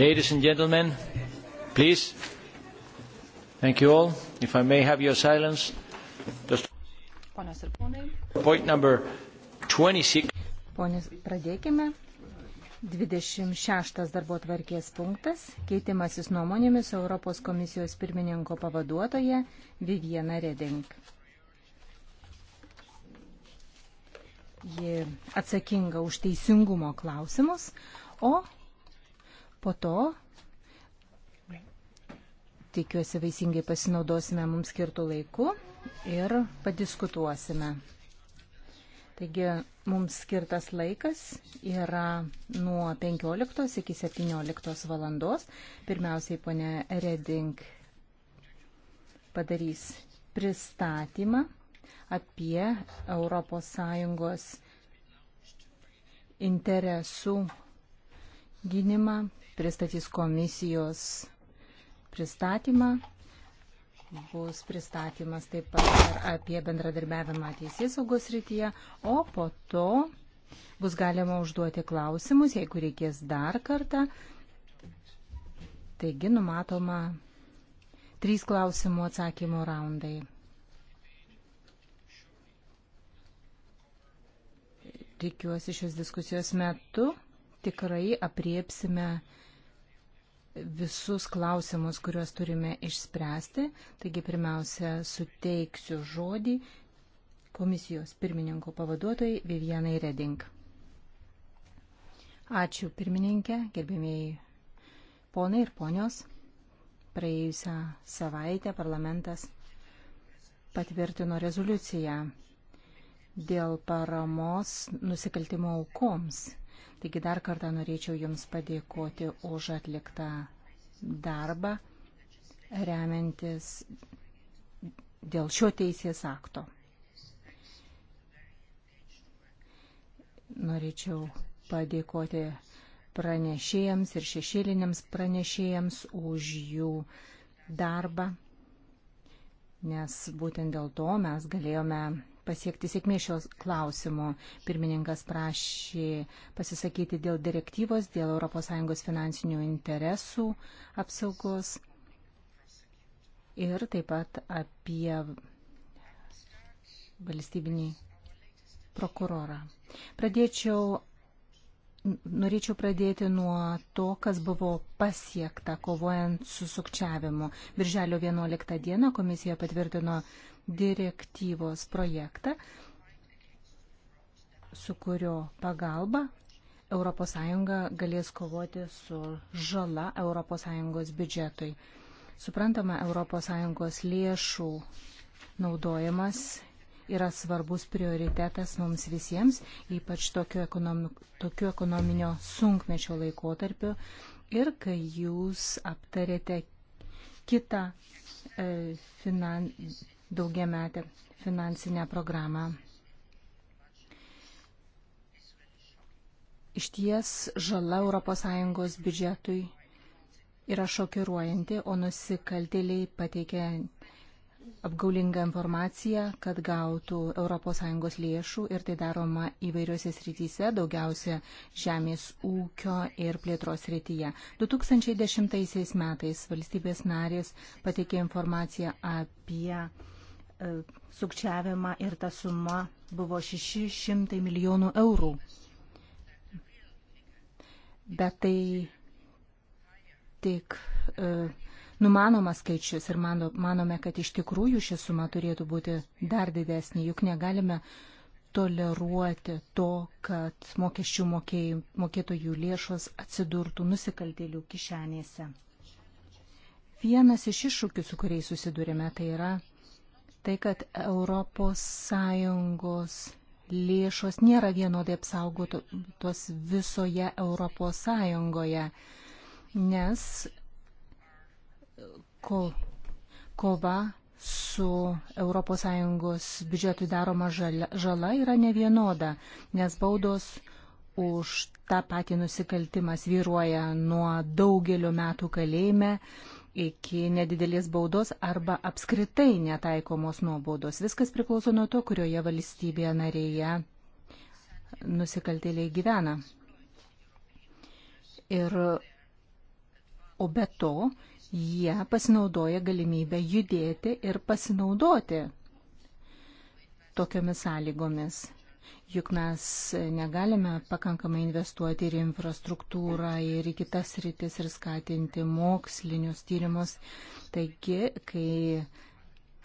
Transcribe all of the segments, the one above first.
Ladies and gentlemen, please. Thank you all. If I may have your silence. Just... Ponios ir ponai. Point number 26. Ponios, pradėkime. 26 darbo tvarkės punktas - keitimasis nuomonėmis Europos komisijos pirmininko pavaduotoje Viviena Reding. Ji atsakinga už teisingumo klausimus, o Po to, tikiuosi, vaisingai pasinaudosime mums skirtų laikų ir padiskutuosime. Taigi mums skirtas laikas yra nuo 15 iki 17 valandos. Pirmiausiai ponė Reding padarys pristatymą apie ES interesų gynimą, pristatys komisijos pristatymą. Bus pristatymas taip pat apie bendradarbiavimą teisės saugos rytyje, o po to bus galima užduoti klausimus, jeigu reikės dar kartą. Taigi numatoma trys klausimų atsakymų raundai. Tikiuosi šios diskusijos metu tikrai apriepsime visus klausimus, kuriuos turime išspręsti. Taigi pirmiausia, suteiksiu žodį komisijos pirmininko pavaduotojai Vivianai Reding. Ačiū pirmininkė, gerbėmiai ponai ir ponios. Praėjusią savaitę parlamentas patvirtino rezoliuciją dėl paramos nusikaltimo aukoms Taigi dar kartą norėčiau Jums padėkoti už atliktą darbą, remiantis dėl šio teisės akto. Norėčiau padėkoti pranešėjams ir šešėliniams pranešėjams už jų darbą, nes būtent dėl to mes galėjome pasiekti sėkmė šios klausimų. Pirmininkas prašė pasisakyti dėl direktyvos, dėl ES finansinių interesų apsaugos ir taip pat apie valstybinį prokurorą. Pradėčiau Norėčiau pradėti nuo to, kas buvo pasiekta kovojant su sukčiavimu. Birželio 11 dieną komisija patvirtino direktyvos projektą, su kurio pagalba ES galės kovoti su žala ES biudžetui. Suprantama, ES lėšų naudojimas yra svarbus prioritetas mums visiems, ypač tokiu, ekonomi, tokiu ekonominio sunkmečio laikotarpiu. Ir kai jūs aptarėte kitą e, finan, daugiametę finansinę programą. Iš ties žala ES biudžetui yra šokiruojanti, o nusikaltėliai pateikia apgaulingą informaciją, kad gautų ES lėšų ir tai daroma įvairiose srityse, daugiausia žemės ūkio ir plėtros srityje. 2010 metais valstybės narės pateikė informaciją apie e, sukčiavimą ir ta suma buvo 600 milijonų eurų. Bet tai tik e, numanomas skaičius ir mano, manome, kad iš tikrųjų ši suma turėtų būti dar didesnė, juk negalime toleruoti to, kad mokesčių mokėjų, mokėtojų lėšos atsidurtų nusikaltėlių kišenėse. Vienas iš iššūkių, su kuriais susidurime, tai yra tai, kad ES lėšos nėra vienodai apsaugotos visoje ES, nes ko, kova su ES biudžetui daroma žala, žala yra nevienoda, nes baudos už tą patį nusikaltimą svyruoja nuo daugelio metų kalėjime iki nedidelės baudos arba apskritai netaikomos nuobaudos. Viskas priklauso nuo to, kurioje valstybėje narėje nusikaltėliai gyvena. Ir, o be to, jie pasinaudoja galimybę judėti ir pasinaudoti tokiomis sąlygomis. Juk mes negalime pakankamai investuoti ir į infrastruktūrą, ir į kitas rytis, ir skatinti mokslinius tyrimus. Taigi, kai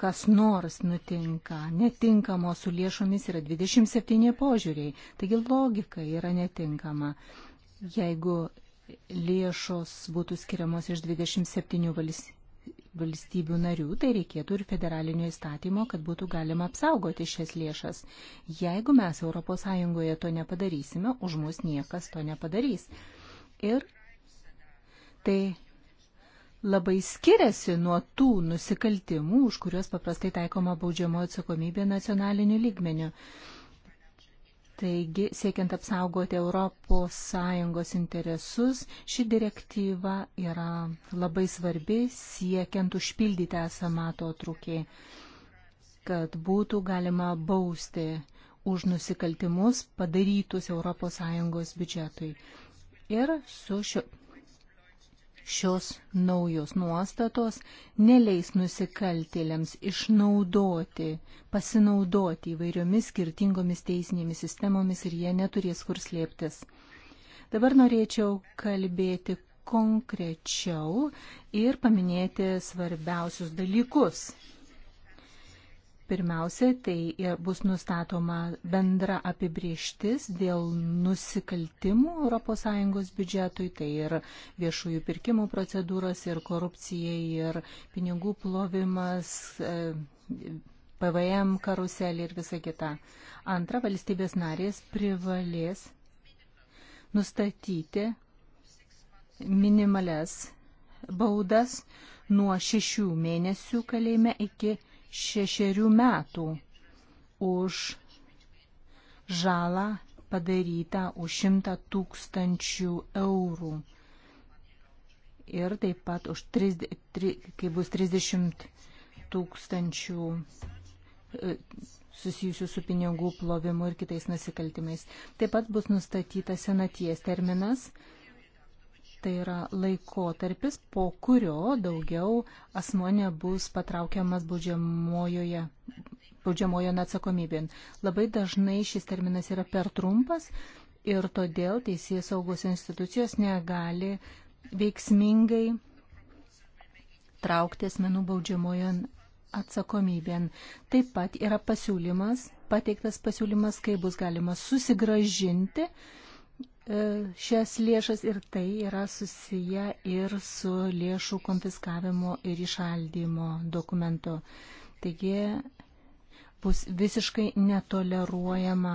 kas nors nutinka, netinkamo su lėšomis yra 27 požiūriai, taigi logika yra netinkama. Jeigu lėšos būtų skiriamos iš 27 valstybių narių, tai reikėtų ir federalinio įstatymo, kad būtų galima apsaugoti šias lėšas. Jeigu mes ES to nepadarysime, už mus niekas to nepadarys. Ir tai labai skiriasi nuo tų nusikaltimų, už kuriuos paprastai taikoma baudžiamojo atsakomybė nacionaliniu lygmeniu. Taigi, siekiant apsaugoti ES interesus, ši direktyva yra labai svarbi, siekiant užpildyti esamą to trūkį, kad būtų galima bausti už nusikaltimus padarytus ES biudžetui. Ir su šio, Šios naujos nuostatos neleis nusikaltėliams išnaudoti, pasinaudoti įvairiomis skirtingomis teisinėmis sistemomis ir jie neturės kur slėptis. Dabar norėčiau kalbėti konkrečiau ir paminėti svarbiausius dalykus Pirmiausia, tai e, bus nustatoma bendra apibrieštis dėl nusikaltimų ES biudžetui, tai ir viešųjų pirkimų procedūros, ir korupcija, ir pinigų plovimas, e, PVM karuselė ir visa kita. Antra, valstybės narės privalės nustatyti minimales baudas nuo šešių mėnesių kalėjime iki šešerių metų už žalą padarytą už šimtą tūkstančių eurų. Ir taip pat už, 30, tri, kai bus 30 tūkstančių e, susijusių su pinigų plovimu ir kitais nusikaltimais. Taip pat bus nustatytas senaties terminas Tai yra laikotarpis, po kurio daugiau asmo nebus patraukiamas baudžiamojoje baudžiamojon atsakomybėn. Labai dažnai šis terminas yra per trumpas ir todėl teisės saugos institucijos negali veiksmingai traukti asmenų baudžiamojon atsakomybėn. Taip pat yra pasiūlymas, pateiktas pasiūlymas, kaip bus galima susigražinti uh, E, šias lėšas ir tai yra susiję ir su lėšų konfiskavimo ir išaldymo dokumentu. Taigi bus visiškai netoleruojama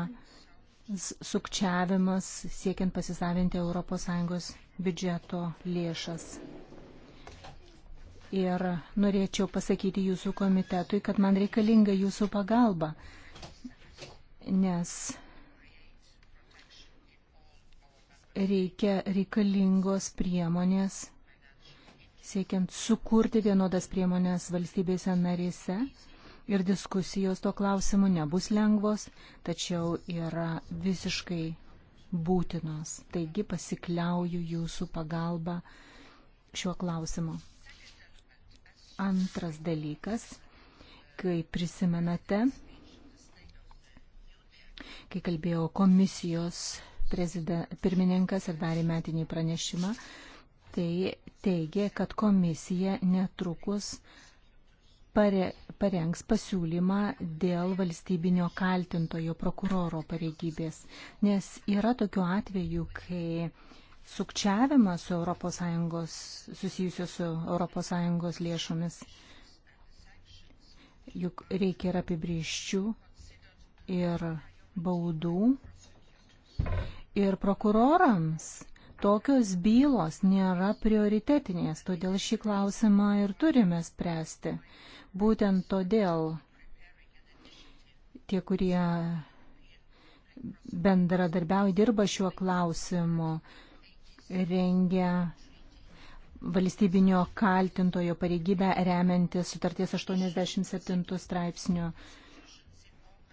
sukčiavimas siekiant pasisavinti ES biudžeto lėšas. Ir norėčiau pasakyti jūsų komitetui, kad man reikalinga jūsų pagalba, nes reikia reikalingos priemonės, siekiant sukurti vienodas priemonės valstybėse narėse. Ir diskusijos to klausimu nebus lengvos, tačiau yra visiškai būtinos. Taigi pasikliauju jūsų pagalba šiuo klausimu. Antras dalykas, kai prisimenate, kai kalbėjau komisijos pirmininkas ir darė metinį pranešimą, tai teigia, kad komisija netrukus pare, parengs pasiūlymą dėl valstybinio kaltintojo prokuroro pareigybės. Nes yra tokių atvejų, kai sukčiavimas su ES, susijusios su ES lėšomis, juk reikia ir apibrieščių, ir baudų ir prokurorams tokios bylos nėra prioritetinės, todėl šį klausimą ir turime spręsti. Būtent todėl tie, kurie bendradarbiauja dirba šiuo klausimu, rengia valstybinio kaltintojo pareigybę remiantis sutarties 87 straipsnių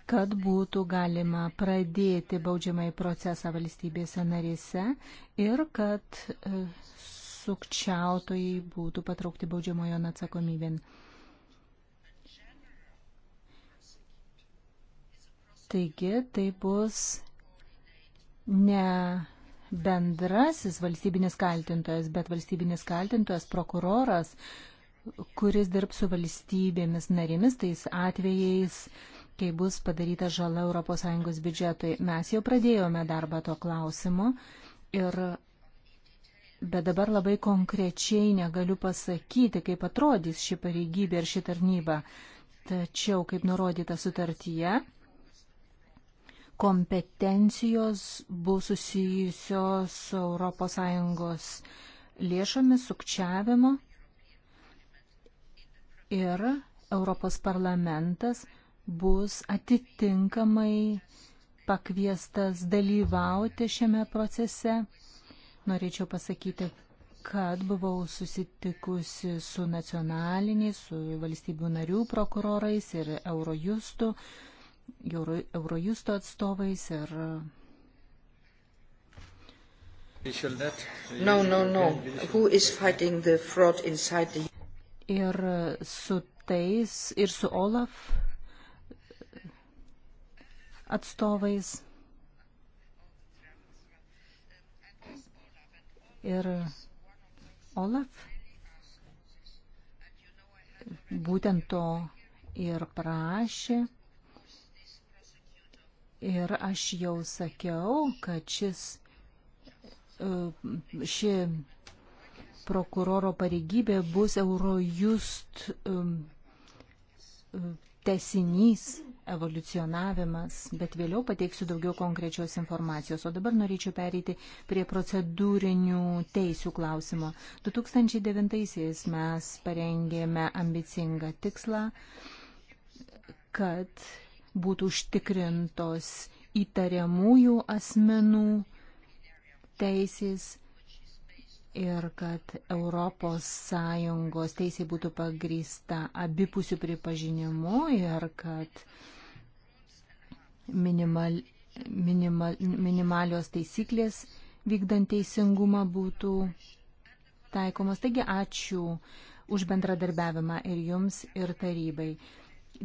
kad būtų galima pradėti baudžiamąjį procesą valstybėse narėse ir kad e, sukčiautojai būtų patraukti baudžiamojo atsakomybėn. Taigi tai bus ne bendrasis valstybinis kaltintojas, bet valstybinis kaltintojas, prokuroras, kuris dirb su valstybėmis narėmis tais atvejais, kai bus padaryta žala ES biudžetui. Mes jau pradėjome darbą to klausimu ir bet dabar labai konkrečiai negaliu pasakyti, kaip atrodys ši pareigybė ir ši tarnyba. Tačiau, kaip nurodyta sutartyje, kompetencijos bus susijusios su ES lėšomis, sukčiavimo ir Europos parlamentas bus atitinkamai pakviestas dalyvauti šiame procese. Norėčiau pasakyti, kad buvau susitikusi su nacionaliniais, su valstybių narių prokurorais ir Eurojustu, Eurojusto atstovais ir No, no, no. Who is fighting the fraud inside the... Ir su tais, ir su Olaf atstovais. Ir Olaf būtent to ir prašė. Ir aš jau sakiau, kad šis, e, ši prokuroro pareigybė bus Eurojust e, e, tesinys evoliucionavimas, bet vėliau pateiksiu daugiau konkrečios informacijos. O dabar norėčiau pereiti prie procedūrinių teisių klausimo. 2009-aisiais mes parengėme ambicingą tikslą, kad būtų užtikrintos įtariamųjų asmenų teisės ir kad ES teisė būtų pagrįsta abipusių pripažinimu ir kad minimal, minimal, minimalios taisyklės vykdant teisingumą būtų taikomos. Taigi ačiū už bendradarbiavimą ir jums, ir tarybai.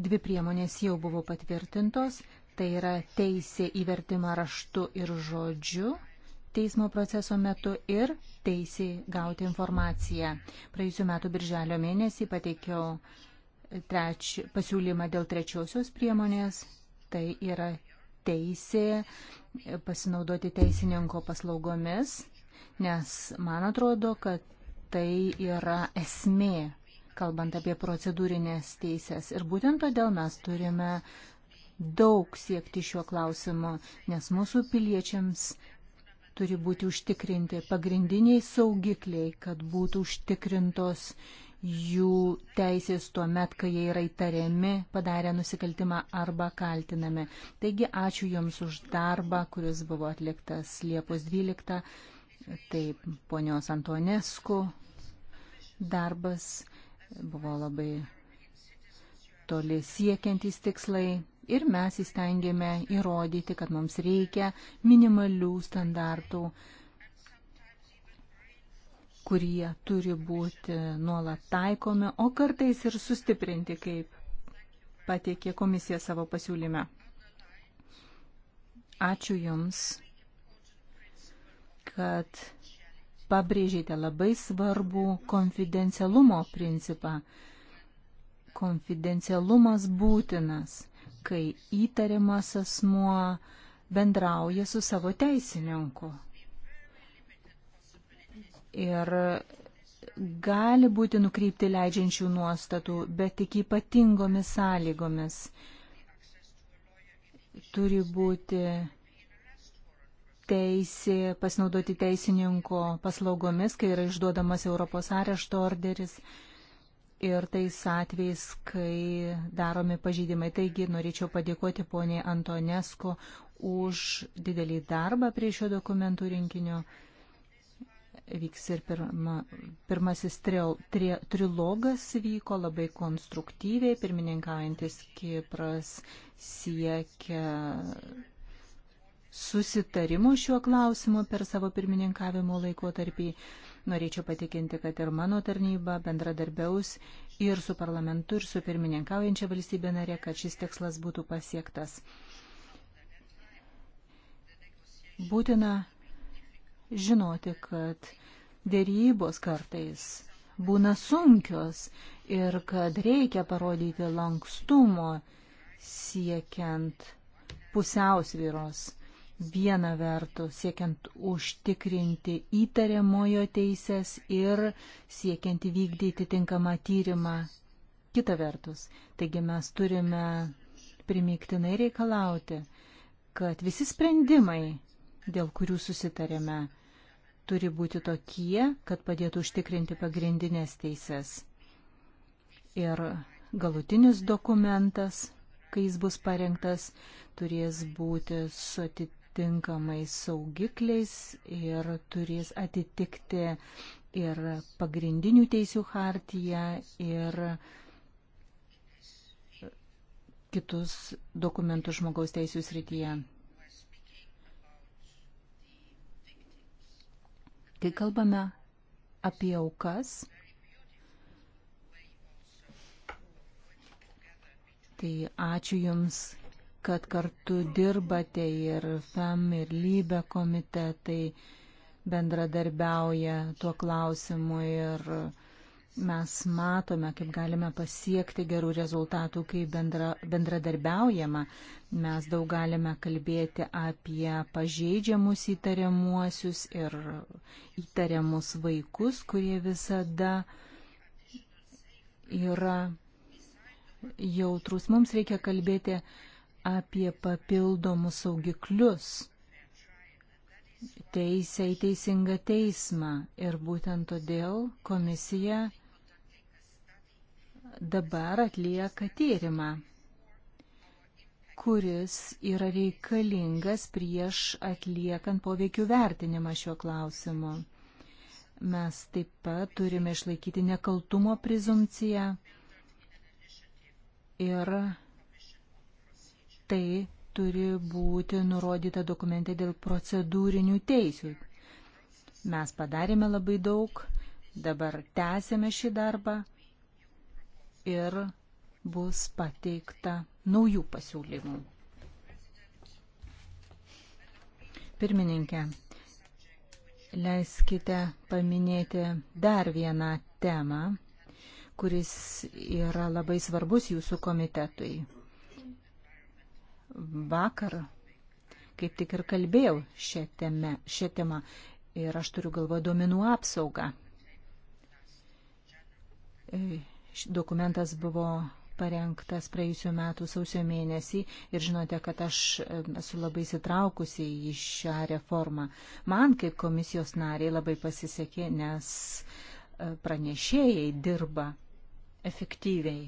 Dvi priemonės jau buvo patvirtintos, tai yra teisė įvertimą raštu ir žodžiu teismo proceso metu ir teisė gauti informaciją. Praėjusiu metu birželio mėnesį pateikiau treč, pasiūlymą dėl trečiosios priemonės tai yra teisė pasinaudoti teisininko paslaugomis, nes man atrodo, kad tai yra esmė, kalbant apie procedūrinės teisės. Ir būtent todėl mes turime daug siekti šiuo klausimu, nes mūsų piliečiams turi būti užtikrinti pagrindiniai saugikliai, kad būtų užtikrintos jų teisės tuo met, kai jie yra įtariami, padarę nusikaltimą arba kaltinami. Taigi ačiū Jums už darbą, kuris buvo atliktas Liepos 12. Taip, ponios Antonesku darbas buvo labai toli siekiantys tikslai ir mes įstengėme įrodyti, kad mums reikia minimalių standartų kurie turi būti nuolat taikomi, o kartais ir sustiprinti, kaip pateikė komisija savo pasiūlyme. Ačiū Jums, kad pabrėžėte labai svarbų konfidencialumo principą. Konfidencialumas būtinas, kai įtariamas asmuo bendrauja su savo teisininku ir gali būti nukreipti leidžiančių nuostatų, bet tik ypatingomis sąlygomis. Turi būti teisė pasinaudoti teisininko paslaugomis, kai yra išduodamas Europos arešto orderis ir tais atvejais, kai daromi pažydimai. Taigi norėčiau padėkoti poniai Antonesko už didelį darbą prie šio dokumentų rinkinio vyks ir pirma, pirmasis tril, tri, trilogas vyko labai konstruktyviai, pirmininkaujantis Kipras siekia susitarimų šiuo klausimu per savo pirmininkavimo laikotarpį. Norėčiau patikinti, kad ir mano tarnyba bendradarbiaus ir su parlamentu, ir su pirmininkaujančia valstybė narė, kad šis tikslas būtų pasiektas. Būtina žinoti, kad dėrybos kartais būna sunkios ir kad reikia parodyti lankstumo siekiant pusiausvyros. Viena vertus siekiant užtikrinti įtariamojo teises ir siekiant įvykdyti tinkamą tyrimą. Kita vertus, taigi mes turime primiktinai reikalauti, kad visi sprendimai, dėl kurių susitarėme, turi būti tokie, kad padėtų užtikrinti pagrindinės teises. Ir galutinis dokumentas, kai jis bus parengtas, turės būti su atitinkamais saugikliais ir turės atitikti ir pagrindinių teisių hartiją ir kitus dokumentus žmogaus teisų srityje. Kai kalbame apie aukas, tai ačiū Jums, kad kartu dirbate ir FEM, ir lybė e komitetai bendradarbiauja tuo klausimu ir uh, mes matome, kaip galime pasiekti gerų rezultatų, kai bendra, bendradarbiaujama. Mes daug galime kalbėti apie pažeidžiamus įtariamuosius ir įtariamus vaikus, kurie visada yra jautrus. Mums reikia kalbėti apie papildomus saugiklius teisę į teisingą teismą. Ir būtent todėl komisija dabar atlieka tyrimą, kuris yra reikalingas prieš atliekant poveikių vertinimą šiuo klausimu. Mes taip pat turime išlaikyti nekaltumo prezumciją ir tai turi būti nurodyta dokumente dėl procedūrinių teisių. Mes padarėme labai daug, dabar tęsėme šį darbą ir bus pateikta naujų pasiūlymų. Pirmininkė, leiskite paminėti dar vieną temą, kuris yra labai svarbus jūsų komitetui. Vakar kaip tik ir kalbėjau šią temą, šią temą ir aš turiu galvoje duomenų apsaugą. Dokumentas buvo parengtas praėjusiu metu sausio mėnesį ir žinote, kad aš esu labai sitraukusi į šią reformą. Man kaip komisijos nariai labai pasisekė, nes e, pranešėjai dirba efektyviai.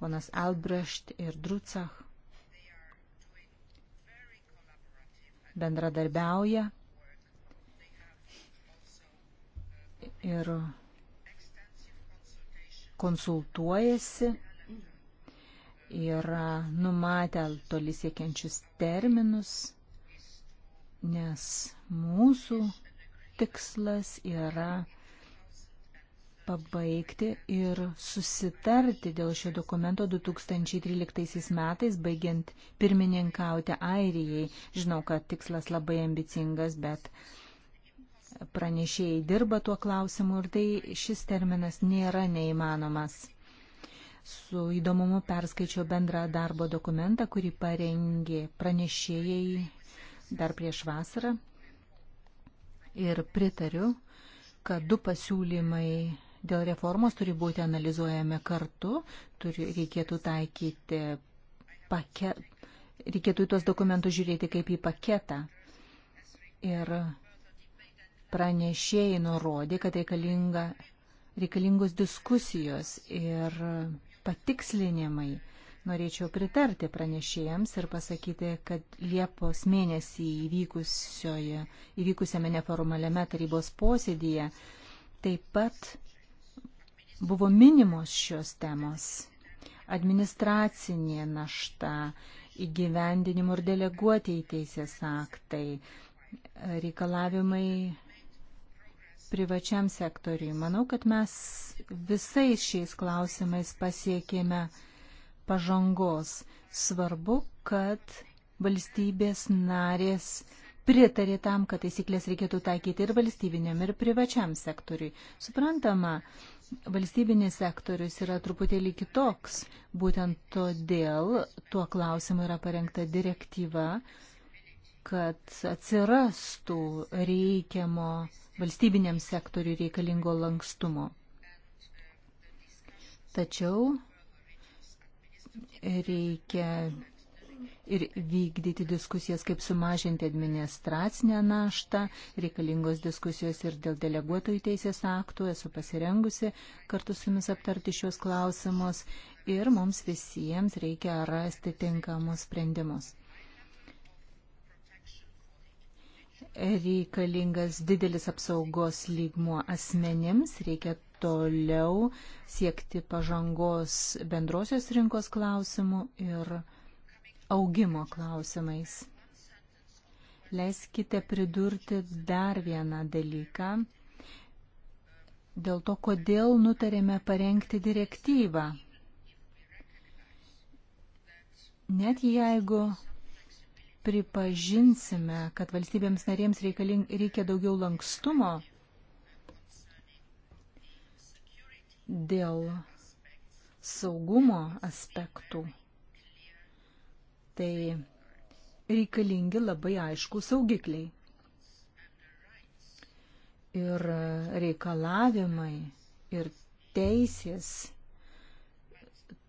Ponas Albrecht ir Drucach bendradarbiauja ir konsultuojasi, yra numatę toli siekiančius terminus, nes mūsų tikslas yra pabaigti ir susitarti dėl šio dokumento 2013 metais, baigiant pirmininkauti Airijai. Žinau, kad tikslas labai ambicingas, bet pranešėjai dirba tuo klausimu ir tai šis terminas nėra neįmanomas. Su įdomumu perskaičiau bendrą darbo dokumentą, kurį parengė pranešėjai dar prieš vasarą ir pritariu, kad du pasiūlymai dėl reformos turi būti analizuojami kartu, turi, reikėtų taikyti paket, reikėtų į tos dokumentus žiūrėti kaip į paketą. Ir pranešėjai nurodė, kad reikalinga, reikalingos diskusijos ir patikslinimai. Norėčiau pritarti pranešėjams ir pasakyti, kad Liepos mėnesį įvykusiame neformaliame tarybos posėdėje taip pat buvo minimos šios temos - administracinė našta, įgyvendinimo ir deleguotieji teisės aktai, reikalavimai privačiam sektoriui. Manau, kad mes visais šiais klausimais pasiekėme pažangos. Svarbu, kad valstybės narės pritarė tam, kad taisyklės reikėtų taikyti ir valstybiniam, ir privačiam sektoriui. Suprantama, valstybinis sektorius yra truputėlį kitoks. Būtent todėl tuo klausimu yra parengta direktyva, kad atsirastų reikiamo valstybiniam sektoriui reikalingo lankstumo. Tačiau reikia ir vykdyti diskusijas, kaip sumažinti administracinę naštą, reikalingos diskusijos ir dėl deleguotojų teisės aktų, esu pasirengusi kartu su jumis aptarti šios klausimus ir mums visiems reikia rasti tinkamus sprendimus. reikalingas didelis apsaugos lygmuo asmenims, reikia toliau siekti pažangos bendrosios rinkos klausimų ir augimo klausimais. Leiskite pridurti dar vieną dalyką dėl to, kodėl nutarėme parengti direktyvą. Net jeigu pripažinsime, kad valstybėms narėms reikia daugiau lankstumo dėl saugumo aspektų, tai reikalingi labai aišku saugikliai ir reikalavimai ir teisės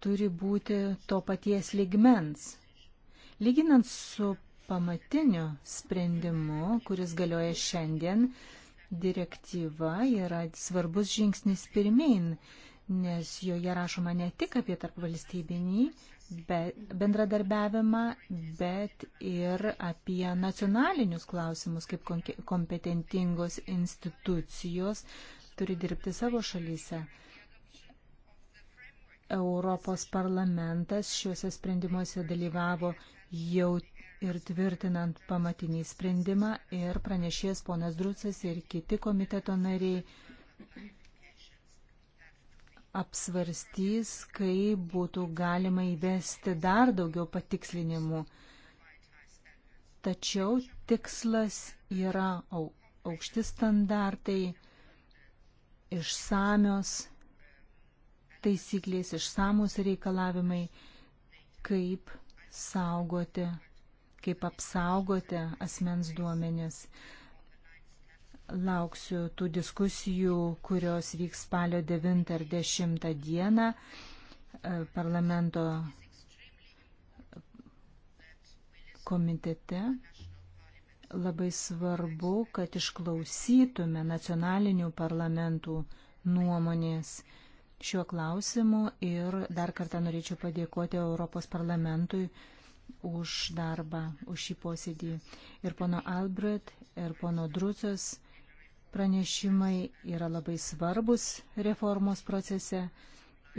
turi būti to paties ligmens. Lyginant su pamatiniu sprendimu, kuris galioja šiandien, direktyva yra svarbus žingsnis pirmin, nes joje rašoma ne tik apie tarpvalstybinį bendradarbiavimą, bet ir apie nacionalinius klausimus, kaip kompetentingos institucijos turi dirbti savo šalyse. Europos parlamentas šiuose sprendimuose dalyvavo jau ir tvirtinant pamatinį sprendimą ir pranešės ponas Drucas ir kiti komiteto nariai apsvarstys, kaip būtų galima įvesti dar daugiau patikslinimų. Tačiau tikslas yra aukšti standartai, išsamios taisyklės, išsamus reikalavimai, kaip saugoti kaip apsaugote asmens duomenis. Lauksiu tų diskusijų, kurios vyks spalio 9 ar 10 dieną e, parlamento komitete. Labai svarbu, kad išklausytume nacionalinių parlamentų nuomonės šiuo klausimu ir dar kartą norėčiau padėkoti Europos parlamentui už darbą, už šį posėdį. Ir pono Albrecht, ir pono Drucos pranešimai yra labai svarbus reformos procese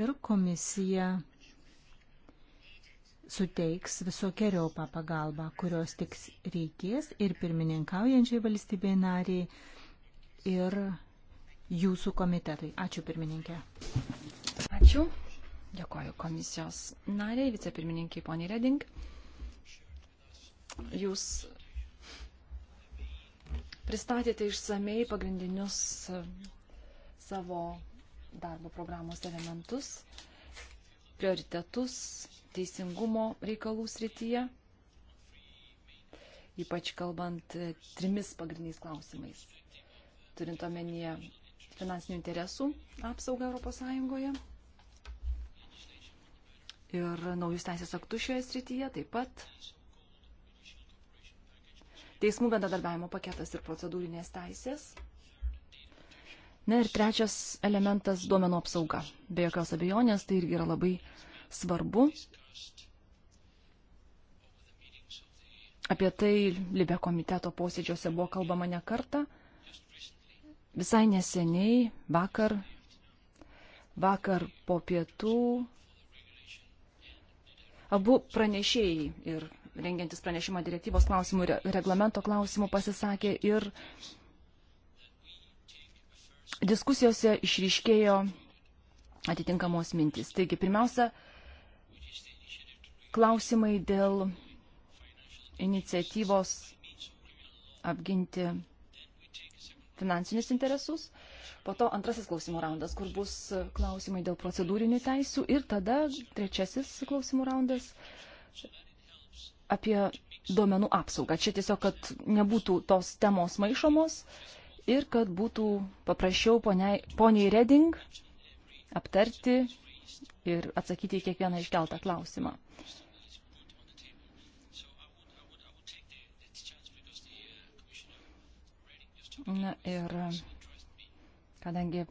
ir komisija suteiks visokiojopą pagalbą, kurios tik reikės ir pirmininkaujančiai valstybei nariai ir jūsų komitetui. Ačiū pirmininkė. Ačiū. Dėkoju komisijos nariai, vicepirmininkiai poniai Reding. Jūs pristatėte išsamei pagrindinius e, savo darbo programos elementus, prioritetus teisingumo reikalų srityje, ypač kalbant e, trimis pagrindiniais klausimais, turint omenyje finansinių interesų apsaugą ES ir naujus teisės aktus šioje srityje taip pat teismų bendradarbiavimo paketas ir procedūrinės teisės. Na ir trečias elementas - duomenų apsauga. Be jokios abejonės, tai irgi yra labai svarbu. Apie tai Libė komiteto posėdžiuose buvo kalbama ne kartą. Visai neseniai, vakar, vakar po pietų, abu pranešėjai ir rengiantis pranešimą direktyvos klausimų ir reglamento klausimų pasisakė ir diskusijose išryškėjo atitinkamos mintis. Taigi, pirmiausia, klausimai dėl iniciatyvos apginti finansinius interesus. Po to antrasis klausimų raundas, kur bus klausimai dėl procedūrinių teisių. Ir tada trečiasis klausimų raundas apie duomenų apsaugą. Čia tiesiog, kad nebūtų tos temos maišomos ir kad būtų paprasčiau poniai, poniai Reding aptarti ir atsakyti į kiekvieną iškeltą klausimą. Na ir kadangi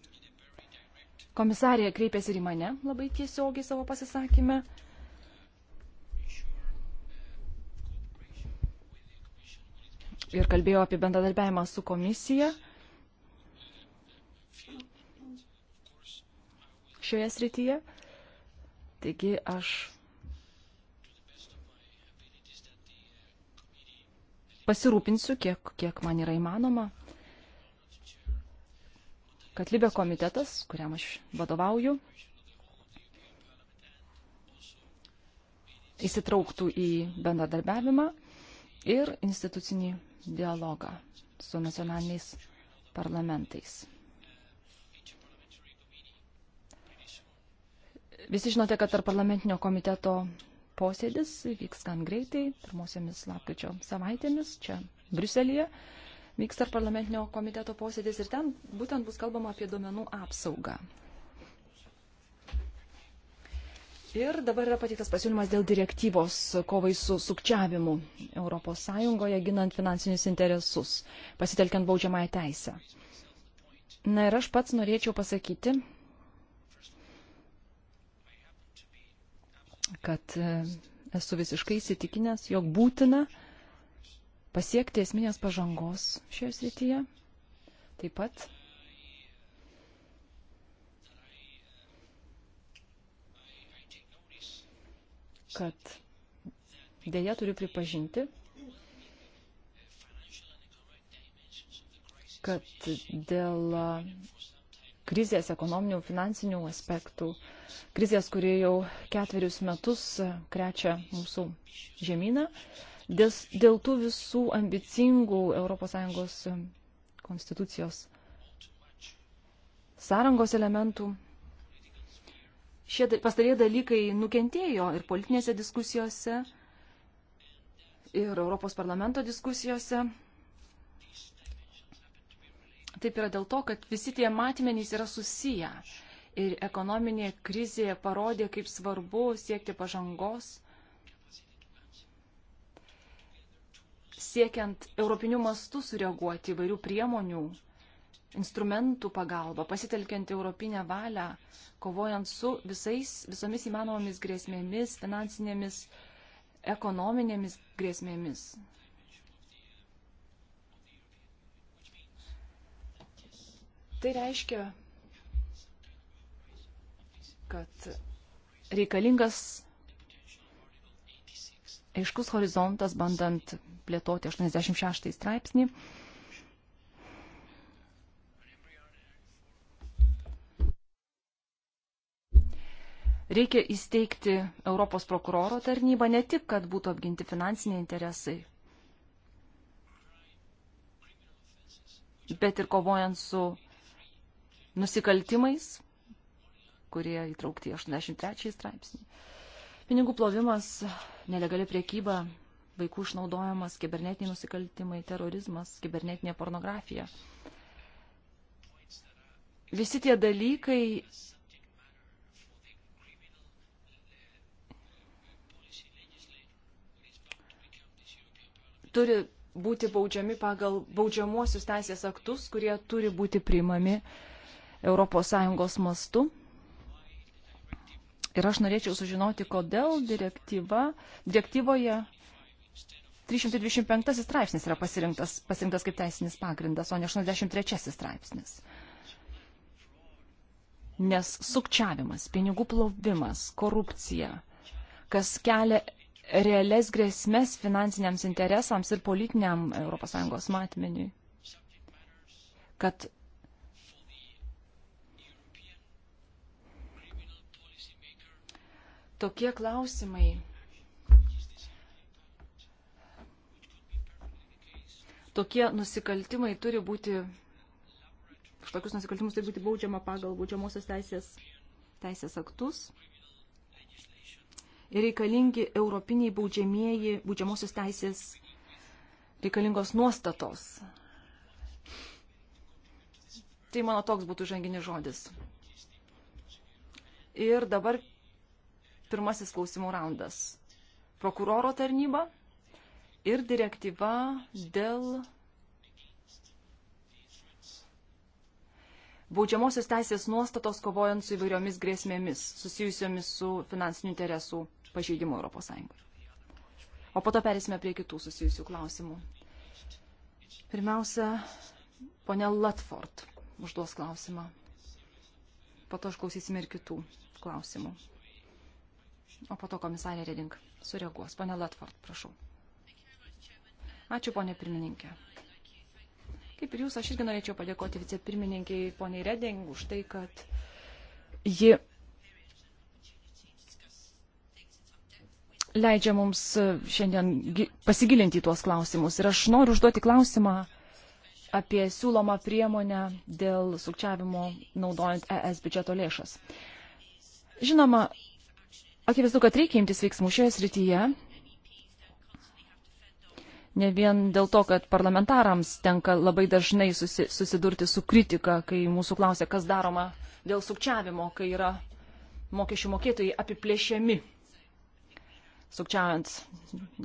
komisarė kreipėsi ir į mane labai tiesiogiai savo pasisakymę, ir kalbėjo apie bendradarbiavimą su komisija. Šioje srityje. Taigi aš pasirūpinsiu, kiek, kiek man yra įmanoma, kad Libė komitetas, kuriam aš vadovauju, įsitrauktų į bendradarbiavimą ir institucinį dialogą su nacionaliniais parlamentais. Visi žinote, kad tarp parlamentinio komiteto posėdis vyks gan greitai, pirmosiamis lapkričio savaitėmis čia Briuselėje. Vyks tarp parlamentinio komiteto posėdis ir ten būtent bus kalbama apie duomenų apsaugą. Ir dabar yra pateiktas pasiūlymas dėl direktyvos kovai su sukčiavimu ES ginant finansinius interesus, pasitelkiant baudžiamąją teisę. Na ir aš pats norėčiau pasakyti, kad e, esu visiškai įsitikinęs, jog būtina pasiekti esminės pažangos šioje srityje. Taip pat kad dėja turiu pripažinti, kad dėl krizės ekonominių, finansinių aspektų, krizės, kurie jau ketverius metus krečia mūsų žemyną, dėl tų visų ambicingų ES konstitucijos sąrangos elementų šie pastarieji dalykai nukentėjo ir politinėse diskusijose, ir Europos parlamento diskusijose. Taip yra dėl to, kad visi tie matmenys yra susiję. Ir ekonominė krizė parodė, kaip svarbu siekti pažangos, siekiant europinių mastų sureaguoti įvairių priemonių instrumentų pagalba, pasitelkiant europinę valią, kovojant su visais, visomis įmanomomis grėsmėmis, finansinėmis, ekonominėmis grėsmėmis. Tai reiškia, kad reikalingas aiškus horizontas, bandant plėtoti 86 straipsnį, Reikia įsteigti Europos prokuroro tarnybą ne tik, kad būtų apginti finansiniai interesai, bet ir kovojant su nusikaltimais, kurie įtraukti 83 straipsnį. Pinigų plovimas, nelegali priekyba, vaikų išnaudojimas, kibernetiniai nusikaltimai, terorizmas, kibernetinė pornografija. Visi tie dalykai turi būti baudžiami pagal baudžiamuosius teisės aktus, kurie turi būti priimami ES mastu. Ir aš norėčiau sužinoti, kodėl direktyva, direktyvoje 325 straipsnis yra pasirinktas, pasirinktas kaip teisinis pagrindas, o ne 83 straipsnis. Nes sukčiavimas, pinigų plovimas, korupcija, kas kelia realias grėsmes finansiniams interesams ir politiniam ES matmeniui. Kad tokie klausimai tokie nusikaltimai turi būti, už tokius nusikaltimus turi būti baudžiama pagal baudžiamosios teisės, teisės aktus ir reikalingi europiniai baudžiamieji, baudžiamosios teisės reikalingos nuostatos. Tai mano toks būtų žanginis žodis. Ir dabar pirmasis klausimų raundas. Prokuroro tarnyba ir direktyva dėl baudžiamosios teisės nuostatos kovojant su įvairiomis grėsmėmis susijusiomis su finansinių interesų pažeidimų ES. O po to perėsime prie kitų susijusių klausimų. Pirmiausia, ponia Latford užduos klausimą. Po to išklausysime ir kitų klausimų. O po to komisarė Redink sureaguos. Pone Latford, prašau. Ačiū, ponė pirmininkė. Kaip ir jūs, aš irgi norėčiau padėkoti vicepirmininkiai poniai Reding už tai, kad ji leidžia mums e, šiandien pasigilinti į tuos klausimus. Ir aš noriu užduoti klausimą apie siūlomą priemonę dėl sukčiavimo naudojant ES biudžeto lėšas. Žinoma, akivaizdu, kad reikia imtis veiksmų šioje srityje. Ne vien dėl to, kad parlamentarams tenka labai dažnai susi, susidurti su kritika, kai mūsų klausia, kas daroma dėl sukčiavimo, kai yra mokesčių mokėtojai apiplėšiami sukčiaujant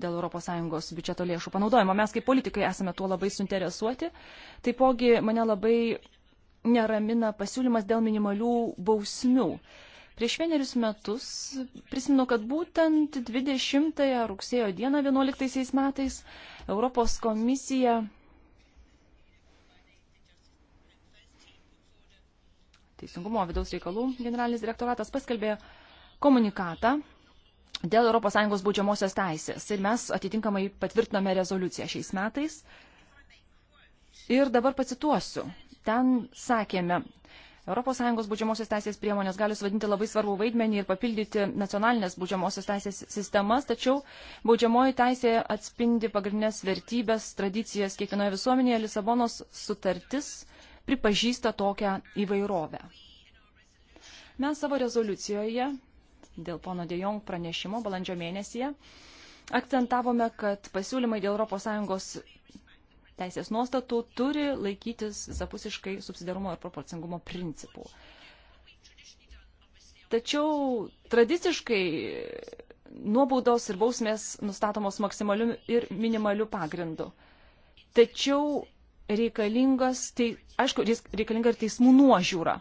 dėl ES biudžeto lėšų panaudojimo. Mes kaip politikai esame tuo labai suinteresuoti. Taipogi mane labai neramina pasiūlymas dėl minimalių bausmių. Prieš vienerius metus prisimenu, kad būtent 20 rugsėjo dieną 11 metais Europos komisija Teisingumo vidaus reikalų generalinis direktoratas paskelbė komunikatą dėl ES baudžiamosios teisės. Ir mes atitinkamai patvirtinome rezoliuciją šiais metais. Ir dabar pacituosiu. Ten sakėme, ES baudžiamosios teisės priemonės gali suvadinti labai svarbų vaidmenį ir papildyti nacionalinės baudžiamosios teisės sistemas, tačiau baudžiamoji teisė atspindi pagrindinės vertybės, tradicijas kiekvienoje visuomenėje. Lisabonos sutartis pripažįsta tokią įvairovę. Mes savo rezoliucijoje dėl pono Dejong pranešimo balandžio mėnesyje. Akcentavome, kad pasiūlymai dėl ES teisės nuostatų turi laikytis visapusiškai subsidarumo ir proporcingumo principų. Tačiau tradiciškai nuobaudos ir bausmės nustatomos maksimaliu ir minimaliu pagrindu. Tačiau reikalingas, tai, aišku, reikalinga ir teismų nuožiūra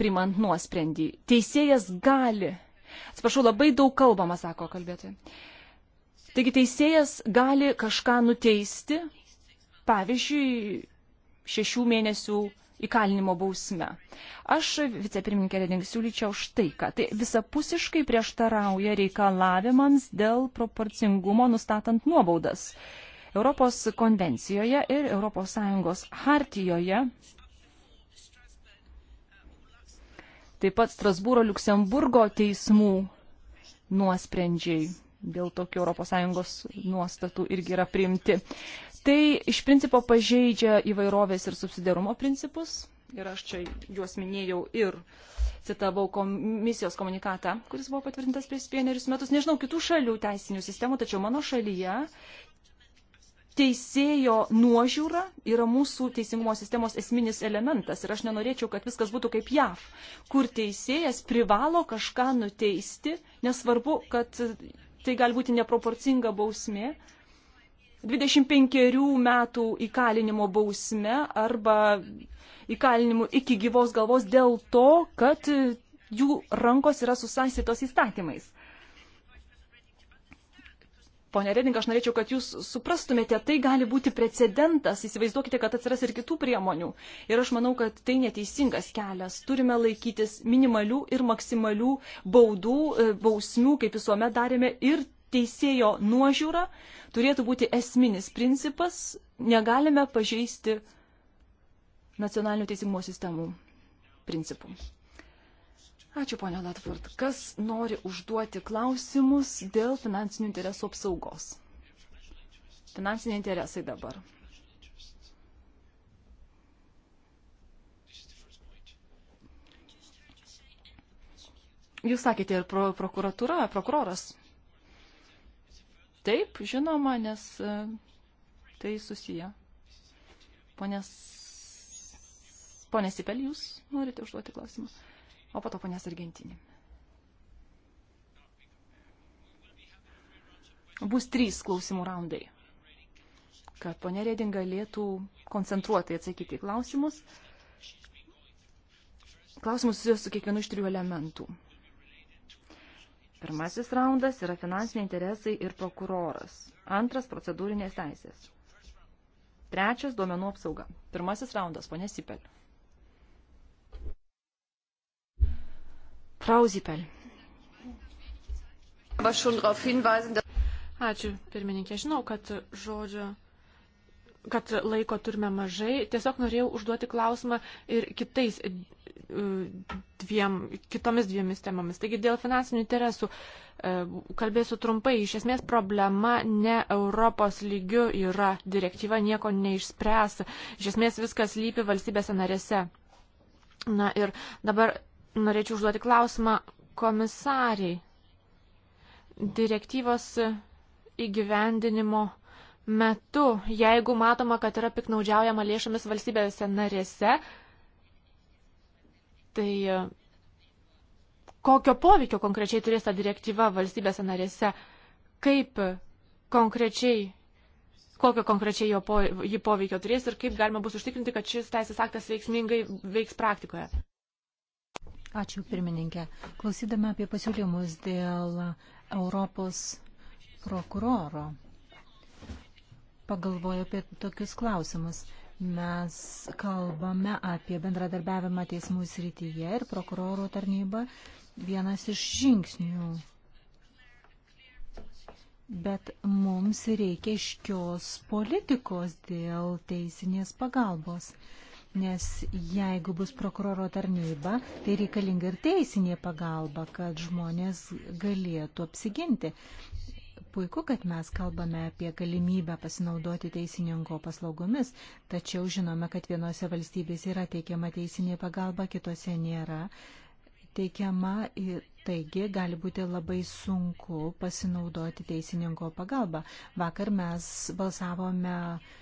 primant nuosprendį. Teisėjas gali. Atsiprašau, labai daug kalbama, sako kalbėtojai. Taigi teisėjas gali kažką nuteisti, pavyzdžiui, šešių mėnesių įkalinimo bausme. Aš vicepirmininkė Reding siūlyčiau štai ką. Tai visapusiškai prieštarauja reikalavimams dėl proporcingumo nustatant nuobaudas. Europos konvencijoje ir ES hartijoje Taip pat Strasbūro Luksemburgo teismų nuosprendžiai dėl tokių ES nuostatų irgi yra priimti. Tai iš principo pažeidžia įvairovės ir subsidiarumo principus. Ir aš čia juos minėjau ir citavau komisijos komunikatą, kuris buvo patvirtintas prieš vienerius metus. Nežinau kitų šalių teisinių sistemų, tačiau mano šalyje teisėjo nuožiūra yra mūsų teisingumo sistemos esminis elementas. Ir aš nenorėčiau, kad viskas būtų kaip JAV, kur teisėjas privalo kažką nuteisti, nesvarbu, kad tai gali būti neproporcinga bausmė. 25 metų įkalinimo bausme arba įkalinimu iki gyvos galvos dėl to, kad jų rankos yra susaistytos įstatymais. Pone Reding, aš norėčiau, kad jūs suprastumėte, tai gali būti precedentas, įsivaizduokite, kad atsiras ir kitų priemonių. Ir aš manau, kad tai neteisingas kelias. Turime laikytis minimalių ir maksimalių baudų, e, bausmių, kaip visuomet darėme, ir teisėjo nuožiūra turėtų būti esminis principas, negalime pažeisti nacionalinių teisingumo sistemų principų. Ačiū, ponia Latvart. Kas nori užduoti klausimus dėl finansinių interesų apsaugos? Finansiniai interesai dabar. Jūs sakėte ir pro, prokuratūra, prokuroras. Taip, žinoma, nes e, tai susiję. Ponės, ponės Sipel, jūs norite užduoti klausimą? o po to ponės Argentinį. Bus trys klausimų raundai, kad ponė Reding galėtų koncentruotai atsakyti į klausimus. Klausimus susijęs su kiekvienu iš trijų elementų. Pirmasis raundas yra finansiniai interesai ir prokuroras. Antras – procedūrinės teisės. Trečias – duomenų apsauga. Pirmasis raundas, ponė Sipelė. Frau Zipel. Ačiū, pirmininkė. Žinau, kad žodžio kad laiko turime mažai. Tiesiog norėjau užduoti klausimą ir kitais e, dviem, kitomis dviemis temomis. Taigi dėl finansinių interesų e, kalbėsiu trumpai. Iš esmės problema ne Europos lygių yra. Direktyva nieko neišspręs. Iš esmės viskas lypi valstybėse narėse. Na ir dabar Norėčiau užduoti klausimą komisariai. Direktyvos įgyvendinimo metu, jeigu matoma, kad yra piknaudžiaujama lėšomis valstybėse narėse, tai e, kokio poveikio konkrečiai turės ta direktyva valstybėse narėse, kaip konkrečiai, kokio konkrečiai jo po, jį poveikio turės ir kaip galima bus užtikrinti, kad šis teisės aktas veiksmingai veiks praktikoje. Ačiū, pirmininkė. Klausydama apie pasiūlymus dėl Europos prokuroro, pagalvoju apie tokius klausimus. Mes kalbame apie bendradarbiavimą teismų srityje ir prokuroro tarnyba vienas iš žingsnių Bet mums reikia iškios politikos dėl teisinės pagalbos nes jeigu bus prokuroro tarnyba, tai reikalinga ir teisinė pagalba, kad žmonės galėtų apsiginti. Puiku, kad mes kalbame apie galimybę pasinaudoti teisininko paslaugomis, tačiau žinome, kad vienose valstybėse yra teikiama teisinė pagalba, kitose nėra teikiama ir taigi gali būti labai sunku pasinaudoti teisininko pagalba. Vakar mes balsavome uh,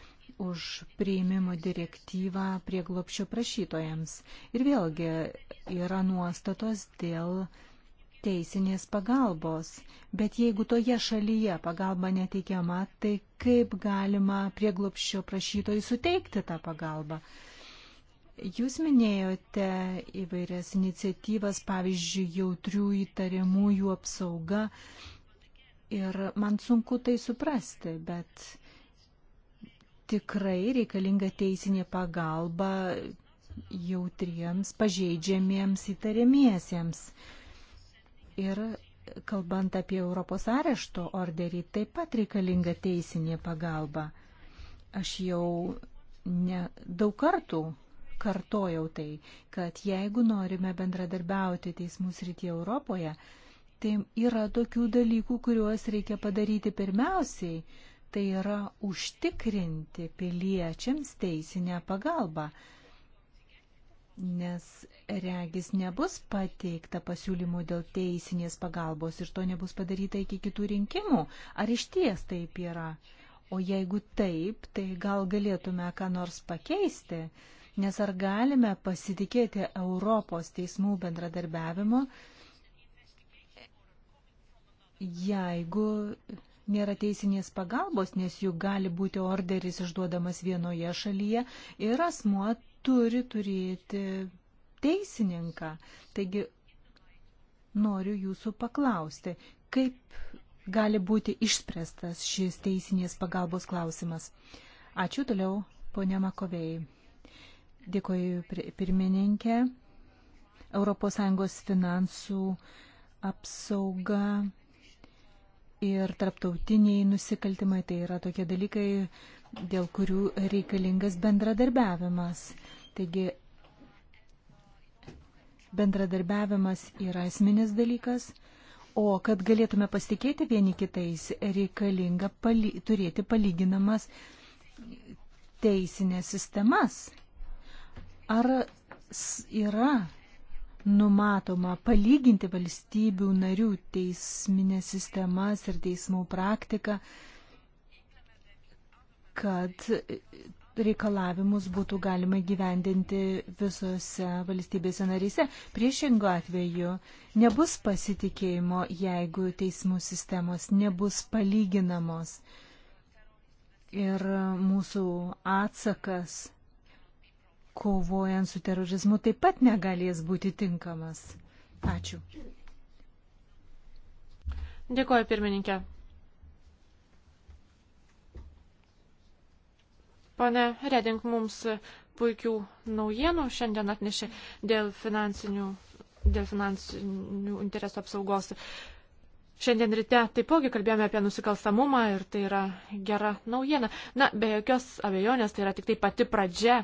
už prieimimo direktyvą prieglopščio prašytojams. Ir vėlgi yra nuostatos dėl teisinės pagalbos. Bet jeigu toje šalyje pagalba neteikiama, tai kaip galima prieglopščio prašytojai suteikti tą pagalbą? Jūs minėjote įvairias iniciatyvas, pavyzdžiui, jautrių įtariamųjų apsauga. Ir man sunku tai suprasti, bet tikrai reikalinga teisinė pagalba jautriems, pažeidžiamiems įtariamiesiems. Ir kalbant apie Europos arešto orderį, taip pat reikalinga teisinė pagalba. Aš jau ne, daug kartų kartojau tai, kad jeigu norime bendradarbiauti teismų srityje Europoje, tai yra tokių dalykų, kuriuos reikia padaryti pirmiausiai tai yra užtikrinti piliečiams teisinę pagalbą, nes regis nebus pateikta pasiūlymų dėl teisinės pagalbos ir to nebus padaryta iki kitų rinkimų. Ar iš ties taip yra? O jeigu taip, tai gal galėtume ką nors pakeisti, nes ar galime pasitikėti Europos teismų bendradarbiavimu, jeigu nėra teisinės pagalbos, nes juk gali būti orderis išduodamas vienoje šalyje ir asmuo turi turėti teisininką. Taigi noriu jūsų paklausti, kaip gali būti išspręstas šis teisinės pagalbos klausimas. Ačiū toliau, ponia Makovėjai. Dėkoju pirmininkė. ES finansų apsauga ir tarptautiniai nusikaltimai. Tai yra tokie dalykai, dėl kurių reikalingas bendradarbiavimas. Taigi bendradarbiavimas yra esminis dalykas, o kad galėtume pasitikėti vieni kitais, reikalinga pali turėti palyginamas teisinės sistemas. Ar yra numatoma palyginti valstybių narių teisminės sistemas ir teismų praktiką, kad reikalavimus būtų galima gyvendinti visose valstybėse narise. Priešingo atveju nebus pasitikėjimo, jeigu teismų sistemos nebus palyginamos. Ir mūsų atsakas kovojant su terorizmu taip pat negalės būti tinkamas. Ačiū. Dėkuoju, pirmininkė. Pane Redink mums puikių naujienų šiandien atnešė dėl finansinių, dėl finansinių interesų apsaugos. Šiandien ryte taipogi kalbėjome apie nusikalstamumą ir tai yra gera naujiena. Na, be jokios abejonės, tai yra tik tai pati pradžia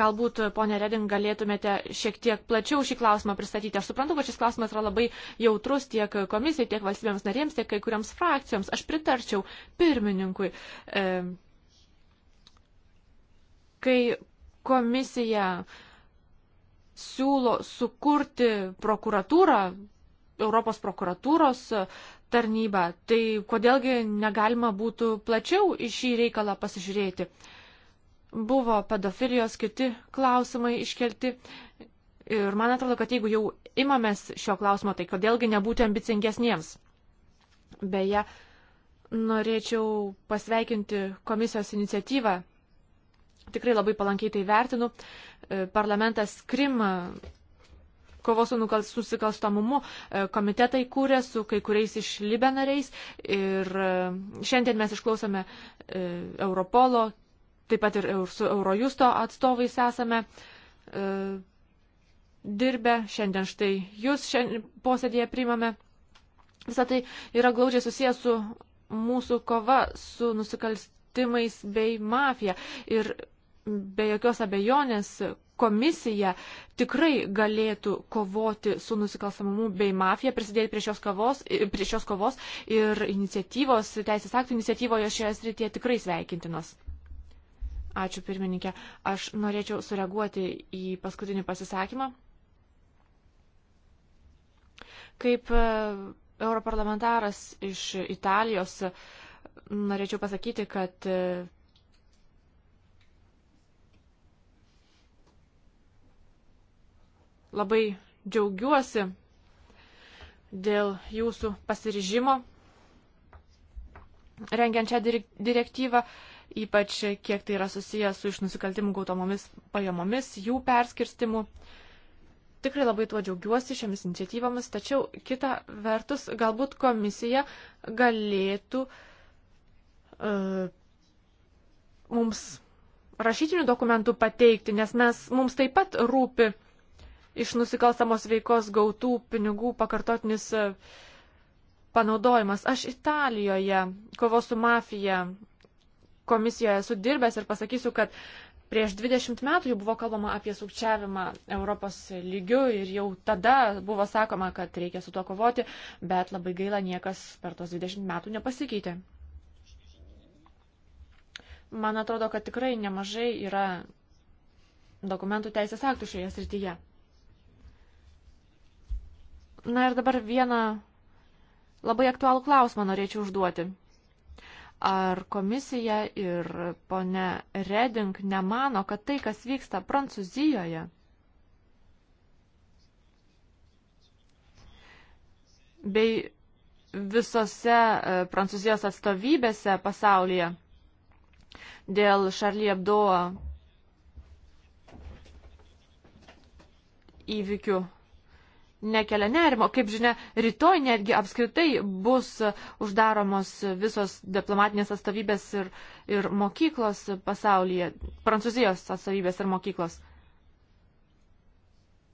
Galbūt, ponė Redin, galėtumėte šiek tiek plačiau šį klausimą pristatyti. Aš suprantu, kad šis klausimas yra labai jautrus tiek komisijai, tiek valstybėms narėms, tiek kai kuriams frakcijoms. Aš pritarčiau pirmininkui. E, kai komisija siūlo sukurti prokuratūrą, Europos prokuratūros tarnybą, tai kodėlgi negalima būtų plačiau į šį reikalą pasižiūrėti. E, Buvo pedofilijos kiti klausimai iškelti. Ir man atrodo, kad jeigu jau imamės šio klausimo, tai kodėlgi nebūti ambicingesniems. Beje, norėčiau pasveikinti komisijos iniciatyvą. Tikrai labai palankiai tai vertinu. E, parlamentas Krim e, kovos su nusikalstamumu e, komitetai kūrė su kai kuriais iš Libenariais. Ir šiandien mes išklausome Europolo, taip pat ir su Eurojusto atstovais esame e, dirbę. Šiandien štai jūs šiandien posėdėje primame. Visą tai yra glaudžiai susijęs su mūsų kova su nusikalstimais bei mafija. Ir be jokios abejonės komisija tikrai galėtų kovoti su nusikalstamumu bei mafija, prisidėti prie šios, kavos, prie šios kovos ir iniciatyvos, teisės aktų iniciatyvoje šioje srityje tikrai sveikintinos. Ačiū pirmininkė. Aš norėčiau sureaguoti į paskutinį pasisakymą. Kaip e, europarlamentaras iš Italijos norėčiau pasakyti, kad e, labai džiaugiuosi dėl jūsų pasiryžimo rengiant šią direktyvą ypač kiek tai yra susijęs su iš nusikaltimų gautomomis pajamomis, jų perskirstimu. Tikrai labai tuo džiaugiuosi šiomis iniciatyvomis, tačiau kita vertus, galbūt komisija galėtų uh, mums rašytinių dokumentų pateikti, nes mes, mums taip pat rūpi iš nusikalstamos veikos gautų pinigų pakartotinis e, panaudojimas. Aš Italijoje kovos su mafija komisijoje esu dirbęs ir pasakysiu, kad prieš 20 metų jau buvo kalbama apie sukčiavimą Europos lygių ir jau tada buvo sakoma, kad reikia su tuo kovoti, bet labai gaila niekas per tos 20 metų nepasikeitė. Man atrodo, kad tikrai nemažai yra dokumentų teisės aktų šioje srityje. Na ir dabar vieną labai aktualų klausimą norėčiau užduoti. Ar komisija ir ponė Reding nemano, kad tai, kas vyksta Prancūzijoje, bei visose e, Prancūzijos atstovybėse pasaulyje dėl Šarly Abdoa įvykių nekelia nerimo. Kaip žinia, rytoj netgi apskritai bus uždaromos visos diplomatinės atstovybės ir, ir mokyklos pasaulyje, prancūzijos atstovybės ir mokyklos.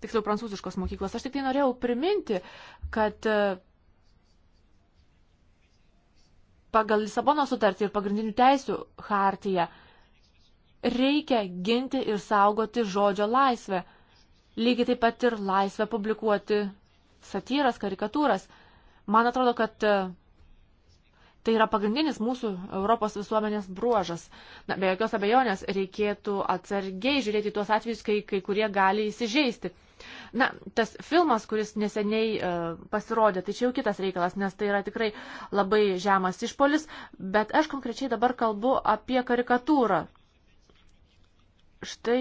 Tiksliau, prancūziškos mokyklos. Aš tik tai norėjau priminti, kad e, pagal Lisabono sutartį ir pagrindinių teisių hartiją reikia ginti ir saugoti žodžio laisvę lygiai taip pat ir laisvę publikuoti satyras, karikatūras. Man atrodo, kad e, tai yra pagrindinis mūsų Europos visuomenės bruožas. Na, be jokios abejonės reikėtų atsargiai žiūrėti tuos atvejus, kai kai kurie gali įsižeisti. Na, tas filmas, kuris neseniai uh, pasirodė, tai čia jau kitas reikalas, nes tai yra tikrai labai žemas išpolis, bet aš konkrečiai dabar kalbu apie karikatūrą. Štai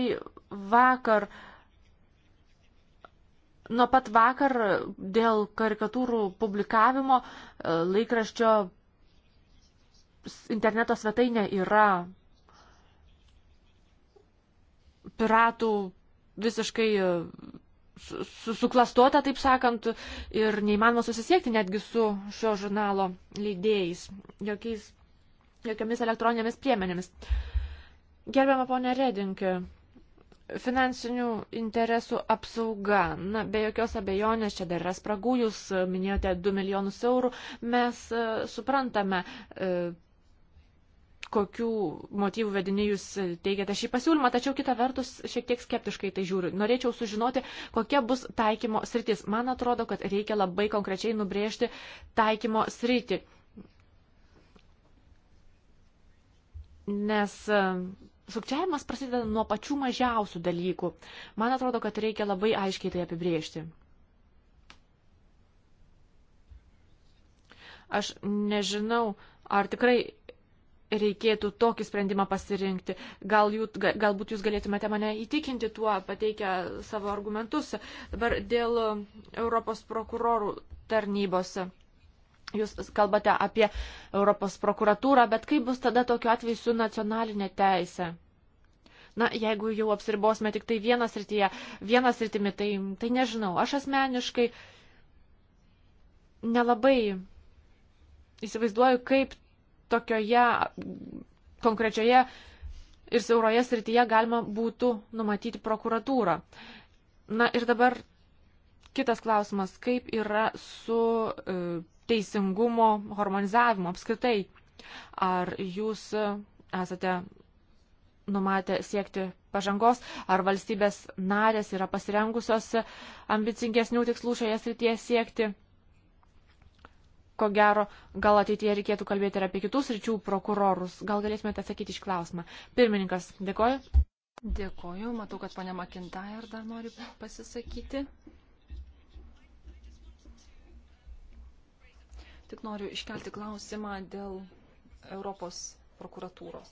vakar uh, Nuo pat vakar dėl karikatūrų publikavimo e, laikraščio interneto svetainė yra piratų visiškai e, suklastuota, taip sakant, ir neįmanoma susisiekti netgi su šio žurnalo leidėjais, jokiais, jokiamis elektroninėmis priemenėmis. Gerbiama ponė Redink, Finansinių interesų apsauga. Na, be jokios abejonės, čia dar yra spragų, jūs e, minėjote 2 milijonus eurų. Mes e, suprantame, e, kokių motyvų vedini jūs teigiate šį pasiūlymą, tačiau kita vertus šiek tiek skeptiškai tai žiūriu. Norėčiau sužinoti, kokia bus taikymo sritis. Man atrodo, kad reikia labai konkrečiai nubrėžti taikymo sritį. Nes sukčiavimas prasideda nuo pačių mažiausių dalykų. Man atrodo, kad reikia labai aiškiai tai apibriežti. Aš nežinau, ar tikrai reikėtų tokį sprendimą pasirinkti. Gal jūt, galbūt jūs galėtumėte mane įtikinti tuo, pateikę savo argumentus. Dabar dėl Europos prokurorų tarnybos. Jūs kalbate apie Europos prokuratūrą, bet kaip bus tada tokiu atveju su nacionalinė teisė? Na, jeigu jau apsiribosime tik tai vieną srityje, vieną sritimį, tai, tai nežinau. Aš asmeniškai nelabai įsivaizduoju, kaip tokioje konkrečioje ir siauroje srityje galima būtų numatyti prokuratūrą. Na ir dabar kitas klausimas, kaip yra su. E, teisingumo harmonizavimo apskritai. Ar jūs e, esate numatę siekti pažangos, ar valstybės narės yra pasirengusios ambicingesnių tikslų šioje srityje siekti? Ko gero, gal ateityje reikėtų kalbėti ir apie kitus ryčių prokurorus. Gal galėsimėte atsakyti iš klausimą. Pirmininkas, dėkoju. Dėkoju. Matau, kad ponia Makintair dar nori pasisakyti. Tik noriu iškelti klausimą dėl Europos prokuratūros.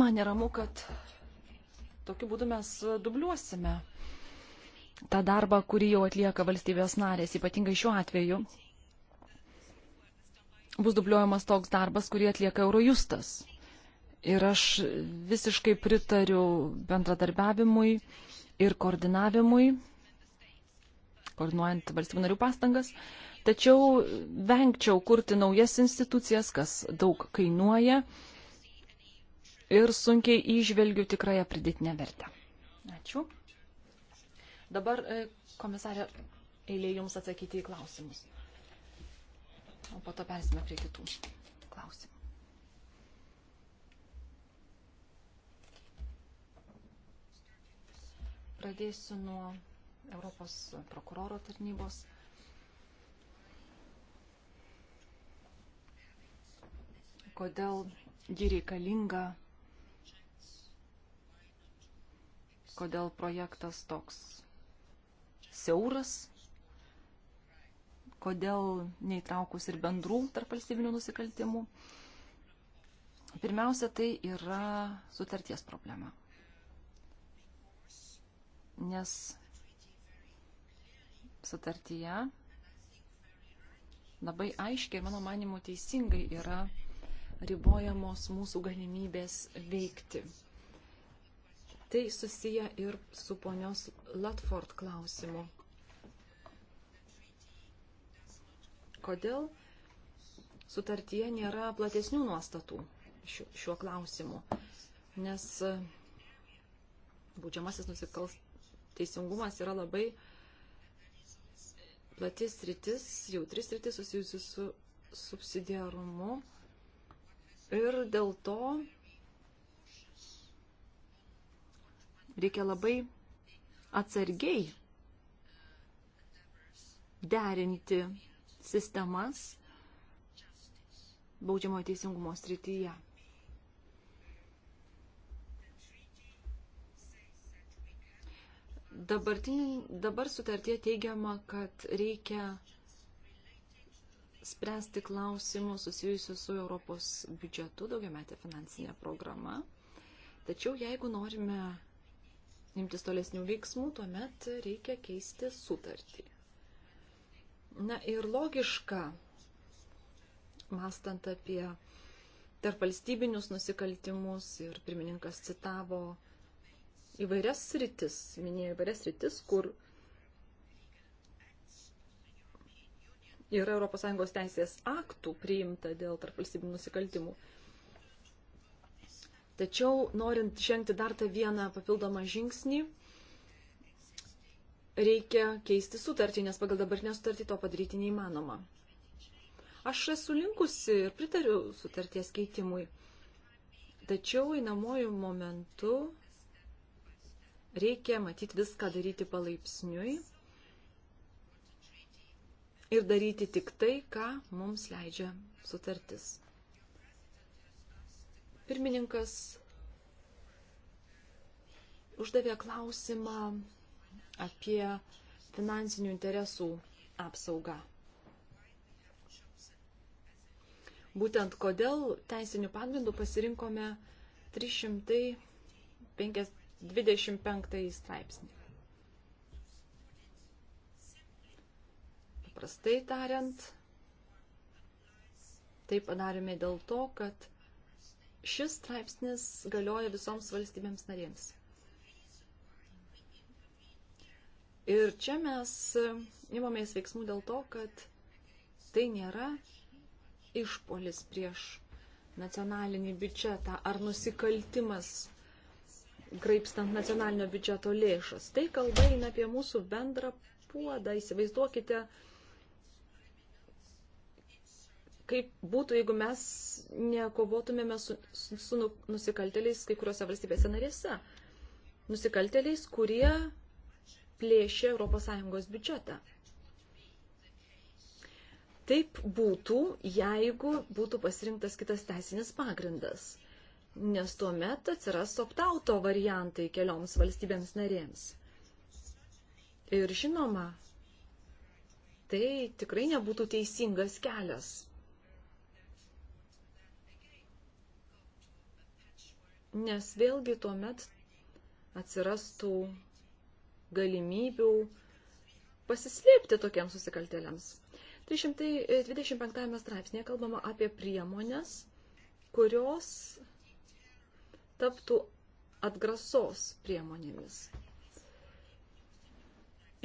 Man neramu, kad tokiu būdu mes dubliuosime tą darbą, kurį jau atlieka valstybės narės, ypatingai šiuo atveju. Bus dubliuojamas toks darbas, kurį atlieka Eurojustas. Ir aš visiškai pritariu bendradarbiavimui ir koordinavimui koordinuojant valstybių narių pastangas. Tačiau vengčiau kurti naujas institucijas, kas daug kainuoja ir sunkiai įžvelgiu tikrąją pridėtinę vertę. Ačiū. Dabar, e, komisarė, eilė jums atsakyti į klausimus. O po to persime prie kitų klausimų. Pradėsiu nuo Europos prokuroro tarnybos. Kodėl ji reikalinga, kodėl projektas toks siauras, kodėl neįtraukus ir bendrų tarp valstybinių nusikaltimų. Pirmiausia, tai yra sutarties problema. Nes sutartyje labai aiškiai ir mano manimu teisingai yra ribojamos mūsų galimybės veikti. Tai susiję ir su ponios Latford klausimu. Kodėl sutartyje nėra platesnių nuostatų šiuo klausimu? Nes e, būdžiamasis nusikalst teisingumas yra labai uh, platys rytis, jautris rytis susijusi su subsidiarumu. Ir dėl to reikia labai atsargiai derinti sistemas baudžiamojo teisingumo srityje. Dabar sutartie teigiama, kad reikia spręsti klausimus susijusius su Europos biudžetu, daugiametė finansinė programa. Tačiau jeigu norime imtis tolesnių veiksmų, tuomet reikia keisti sutartį. Na ir logiška, mastant apie tarp valstybinius nusikaltimus ir pirmininkas citavo įvairias sritis, minėjo įvairias sritis, kur yra ES teisės aktų priimta dėl tarpvalstybinių nusikaltimų. Tačiau, norint žengti dar tą vieną papildomą žingsnį, reikia keisti sutartį, nes pagal dabartinę sutartį to padaryti neįmanoma. Aš esu linkusi ir pritariu sutarties keitimui. Tačiau einamojų momentų Reikia matyti viską daryti palaipsniui ir daryti tik tai, ką mums leidžia sutartis. Pirmininkas uždavė klausimą apie finansinių interesų apsaugą. Būtent kodėl teisinių pagrindų pasirinkome 350, 25 straipsnį. Paprastai tariant, tai padarėme dėl to, kad šis straipsnis galioja visoms valstybėms narėms. Ir čia mes imamės veiksmų dėl to, kad tai nėra išpolis prieš nacionalinį biudžetą ar nusikaltimas graipstant nacionalinio biudžeto lėšas. Tai kalba eina apie mūsų bendrą puodą. Įsivaizduokite, kaip būtų, jeigu mes nekovotumėme su, su, su nu, nusikalteliais kai kuriuose valstybėse narėse. Nusikalteliais, kurie plėšė ES biudžetą. Taip būtų, jeigu būtų pasirinktas kitas teisinis pagrindas nes tuomet atsiras optauto variantai kelioms valstybėms narėms. Ir žinoma, tai tikrai nebūtų teisingas kelias. Nes vėlgi tuomet atsirastų galimybių pasislėpti tokiems susikaltėliams. 325 straipsnėje kalbama apie priemonės, kurios taptų atgrasos priemonėmis.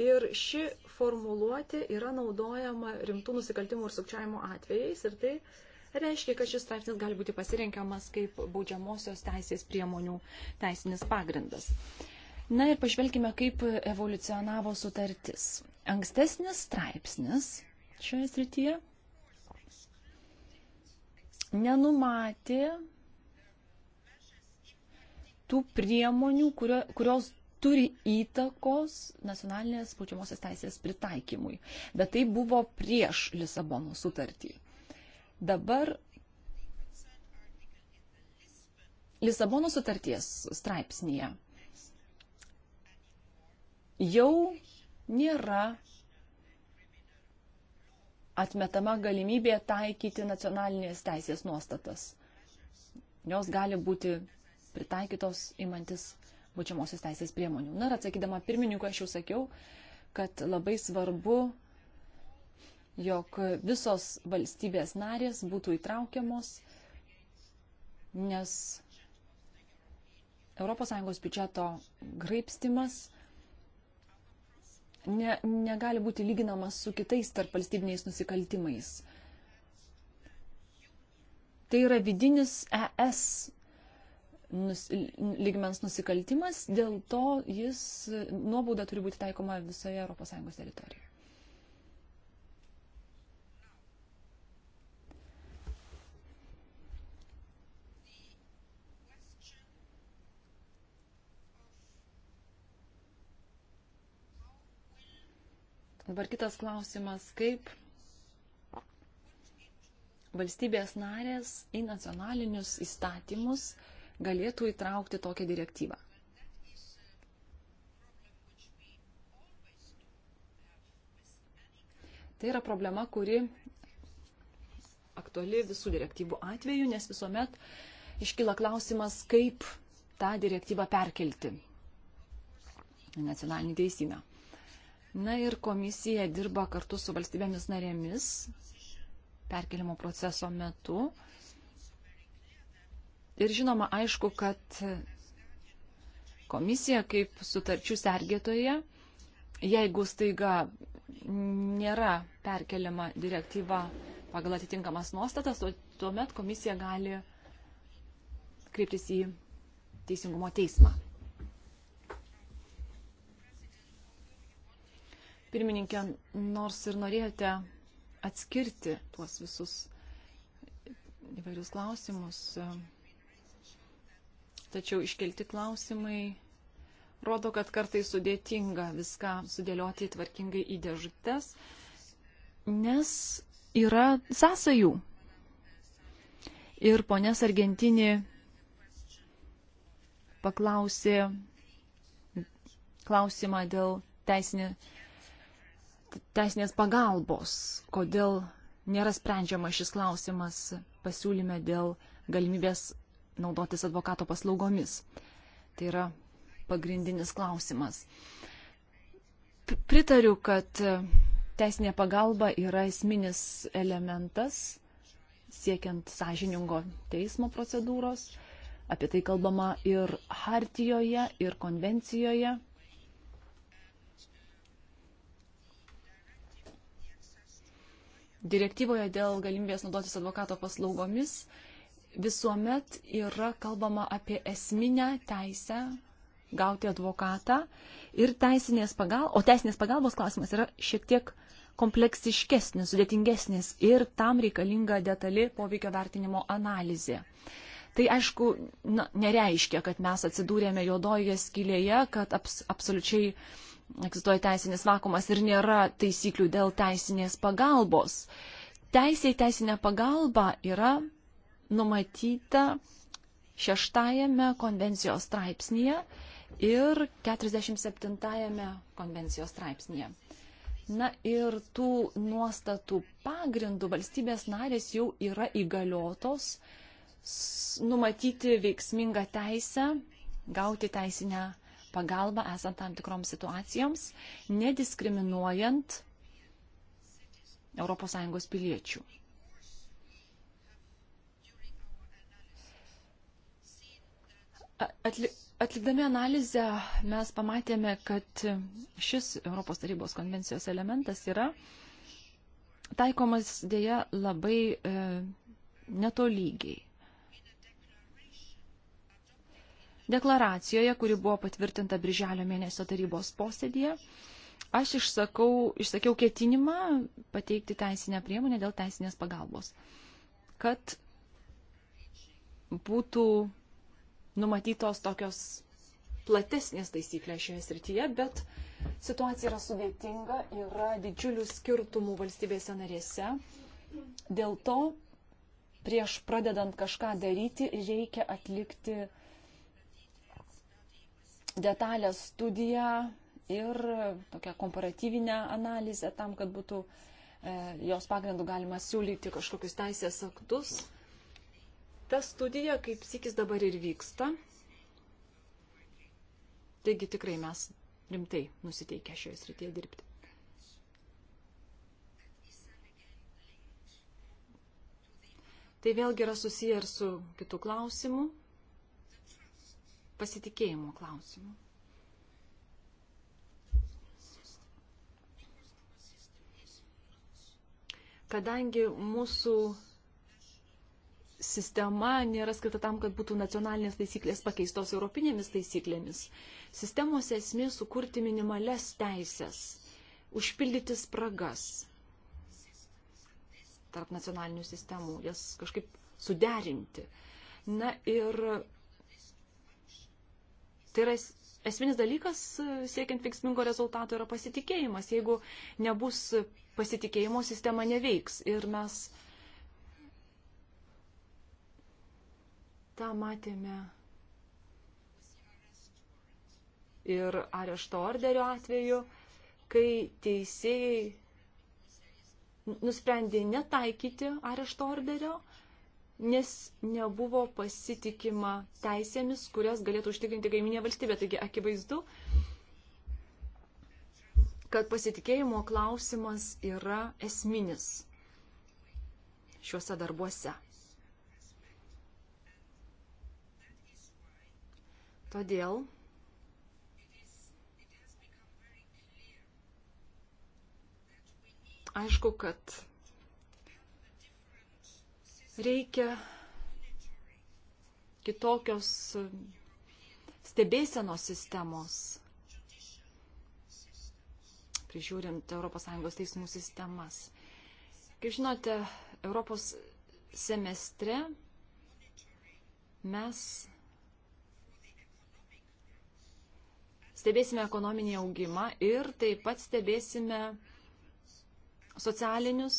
Ir ši formuluotė yra naudojama rimtų nusikaltimų ir sukčiavimo atvejais ir tai reiškia, kad šis straipsnis gali būti pasirinkiamas kaip baudžiamosios teisės priemonių teisinis pagrindas. Na ir pažvelkime, kaip evoliucionavo sutartis. Ankstesnis straipsnis šioje srityje nenumatė tų priemonių, kurio, kurios turi įtakos nacionalinės baudžiamosios teisės pritaikymui. Bet tai buvo prieš Lisabono sutartį. Dabar Lisabono sutarties straipsnėje jau nėra atmetama galimybė taikyti nacionalinės teisės nuostatas. Jos gali būti pritaikytos įmantis būčiamosios teisės priemonių. Na ir atsakydama pirmininkui, aš jau sakiau, kad labai svarbu, jog visos valstybės narės būtų įtraukiamos, nes ES biudžeto graipstimas ne, negali būti lyginamas su kitais tarp valstybiniais nusikaltimais. Tai yra vidinis ES nus, lygmens nusikaltimas, dėl to jis nuobauda turi būti taikoma visoje ES teritorijoje. Dabar kitas klausimas, kaip valstybės narės į nacionalinius įstatymus uh, galėtų įtraukti tokią direktyvą. Tai yra problema, kuri aktuali visų direktyvų atveju, nes visuomet iškyla klausimas, kaip tą direktyvą perkelti į nacionalinį teisyną. Na ir komisija dirba kartu su valstybėmis narėmis perkelimo proceso metu Ir žinoma, aišku, kad komisija kaip sutarčių sergėtoje, jeigu staiga nėra perkeliama direktyva pagal atitinkamas nuostatas, tuomet komisija gali kreiptis į Teisingumo teismą. Pirmininkė, nors ir norėjote atskirti tuos visus įvairius klausimus, Tačiau iškelti klausimai rodo, kad kartai sudėtinga viską sudėlioti tvarkingai į dėžutes, nes yra sąsajų. Ir ponės Argentinį paklausė klausimą dėl teisinė, teisinės pagalbos, kodėl nėra sprendžiama šis klausimas pasiūlyme dėl galimybės naudotis advokato paslaugomis. Tai yra pagrindinis klausimas. Pritariu, kad teisinė pagalba yra esminis elementas siekiant sąžiningo teismo procedūros. Apie tai kalbama ir hartijoje, ir konvencijoje. Direktyvoje dėl galimybės naudotis advokato paslaugomis visuomet yra kalbama apie esminę teisę gauti advokatą ir teisinės pagalbos, o teisinės pagalbos klausimas yra šiek tiek kompleksiškesnis, sudėtingesnis ir tam reikalinga detali poveikio vertinimo analizė. Tai aišku, na, nereiškia, kad mes atsidūrėme juodoje skylėje, kad abs, absoliučiai egzistuoja teisinis vakumas ir nėra taisyklių dėl teisinės pagalbos. Teisė į teisinę pagalbą yra numatyta šeštajame konvencijos straipsnėje ir 47 konvencijos straipsnėje. Na ir tų nuostatų pagrindų valstybės narės jau yra įgaliotos numatyti veiksmingą teisę, gauti teisinę pagalbą esant tam tikroms situacijoms, nediskriminuojant ES piliečių. Atlikdami analizę mes pamatėme, kad šis Europos tarybos konvencijos elementas yra taikomas dėja labai e, netolygiai. Deklaracijoje, kuri buvo patvirtinta Birželio mėnesio tarybos posėdėje, aš išsakau, išsakiau ketinimą pateikti teisinę priemonę dėl teisinės pagalbos, kad būtų numatytos tokios platesnės taisyklės šioje srityje, bet situacija yra sudėtinga, yra didžiulių skirtumų valstybėse narėse. Dėl to prieš pradedant kažką daryti reikia atlikti detalę studiją ir tokią komparatyvinę analizę tam, kad būtų e, jos pagrindų galima siūlyti kažkokius teisės aktus ta studija kaip sikis dabar ir vyksta. Taigi tikrai mes rimtai nusiteikę šioje srityje dirbti. Tai vėlgi yra susiję ir su kitų klausimų, pasitikėjimo klausimų. Kadangi mūsų sistema nėra skirta tam, kad būtų nacionalinės taisyklės pakeistos europinėmis taisyklėmis. Sistemos esmė sukurti minimales teisės, užpildyti spragas tarp nacionalinių sistemų, jas kažkaip suderinti. Na ir tai yra esminis dalykas siekiant veiksmingo rezultato yra pasitikėjimas. Jeigu nebus pasitikėjimo, sistema neveiks. Ir mes uh, Ta matėme ir arešto orderio atveju, kai teisėjai nusprendė netaikyti arešto orderio, nes nebuvo pasitikima teisėmis, kurias galėtų užtikrinti kaiminė valstybė. Taigi akivaizdu, kad pasitikėjimo klausimas yra esminis šiuose darbuose. Todėl aišku, kad reikia kitokios stebėsenos sistemos, prižiūrint ES teismų sistemas. Kaip žinote, Europos semestre mes stebėsime ekonominį augimą ir taip pat stebėsime socialinius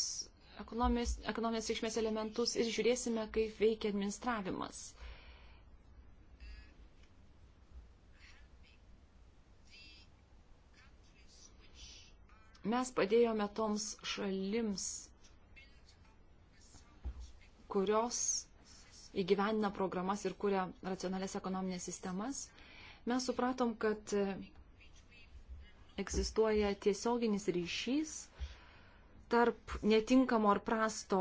ekonomės, ekonomės reikšmės elementus ir žiūrėsime, kaip veikia administravimas. Mes padėjome toms šalims, kurios įgyvendina programas ir kuria racionalias ekonominės sistemas Mes supratom, kad egzistuoja tiesioginis ryšys tarp netinkamo ar prasto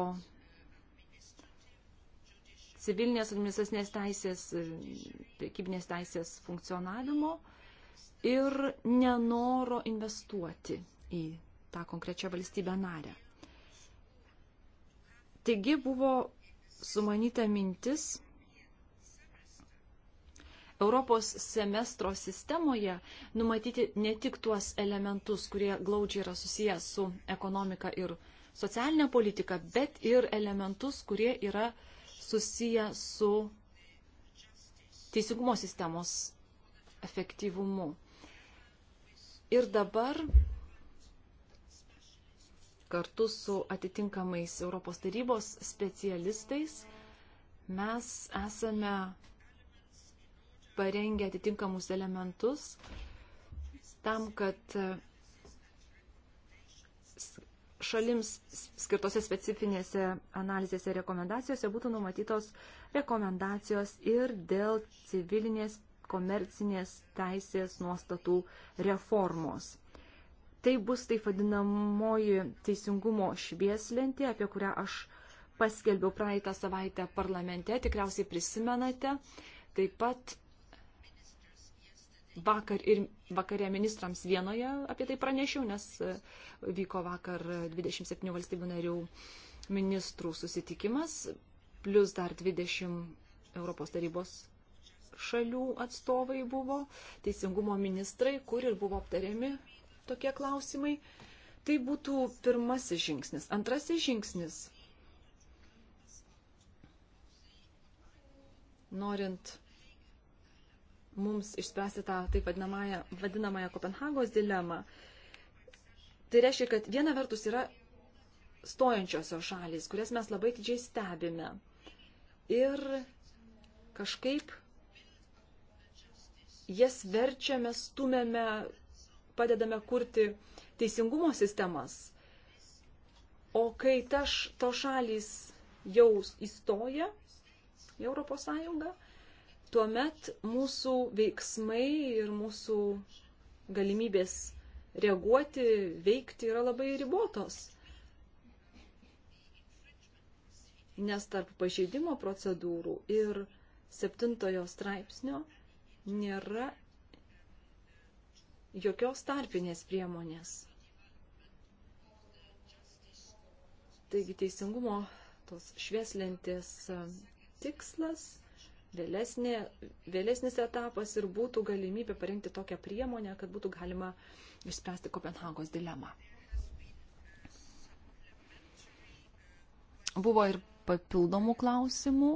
civilinės administracinės teisės, prekybinės teisės funkcionavimo ir nenoro investuoti į tą konkrečią valstybę narę. Taigi buvo sumanyta mintis Europos semestro sistemoje numatyti ne tik tuos elementus, kurie glaudžiai yra susijęs su ekonomika ir socialinė politika, bet ir elementus, kurie yra susiję su teisingumo sistemos efektyvumu. Ir dabar kartu su atitinkamais Europos tarybos specialistais mes esame parengę atitinkamus elementus tam, kad šalims skirtose specifinėse analizėse ir rekomendacijose būtų numatytos rekomendacijos ir dėl civilinės komercinės teisės nuostatų reformos. Tai bus taip vadinamoji teisingumo švieslentė, apie kurią aš paskelbiau praeitą savaitę parlamente, tikriausiai prisimenate. Taip pat vakar ir vakarė ministrams vienoje apie tai pranešiau, nes e, vyko vakar 27 valstybių narių ministrų susitikimas, plus dar 20 Europos tarybos šalių atstovai buvo, teisingumo ministrai, kur ir buvo aptariami tokie klausimai. Tai būtų pirmasis žingsnis. Antrasis žingsnis. Norint mums išspręsti tą taip vadinamąją, vadinamąją Kopenhagos dilemą. Tai reiškia, kad viena vertus yra stojančiosios šalys, kurias mes labai didžiai stebime. Ir kažkaip jas verčiame, stumėme, padedame kurti teisingumo sistemas. O kai taš, to šalys jau įstoja į Europos Sąjungą, tuomet mūsų veiksmai ir mūsų galimybės reaguoti, veikti yra labai ribotos. Nes tarp pažeidimo procedūrų ir septintojo straipsnio nėra jokios tarpinės priemonės. Taigi teisingumo tos švieslentės tikslas vėlesnė, vėlesnis etapas ir būtų galimybė parengti tokią priemonę, kad būtų galima išspręsti Kopenhagos dilemą. Buvo ir papildomų klausimų.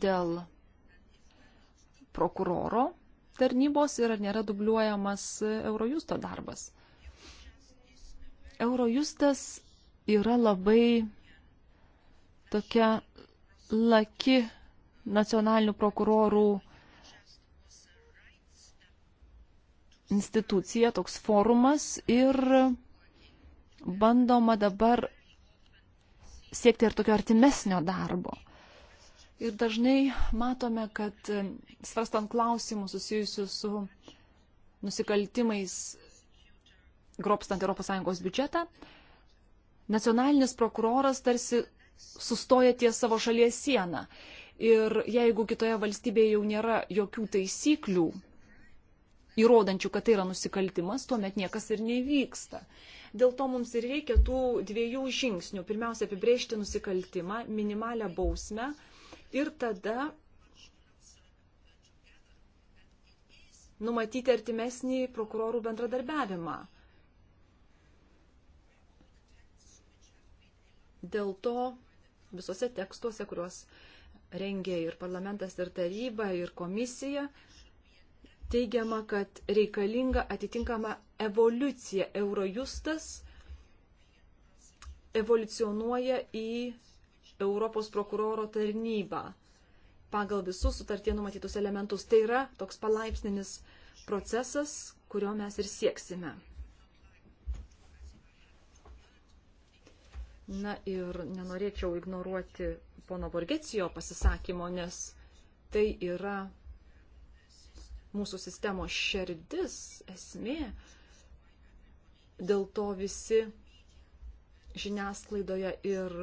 Dėl prokuroro tarnybos ir ar nėra dubliuojamas Eurojusto darbas. Eurojustas yra labai tokia laki nacionalinių prokurorų institucija, toks forumas ir bandoma dabar siekti ir tokio artimesnio darbo. Ir dažnai matome, kad e, svarstant klausimus susijusius su nusikaltimais, grobstant ES biudžetą, nacionalinis prokuroras tarsi sustoja ties savo šalies sieną. Ir jeigu kitoje valstybėje jau nėra jokių taisyklių, įrodančių, kad tai yra nusikaltimas, tuomet niekas ir nevyksta. Dėl to mums ir reikia tų dviejų žingsnių. Pirmiausia, apibrėžti nusikaltimą, minimalę bausmę ir tada numatyti artimesnį prokurorų bendradarbiavimą. Dėl to visose tekstuose, kuriuos rengė ir parlamentas, ir taryba, ir komisija, teigiama, kad reikalinga atitinkama evoliucija. Eurojustas evoliucionuoja į Europos prokuroro tarnybą pagal visus sutartie numatytus elementus. Tai yra toks palaipsninis procesas, kurio mes ir sieksime. Na ir nenorėčiau ignoruoti pono Borgecijo pasisakymo, nes tai yra mūsų sistemos šerdis, esmė. Dėl to visi žiniasklaidoje ir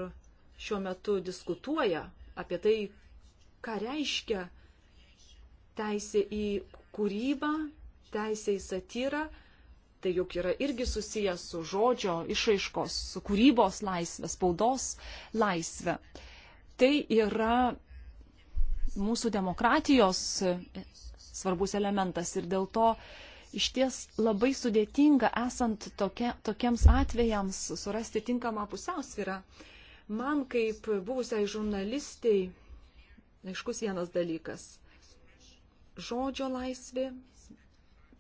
šiuo metu diskutuoja apie tai, ką reiškia teisė į kūrybą, teisė į satyrą tai juk yra irgi susijęs su žodžio išraiškos, su kūrybos laisvė, spaudos laisvė. Tai yra mūsų demokratijos svarbus elementas ir dėl to iš ties labai sudėtinga esant tokia, tokiems atvejams surasti tinkamą pusiausvyrą. Man kaip buvusiai žurnalistiai aiškus vienas dalykas. Žodžio laisvė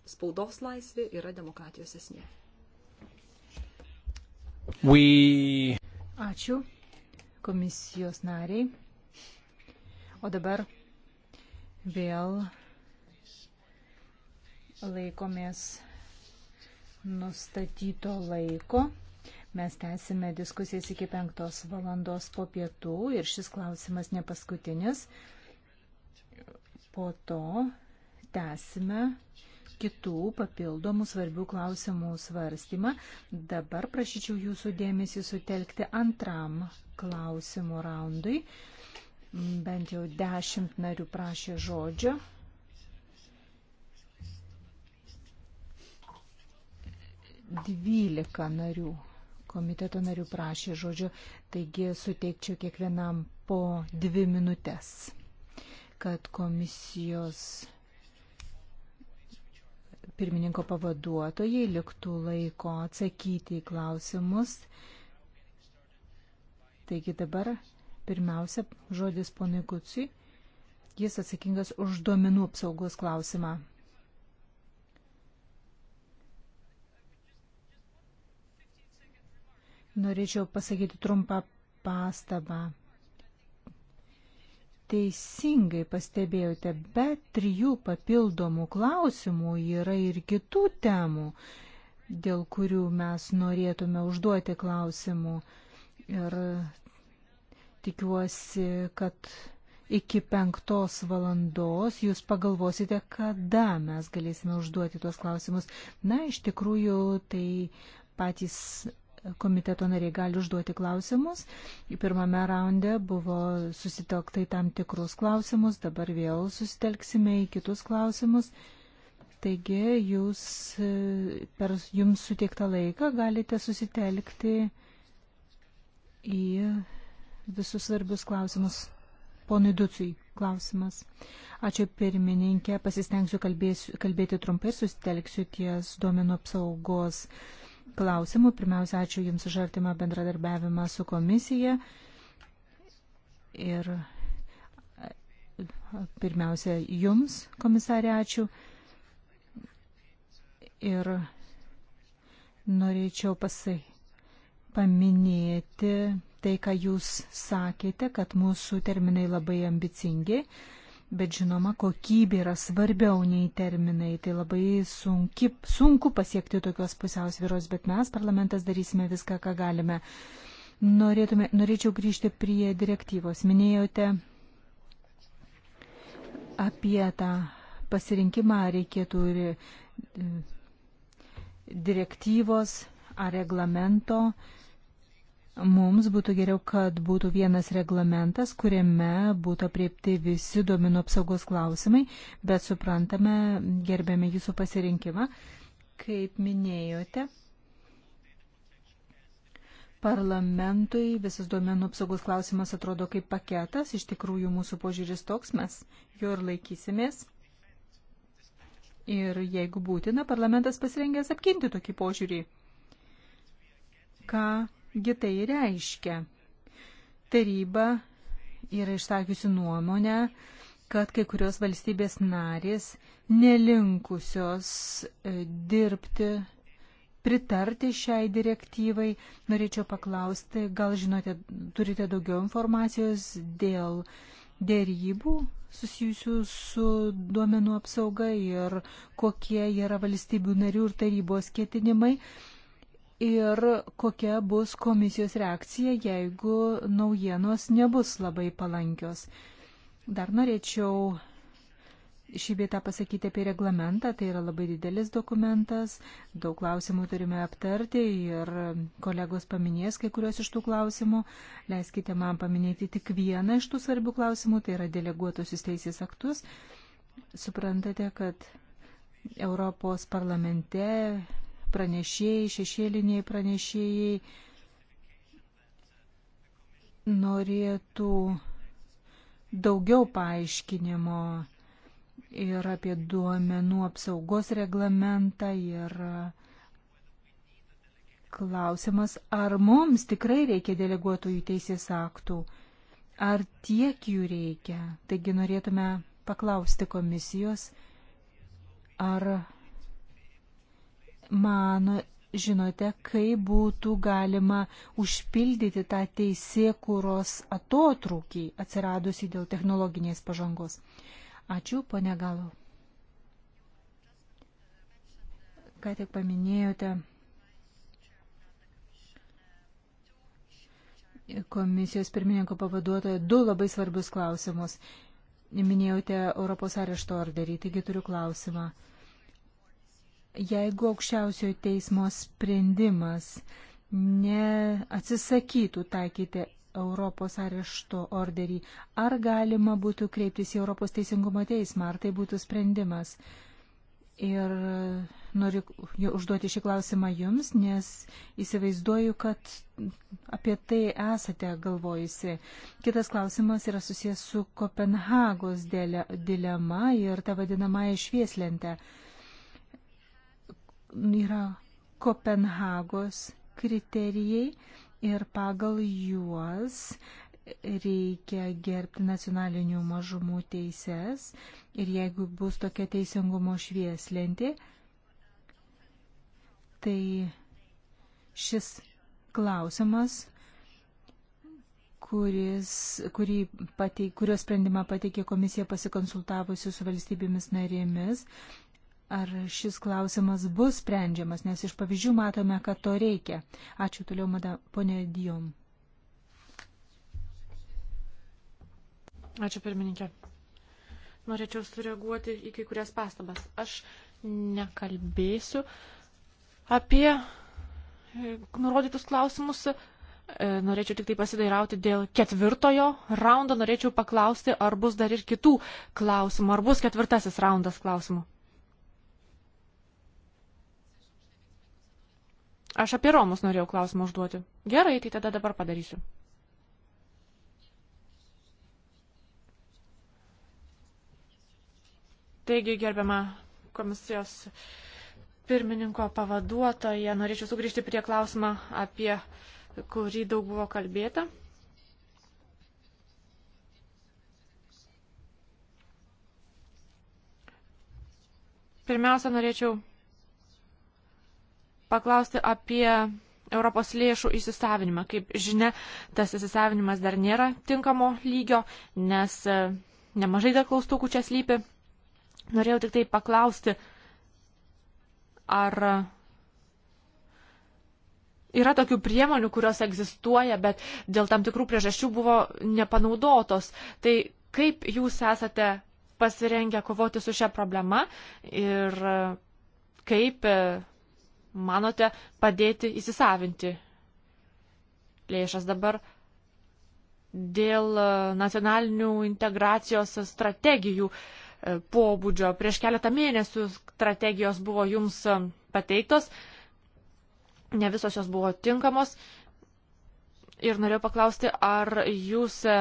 spaudos laisvė yra demokratijos esmė. We... Ačiū komisijos nariai. O dabar vėl laikomės nustatyto laiko. Mes tęsime diskusijas iki penktos valandos po pietų ir šis klausimas ne paskutinis. Po to tęsime kitų papildomų svarbių klausimų svarstymą. Dabar prašyčiau jūsų dėmesį sutelkti antram klausimų raundui. Bent jau dešimt narių prašė žodžio. Dvylika narių komiteto narių prašė žodžio, taigi suteikčiau kiekvienam po dvi minutės, kad komisijos pirmininko pavaduotojai liktų laiko atsakyti į klausimus. Taigi dabar pirmiausia žodis ponui Kuciui. Jis atsakingas už duomenų apsaugos klausimą. Norėčiau pasakyti trumpą pastabą teisingai pastebėjote, bet trijų papildomų klausimų yra ir kitų temų, dėl kurių mes norėtume užduoti klausimų. Ir tikiuosi, kad iki penktos valandos jūs pagalvosite, kada mes galėsime užduoti tuos klausimus. Na, iš tikrųjų, tai patys komiteto nariai gali užduoti klausimus. Pirmame raunde buvo susitelktai tam tikrus klausimus, dabar vėl susitelksime į kitus klausimus. Taigi jūs e, per jums sutiektą laiką galite susitelkti į visus svarbius klausimus. Ponui Ducui klausimas. Ačiū pirmininkė, pasistengsiu kalbėsiu, kalbėti trumpai, susitelksiu ties duomenų apsaugos uh, klausimų. Pirmiausia, ačiū Jums už artimą bendradarbiavimą su komisija. Ir pirmiausia, Jums, komisarė, ačiū. Ir norėčiau pasai paminėti tai, ką Jūs sakėte, kad mūsų terminai labai ambicingi. Bet žinoma, kokybė yra svarbiau nei terminai. Tai labai sunki, sunku pasiekti tokios pusiausvyros, bet mes, parlamentas, darysime viską, ką galime. Norėtume, norėčiau grįžti prie direktyvos. Minėjote apie tą pasirinkimą reikėtų ir e, direktyvos ar reglamento. Uh, Mums būtų geriau, kad būtų vienas reglamentas, kuriame būtų apriepti visi duomenų apsaugos klausimai, bet suprantame, gerbėme jūsų pasirinkimą. Kaip minėjote, parlamentui visas duomenų apsaugos klausimas atrodo kaip paketas, iš tikrųjų mūsų požiūris toks, mes jo ir laikysimės. Ir jeigu būtina, parlamentas pasirengęs apginti tokį požiūrį. Ką gitai reiškia. Taryba yra išsakiusi nuomonę, kad kai kurios valstybės narės nelinkusios e, dirbti, pritarti šiai direktyvai. Norėčiau paklausti, gal žinote, turite daugiau informacijos dėl dėrybų susijusių su duomenų apsauga ir kokie yra valstybių narių ir tarybos ketinimai ir kokia bus komisijos reakcija, jeigu naujienos nebus labai palankios. Dar norėčiau šį vietą pasakyti apie reglamentą, tai yra labai didelis dokumentas, daug klausimų turime aptarti ir kolegos paminės kai kurios iš tų klausimų. Leiskite man paminėti tik vieną iš tų svarbių klausimų, tai yra deleguotusius teisės aktus. Suprantate, kad Europos parlamente pranešėjai, šešėliniai pranešėjai norėtų daugiau paaiškinimo ir apie duomenų apsaugos reglamentą ir klausimas, ar mums tikrai reikia deleguotojų teisės aktų, ar tiek jų reikia. Taigi norėtume paklausti komisijos, ar mano, žinote, kaip būtų galima užpildyti tą teisėkūros atotrūkį atsiradusi dėl technologinės pažangos. Ačiū, ponė Galo. Ką tik paminėjote komisijos pirmininko pavaduotoje du labai svarbius klausimus. Minėjote Europos arešto orderį, taigi turiu klausimą jeigu aukščiausiojo teismo sprendimas neatsisakytų taikyti Europos arešto orderį, ar galima būtų kreiptis į Europos teisingumo teismą, ar tai būtų sprendimas. Ir noriu užduoti šį klausimą jums, nes įsivaizduoju, kad apie tai esate galvojusi. Kitas klausimas yra susijęs su Kopenhagos dilema ir ta vadinamąją švieslentę yra Kopenhagos kriterijai ir pagal juos reikia gerbti nacionalinių mažumų teises ir jeigu bus tokia teisingumo švieslentė, tai šis klausimas, kuris, kurį pateik, kurio sprendimą pateikė komisija pasikonsultavusi su valstybėmis narėmis, ar šis klausimas bus sprendžiamas, nes iš pavyzdžių matome, kad to reikia. Ačiū toliau, mada, ponė Dijom. Ačiū pirmininkė. Norėčiau sureaguoti į kai kurias pastabas. Aš nekalbėsiu apie e, nurodytus klausimus. E, norėčiau tik tai pasidairauti dėl ketvirtojo raundo. Norėčiau paklausti, ar bus dar ir kitų klausimų, ar bus ketvirtasis raundas klausimų. Aš apie Romus norėjau klausimą užduoti. Gerai, tai tada dabar padarysiu. Taigi, gerbiama komisijos pirmininko pavaduotoje, norėčiau sugrįžti prie klausimą, apie kurį daug buvo kalbėta. Pirmiausia, norėčiau paklausti apie Europos lėšų įsisavinimą. Kaip žinia, tas įsisavinimas dar nėra tinkamo lygio, nes e, nemažai dar klaustukų čia slypi. Norėjau tik tai paklausti, ar yra tokių priemonių, kurios egzistuoja, bet dėl tam tikrų priežasčių buvo nepanaudotos. Tai kaip jūs esate pasirengę kovoti su šia problema ir e, kaip e, manote, padėti įsisavinti lėšas dabar dėl nacionalinių integracijos strategijų e, pobūdžio. Prieš keletą mėnesių strategijos buvo jums e, pateiktos, ne visos jos buvo tinkamos. Ir norėjau paklausti, ar jūs e,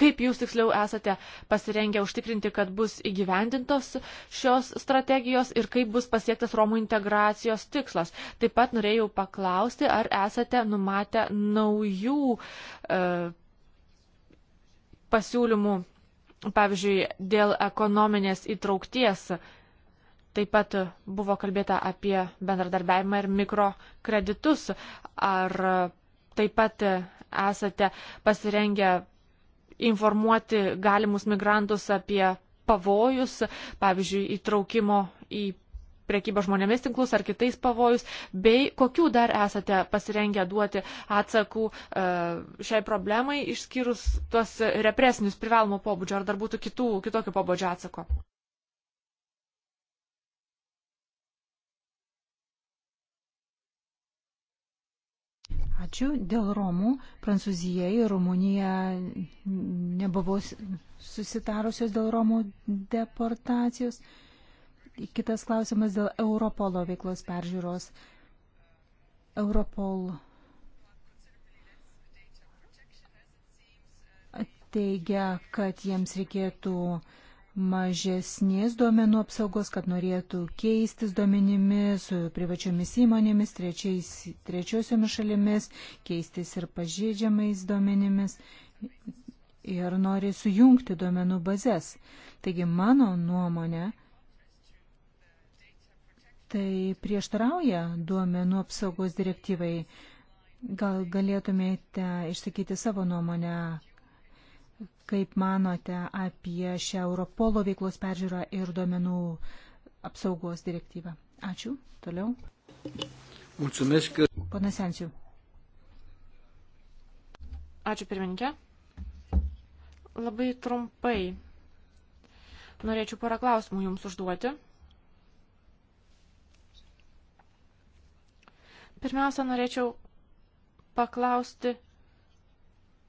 kaip jūs tiksliau esate pasirengę užtikrinti, kad bus įgyvendintos šios strategijos ir kaip bus pasiektas Romų integracijos tikslas. Taip pat norėjau paklausti, ar esate numatę naujų e, pasiūlymų, pavyzdžiui, dėl ekonominės įtraukties. Taip pat buvo kalbėta apie bendradarbiavimą ir mikrokreditus. Ar taip pat esate pasirengę informuoti galimus migrantus apie pavojus, pavyzdžiui, įtraukimo į priekybą žmonėmis tinklus ar kitais pavojus, bei kokių dar esate pasirengę duoti atsakų e, šiai problemai, išskyrus tuos represinius privalomo pobūdžio, ar dar būtų kitų, kitokio pobūdžio atsako. Ačiū. Dėl Romų Prancūzija ir Rumunija nebuvo susitarusios dėl Romų deportacijos. Kitas klausimas dėl Europolo veiklos peržiūros. Europol teigia, kad jiems reikėtų uh, mažesnės duomenų apsaugos, kad norėtų keistis duomenimis su privačiomis įmonėmis, trečiais, trečiosiomis šalimis, keistis ir pažeidžiamais duomenimis ir nori sujungti duomenų bazės. Taigi mano nuomonė, tai prieštarauja duomenų apsaugos direktyvai. Gal galėtumėte išsakyti savo nuomonę kaip manote apie šią Europolo veiklos peržiūrą ir duomenų apsaugos direktyvą? Ačiū. Toliau. Mulțumesc. Pana Sensiu. Ačiū pirmininkė. Labai trumpai. Norėčiau porą klausimų jums užduoti. Pirmiausia, norėčiau paklausti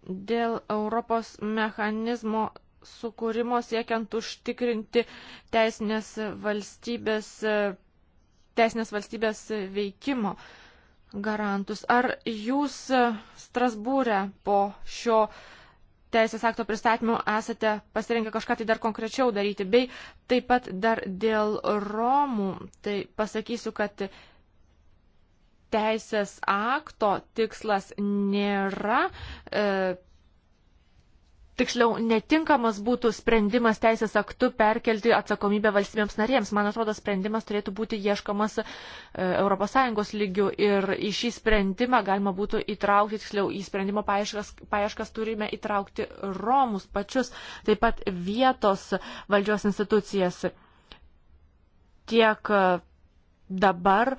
dėl Europos mechanizmo sukūrimo siekiant užtikrinti teisinės valstybės, teisinės valstybės veikimo garantus. Ar jūs Strasbūrė po šio teisės akto pristatymo esate pasirinkę kažką tai dar konkrečiau daryti, bei taip pat dar dėl Romų, tai pasakysiu, kad teisės akto tikslas nėra. E, Tiksliau, netinkamas būtų sprendimas teisės aktu perkelti atsakomybę valstybėms narėms. Man atrodo, sprendimas turėtų būti ieškomas e, ES lygių ir į šį sprendimą galima būtų įtraukti, tiksliau, į sprendimo paieškas, paieškas turime įtraukti Romus pačius, taip pat vietos valdžios institucijas tiek e, dabar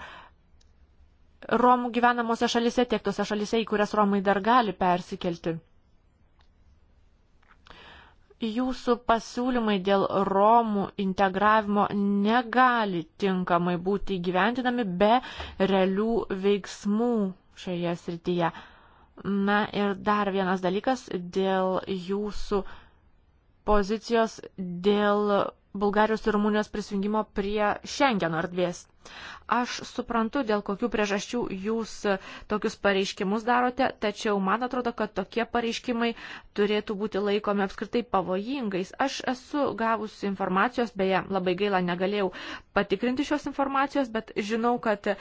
Romų gyvenamose šalise, tiek tose šalise, į kurias Romai dar gali persikelti. Jūsų pasiūlymai dėl Romų integravimo negali tinkamai būti gyventinami be realių veiksmų šioje srityje. Na ir dar vienas dalykas dėl jūsų pozicijos dėl Bulgarijos ir Rumunijos prisijungimo prie Šengeno erdvės. Aš suprantu, dėl kokių priežasčių jūs e, tokius pareiškimus darote, tačiau man atrodo, kad tokie pareiškimai turėtų būti laikomi apskritai pavojingais. Aš esu gavusi informacijos, beje, labai gaila, negalėjau patikrinti šios informacijos, bet žinau, kad e,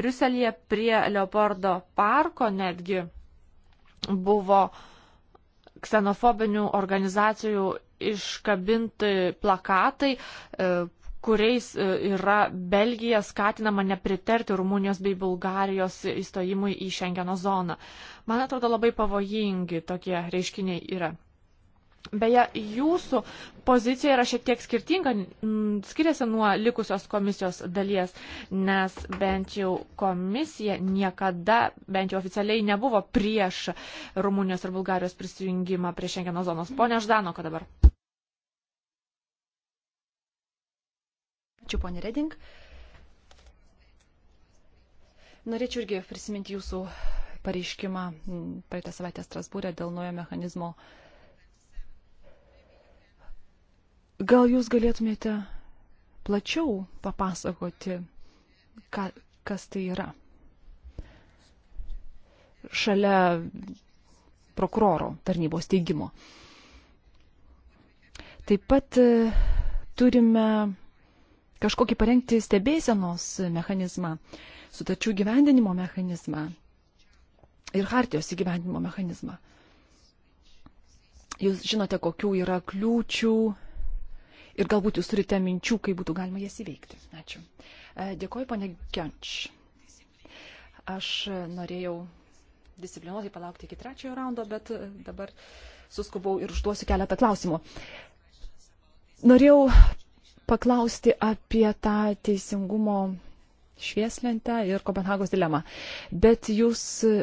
Briuselėje prie Leopoldo parko netgi buvo ksenofobinių organizacijų iškabinti plakatai, e, kuriais e, yra Belgija skatinama nepritarti Rumunijos bei Bulgarijos įstojimui į Šengeno zoną. Man atrodo, labai pavojingi tokie reiškiniai yra. Beje, jūsų pozicija yra šiek tiek skirtinga, skiriasi nuo likusios komisijos dalies, nes bent jau komisija niekada, bent jau oficialiai nebuvo prieš Rumunijos ir Bulgarijos prisijungimą prie Šengeno zonos. Pone Ždano, kad dabar. Ačiū, ponė Reding. Norėčiau irgi prisiminti jūsų pareiškimą praeitą savaitę Strasbūrė dėl naujo mechanizmo. Gal jūs galėtumėte plačiau papasakoti, ką, kas tai yra? Šalia prokuroro tarnybos teigimo. Taip pat e, turime kažkokį parengti stebėsenos mechanizmą, sutarčių gyvendinimo mechanizmą ir hartijos įgyvendinimo mechanizmą. Jūs žinote, kokių yra kliūčių ir galbūt jūs turite minčių, kaip būtų galima jas įveikti. Ačiū. E, dėkoju, ponė Genč. Aš norėjau disciplinuotai palaukti iki trečiojo raundo, bet dabar suskubau ir užduosiu keletą klausimų. Norėjau paklausti apie tą teisingumo švieslentę ir Kopenhagos dilemą. Bet jūs e,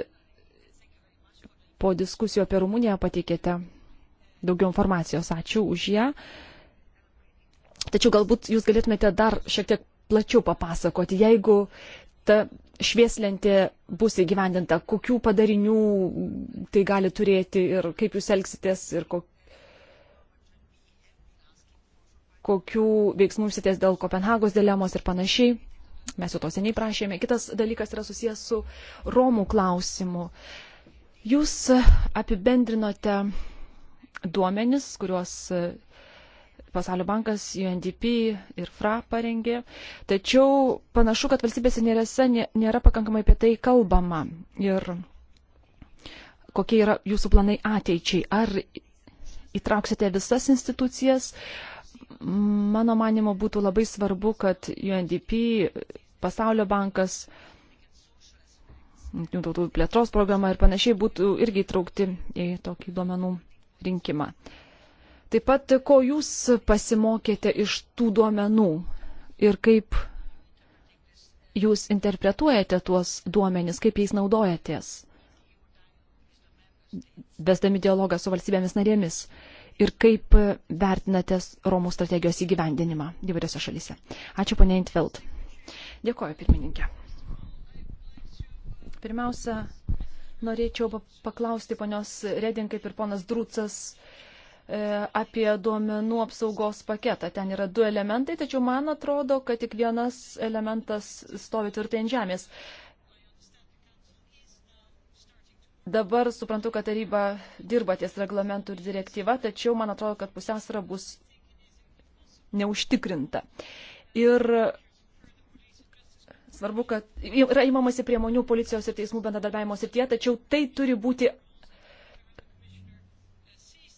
po diskusijų apie Rumuniją pateikėte daugiau informacijos. Ačiū už ją. Tačiau galbūt jūs galėtumėte dar šiek tiek plačiau papasakoti, jeigu ta švieslentė bus įgyvendinta, kokių padarinių tai gali turėti ir kaip jūs elgsitės ir kokiu kokių veiksmų sitės dėl Kopenhagos dilemos ir panašiai. Mes jau to seniai prašėme. Kitas dalykas yra susijęs su Romų klausimu. Jūs apibendrinote duomenis, kuriuos Pasaulio bankas, UNDP ir FRA parengė. Tačiau panašu, kad valstybėse nėrėse nėra pakankamai apie tai kalbama. Ir kokie yra jūsų planai ateičiai? Ar įtrauksite visas institucijas? Uh, Mano manimo būtų labai svarbu, kad UNDP, Pasaulio bankas, tautų plėtros programa ir panašiai būtų irgi įtraukti į tokį duomenų rinkimą. Taip pat, ko jūs pasimokėte iš tų duomenų ir kaip jūs interpretuojate tuos duomenis, kaip jais naudojatės, vesdami dialogą su valstybėmis narėmis ir kaip vertinate Romų strategijos įgyvendinimą įvairiose šalyse. Ačiū, ponė Intveld. Dėkoju, pirmininkė. Pirmiausia, norėčiau paklausti ponios Redin, kaip ir ponas Drūcas, e, apie duomenų apsaugos paketą. Ten yra du elementai, tačiau man atrodo, kad tik vienas elementas stovi tvirtai ant žemės. Dabar suprantu, kad taryba dirba ties reglamentų ir direktyva, tačiau man atrodo, kad pusiausvara bus neužtikrinta. Ir svarbu, kad yra įmamasi priemonių policijos ir teismų bendradarbiavimo srityje, tačiau tai turi būti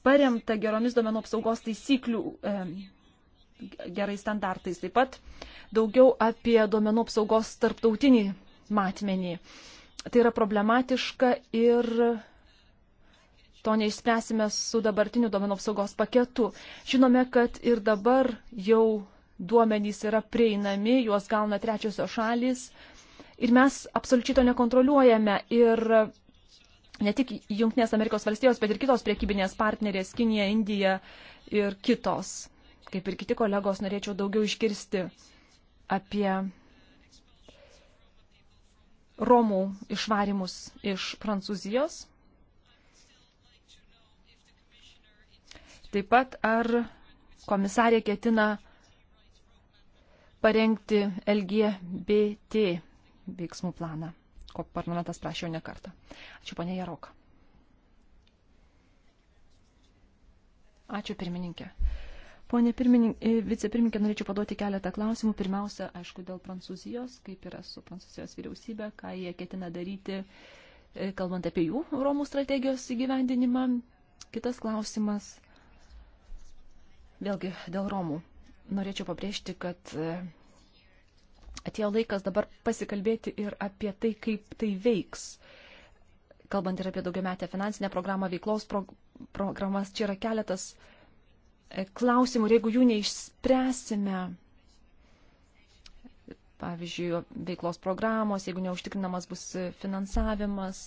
paremta geromis domenų apsaugos taisyklių e, gerais standartais. Taip pat daugiau apie domenų apsaugos tarptautinį matmenį. E, tai yra problematiška ir to neišspręsime su dabartiniu duomenų apsaugos paketu. Žinome, kad ir dabar jau duomenys yra prieinami, juos gauna trečiosios šalys ir mes absoliučiai to nekontroliuojame. Ir ne tik Junktinės Amerikos valstijos, bet ir kitos priekybinės partnerės - Kinija, Indija ir kitos. Kaip ir kiti kolegos, norėčiau daugiau išgirsti apie Romų išvarimus iš Prancūzijos. Taip pat ar komisarė ketina parengti LGBT veiksmų planą, ko parlamentas prašė ne kartą. Ačiū, ponė Jaroka. Ačiū, pirmininkė. Pone e, vicepirmininkė, norėčiau paduoti keletą klausimų. Pirmiausia, aišku, dėl Prancūzijos, kaip yra su Prancūzijos vyriausybė, ką jie ketina daryti, e, kalbant apie jų Romų strategijos įgyvendinimą. Kitas klausimas, vėlgi dėl Romų. Norėčiau pabrėžti, kad e, atėjo laikas dabar pasikalbėti ir apie tai, kaip tai veiks. Kalbant ir apie daugiametę finansinę programą, veiklos pro programas, čia yra keletas uh, E, klausimų ir jeigu jų neišspręsime, pavyzdžiui, veiklos programos, jeigu neužtikrinamas bus finansavimas,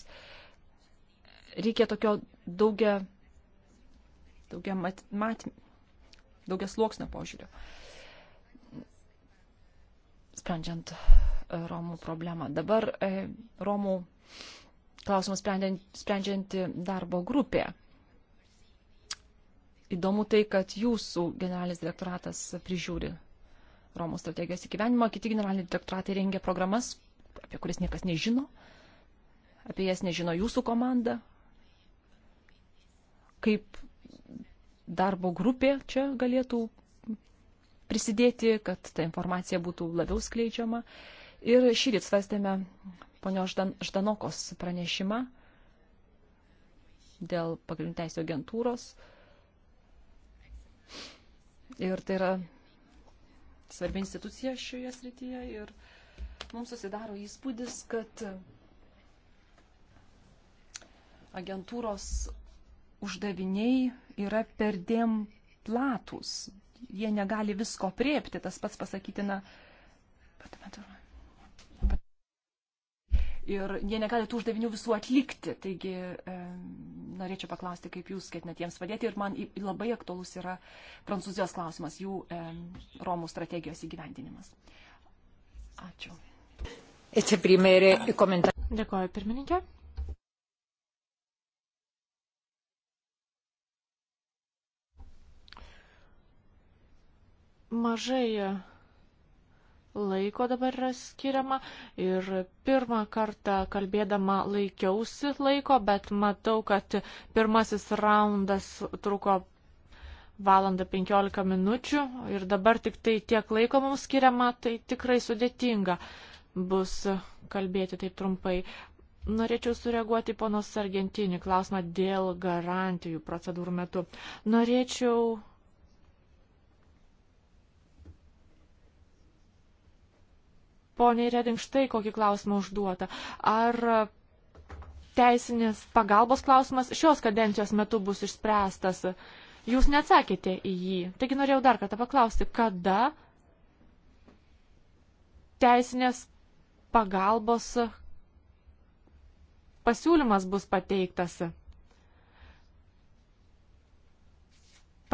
reikia tokio daugia, daugia, mat, mat, daugia sluoksnio požiūrio, sprendžiant e, Romų problemą. Dabar e, Romų klausimas sprendžianti darbo grupė įdomu tai, kad jūsų generalinis direktoratas prižiūri Romų strategijos įgyvenimą, kiti generaliniai direktoratai rengia programas, apie kurias niekas nežino, apie jas nežino jūsų komanda, kaip darbo grupė čia galėtų prisidėti, kad ta informacija būtų labiau skleidžiama. Ir šį rytą svarstėme ponio Ždanokos pranešimą dėl pagrindinės agentūros. agentūros Ir tai yra svarbi institucija šioje srityje. Ir mums susidaro įspūdis, kad agentūros uždaviniai yra perdėm platus. Jie negali visko priepti, tas pats pasakytina. Ir jie negali tų uždavinių visų atlikti, taigi norėčiau paklausti, kaip jūs ketinat jiems padėti. Ir man labai aktuolus yra Prancūzijos klausimas, jų e, Romų strategijos įgyvendinimas. Ačiū. Dėkuoju, pirmininkė. Mažai laiko dabar yra skiriama ir pirmą kartą kalbėdama laikiausi laiko, bet matau, kad pirmasis raundas truko valandą 15 minučių ir dabar tik tai tiek laiko mums skiriama, tai tikrai sudėtinga bus kalbėti taip trumpai. Norėčiau sureaguoti ponos Argentinį klausimą dėl garantijų procedūrų metu. Norėčiau poniai Reding štai kokį klausimą užduota. Ar teisinės pagalbos klausimas šios kadencijos metu bus išspręstas? Jūs neatsakėte į jį. Taigi norėjau dar kartą paklausti, kada teisinės pagalbos pasiūlymas bus pateiktas.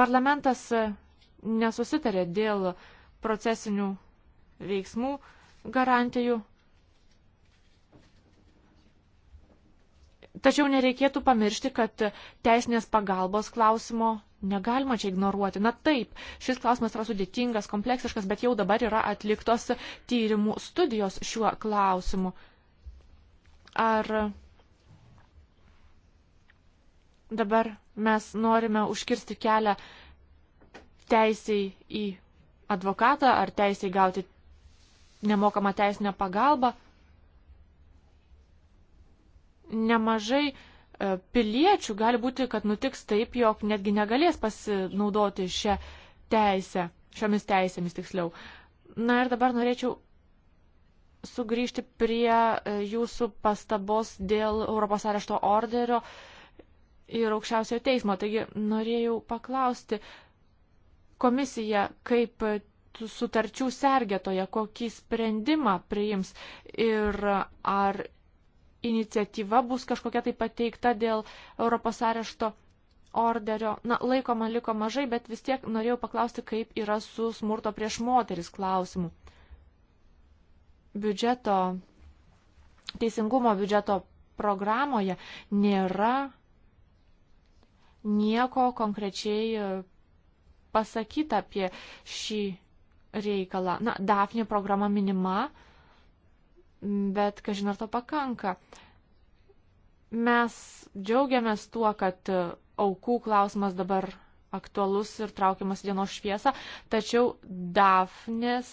Parlamentas nesusitarė dėl procesinių veiksmų garantijų. Tačiau nereikėtų pamiršti, kad teisinės pagalbos klausimo negalima čia ignoruoti. Na taip, šis klausimas yra sudėtingas, kompleksiškas, bet jau dabar yra atliktos tyrimų studijos šiuo klausimu. Ar dabar mes norime užkirsti kelią teisiai į advokatą ar teisiai gauti nemokamą teisinę pagalbą, nemažai e, piliečių gali būti, kad nutiks taip, jog netgi negalės pasinaudoti šią teisę, šiomis teisėmis tiksliau. Na ir dabar norėčiau sugrįžti prie e, jūsų pastabos dėl Europos arešto orderio ir aukščiausiojo teismo. Taigi norėjau paklausti komisiją, kaip sutarčių sergėtoje, kokį sprendimą priims ir ar iniciatyva bus kažkokia tai pateikta dėl Europos arešto orderio. Na, laiko man liko mažai, bet vis tiek norėjau paklausti, kaip yra su smurto prieš moteris klausimu. Biudžeto, teisingumo biudžeto programoje nėra nieko konkrečiai pasakyta apie šį reikalą. Na, Dafnė programa minima, bet, kažin ar to pakanka. Mes džiaugiamės tuo, kad aukų klausimas dabar aktualus ir traukiamas dienos šviesą, tačiau Dafnės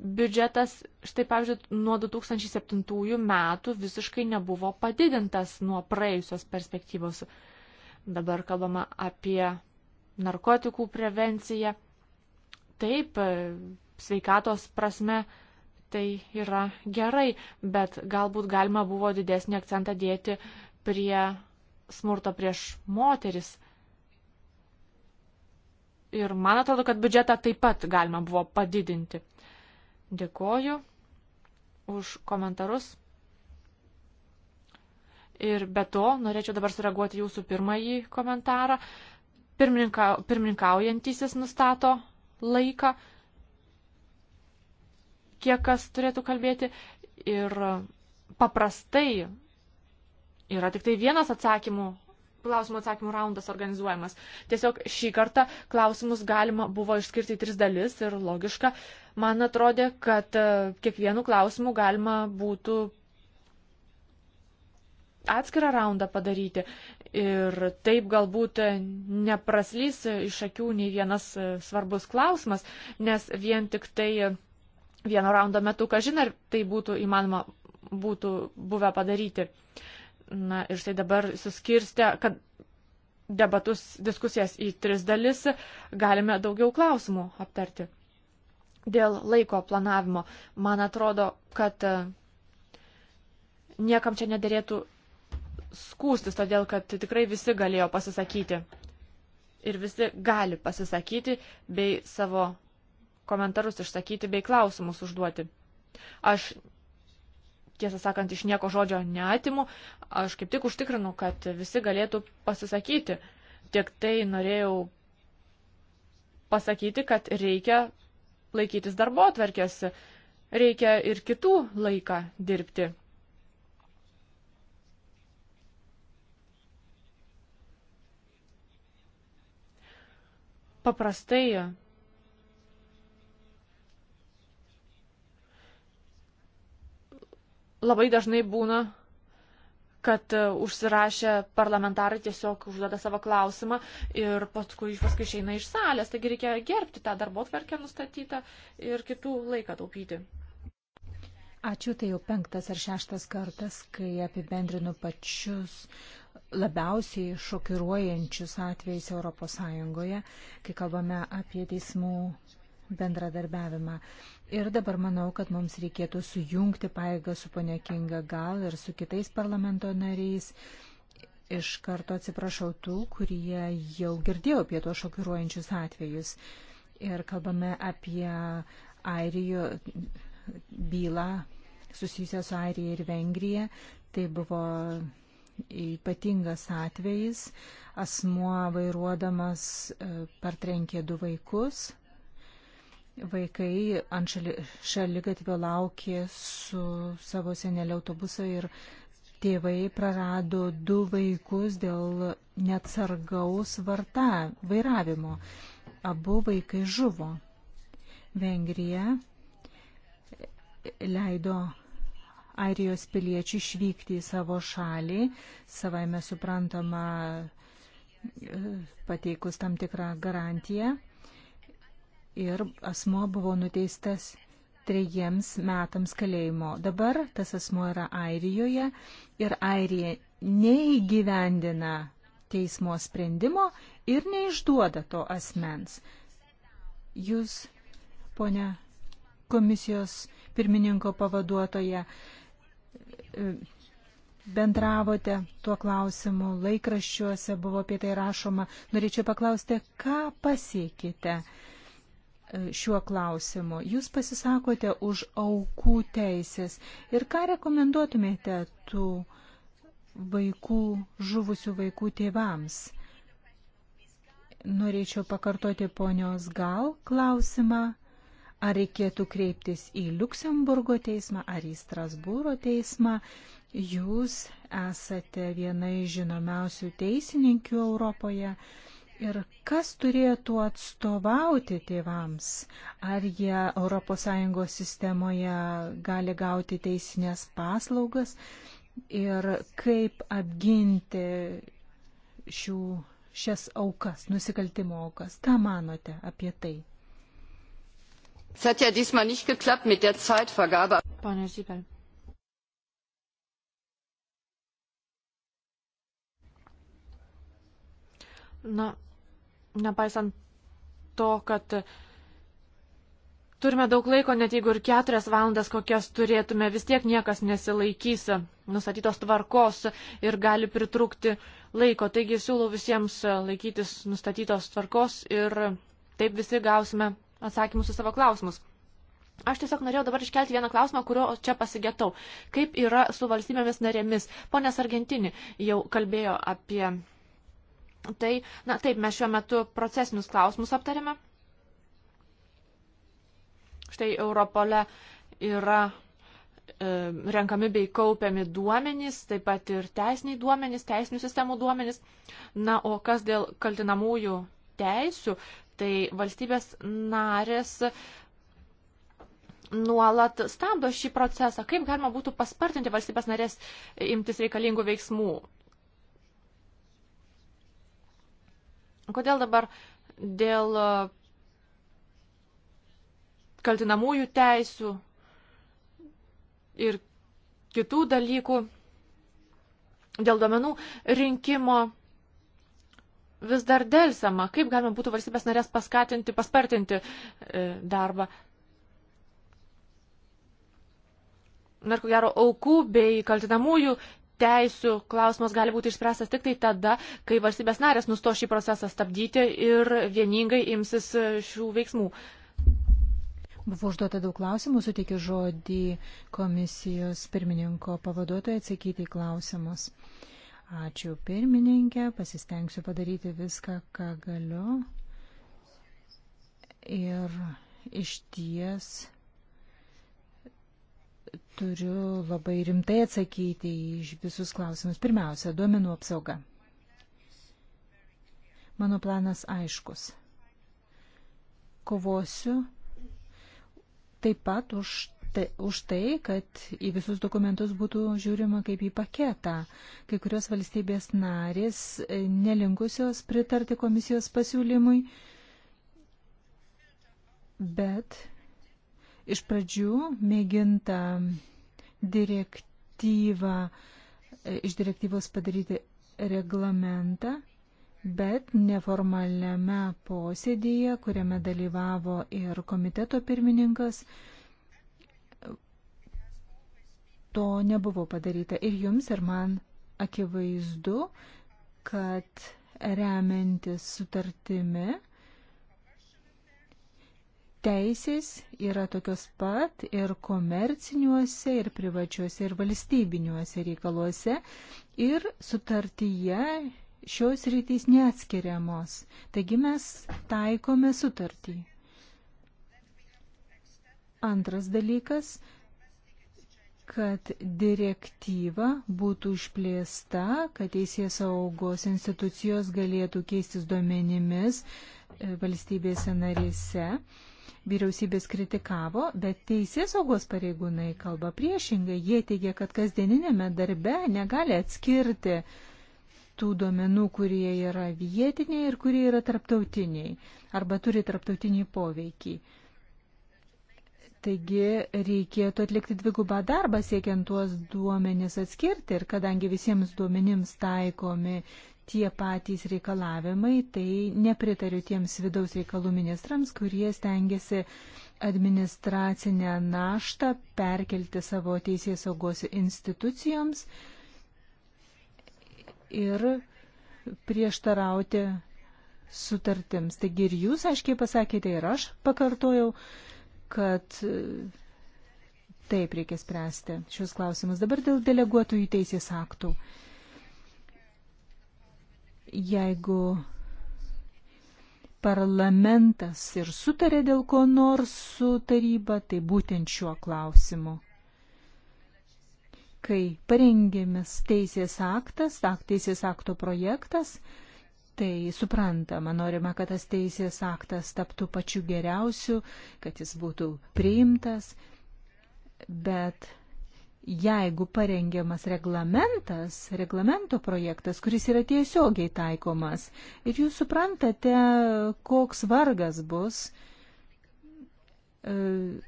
biudžetas, štai pavyzdžiui, nuo 2007 metų visiškai nebuvo padidintas nuo praėjusios perspektyvos. Dabar kalbama apie narkotikų prevenciją Taip, e, sveikatos prasme tai yra gerai, bet galbūt galima buvo didesnį akcentą dėti prie smurto prieš moteris. Ir man atrodo, kad biudžetą taip pat galima buvo padidinti. Dėkoju už komentarus. Ir be to, norėčiau dabar sureaguoti jūsų pirmąjį komentarą. Pirmininka, pirmininkaujantisis nustato laiką, kiek kas turėtų kalbėti. Ir paprastai yra tik tai vienas atsakymų, klausimų atsakymų raundas organizuojamas. Tiesiog šį kartą klausimus galima buvo išskirti į tris dalis ir logiška, man atrodė, kad e, kiekvienų klausimų galima būtų atskirą raundą padaryti, Ir taip galbūt nepraslys iš akių nei vienas svarbus klausimas, nes vien tik tai vieno raundo metu, kažin ar tai būtų įmanoma būtų buvę padaryti. Na ir štai dabar suskirstę, kad debatus, diskusijas į tris dalis, galime daugiau klausimų aptarti. Dėl laiko planavimo, man atrodo, kad niekam čia nedėrėtų skūstis, todėl kad tikrai visi galėjo pasisakyti. Ir visi gali pasisakyti bei savo komentarus išsakyti bei klausimus užduoti. Aš, tiesą sakant, iš nieko žodžio neatimu, aš kaip tik užtikrinu, kad visi galėtų pasisakyti. Tik tai norėjau pasakyti, kad reikia laikytis darbo atverkės, reikia ir kitų laiką dirbti. paprastai labai dažnai būna, kad e, užsirašę parlamentarai tiesiog užduoda savo klausimą ir paskui, paskui išeina iš salės, taigi reikia gerbti tą darbo tvarkę nustatytą ir kitų laiką taupyti. Ačiū, tai jau penktas ar šeštas kartas, kai apibendrinu pačius labiausiai šokiruojančius atvejais ES, kai kalbame apie teismų bendradarbiavimą. Ir dabar manau, kad mums reikėtų sujungti paėgą su ponekinga gal ir su kitais parlamento nariais. Iš karto atsiprašau tų, kurie jau girdėjo apie tuos šokiruojančius atvejus. Ir kalbame apie Airijų bylą susijusią su Airija ir Vengrija. Tai buvo ypatingas atvejis. Asmuo vairuodamas e, partrenkė du vaikus. Vaikai ant šali, šaligatvio laukė su savo senelio autobusą ir tėvai prarado du vaikus dėl neatsargaus varta, vairavimo. Abu vaikai žuvo. Vengrija e, e, leido airijos piliečių išvykti į savo šalį, savai mes suprantama pateikus tam tikrą garantiją. Ir asmo buvo nuteistas trejiems metams kalėjimo. Dabar tas asmo yra Airijoje ir Airija neįgyvendina teismo sprendimo ir neišduoda to asmens. Jūs, ponia komisijos pirmininko pavaduotoja, E, bendravote tuo klausimu, laikraščiuose buvo apie tai rašoma. Norėčiau paklausti, ką pasiekite e, šiuo klausimu? Jūs pasisakote už aukų teisės ir ką rekomenduotumėte tų vaikų, žuvusių vaikų tėvams? Norėčiau pakartoti ponios gal klausimą ar reikėtų kreiptis į Luksemburgo teismą ar į Strasbūro teismą. Jūs esate viena iš žinomiausių teisininkių Europoje. Ir kas turėtų atstovauti tėvams? Ar jie ES sistemoje gali gauti teisinės paslaugas? Ir kaip apginti šių, šias aukas, nusikaltimo aukas? Ką manote apie tai? Es hat ja diesmal nicht geklappt mit der Zeitvergabe. Pane Sibel. Na, nepaisant to, kad turime daug laiko, net jeigu ir keturias valandas kokias turėtume, vis tiek niekas nesilaikys nustatytos tvarkos ir gali pritrūkti laiko. Taigi siūlau visiems laikytis nustatytos tvarkos ir taip visi gausime atsakymus į savo klausimus. Aš tiesiog norėjau dabar iškelti vieną klausimą, kurio čia pasigetau. Kaip yra su valstybėmis narėmis? Ponės Argentini jau kalbėjo apie tai. Na taip, mes šiuo metu procesinius klausimus aptarėme. Štai Europole yra e, renkami bei kaupiami duomenys, taip pat ir teisiniai duomenys, teisinių sistemų duomenys. Na, o kas dėl kaltinamųjų teisių, tai valstybės narės nuolat stabdo šį procesą. Kaip galima būtų paspartinti valstybės narės imtis reikalingų veiksmų? Kodėl dabar dėl kaltinamųjų teisių ir kitų dalykų, dėl domenų rinkimo vis dar dėlsama, kaip galima būtų valstybės narės paskatinti, paspartinti e, darbą. Na ir ko gero, aukų bei kaltinamųjų teisų klausimas gali būti išspręstas tik tai tada, kai valstybės narės nusto šį procesą stabdyti ir vieningai imsis e, šių veiksmų. Buvo užduota daug klausimų, suteikiu žodį komisijos pirmininko pavaduotojai atsakyti į klausimus. Uh, Ačiū pirmininkė, pasistengsiu padaryti viską, ką galiu. Ir iš ties turiu labai rimtai atsakyti į visus klausimus. Pirmiausia, duomenų apsauga. Mano planas aiškus. Kovosiu taip pat už tai, už tai, kad į visus dokumentus būtų žiūrima kaip į paketą. Kai kurios valstybės narės e, nelinkusios pritarti komisijos pasiūlymui, bet iš pradžių mėginta direktyvą, e, iš direktyvos padaryti reglamentą, bet neformaliame posėdėje, kuriame dalyvavo ir komiteto pirmininkas, to nebuvo padaryta. Ir jums, ir man akivaizdu, kad remiantis sutartimi, teisės yra tokios pat ir komerciniuose, ir privačiuose, ir valstybiniuose reikaluose. Ir sutartyje šios rytys neatskiriamos. Taigi mes taikome sutartį. Antras dalykas kad direktyva būtų išplėsta, kad teisės saugos institucijos galėtų keistis duomenimis e, valstybėse narėse. Vyriausybės kritikavo, bet teisės saugos pareigūnai kalba priešingai. Jie teigia, kad kasdieninėme darbe negali atskirti tų duomenų, kurie yra vietiniai ir kurie yra tarptautiniai arba turi tarptautinį poveikį. Taigi reikėtų atlikti dvigubą darbą siekiant tuos duomenis atskirti ir kadangi visiems duomenims taikomi tie patys reikalavimai, tai nepritariu tiems vidaus reikalų ministrams, kurie stengiasi administracinę naštą perkelti savo teisės saugos institucijoms ir prieštarauti sutartims. Taigi ir jūs aiškiai pasakėte, ir aš pakartojau, kad e, taip reikia spręsti šios klausimus. Dabar dėl deleguotųjų teisės aktų. Jeigu parlamentas ir sutarė dėl ko nors su taryba, tai būtent šiuo klausimu. Kai parengiamas teisės aktas, ak, teisės akto projektas, tai suprantama, norima, kad tas teisės aktas taptų pačiu geriausiu, kad jis būtų priimtas, bet jeigu parengiamas reglamentas, reglamento projektas, kuris yra tiesiogiai taikomas, ir jūs suprantate, koks vargas bus e,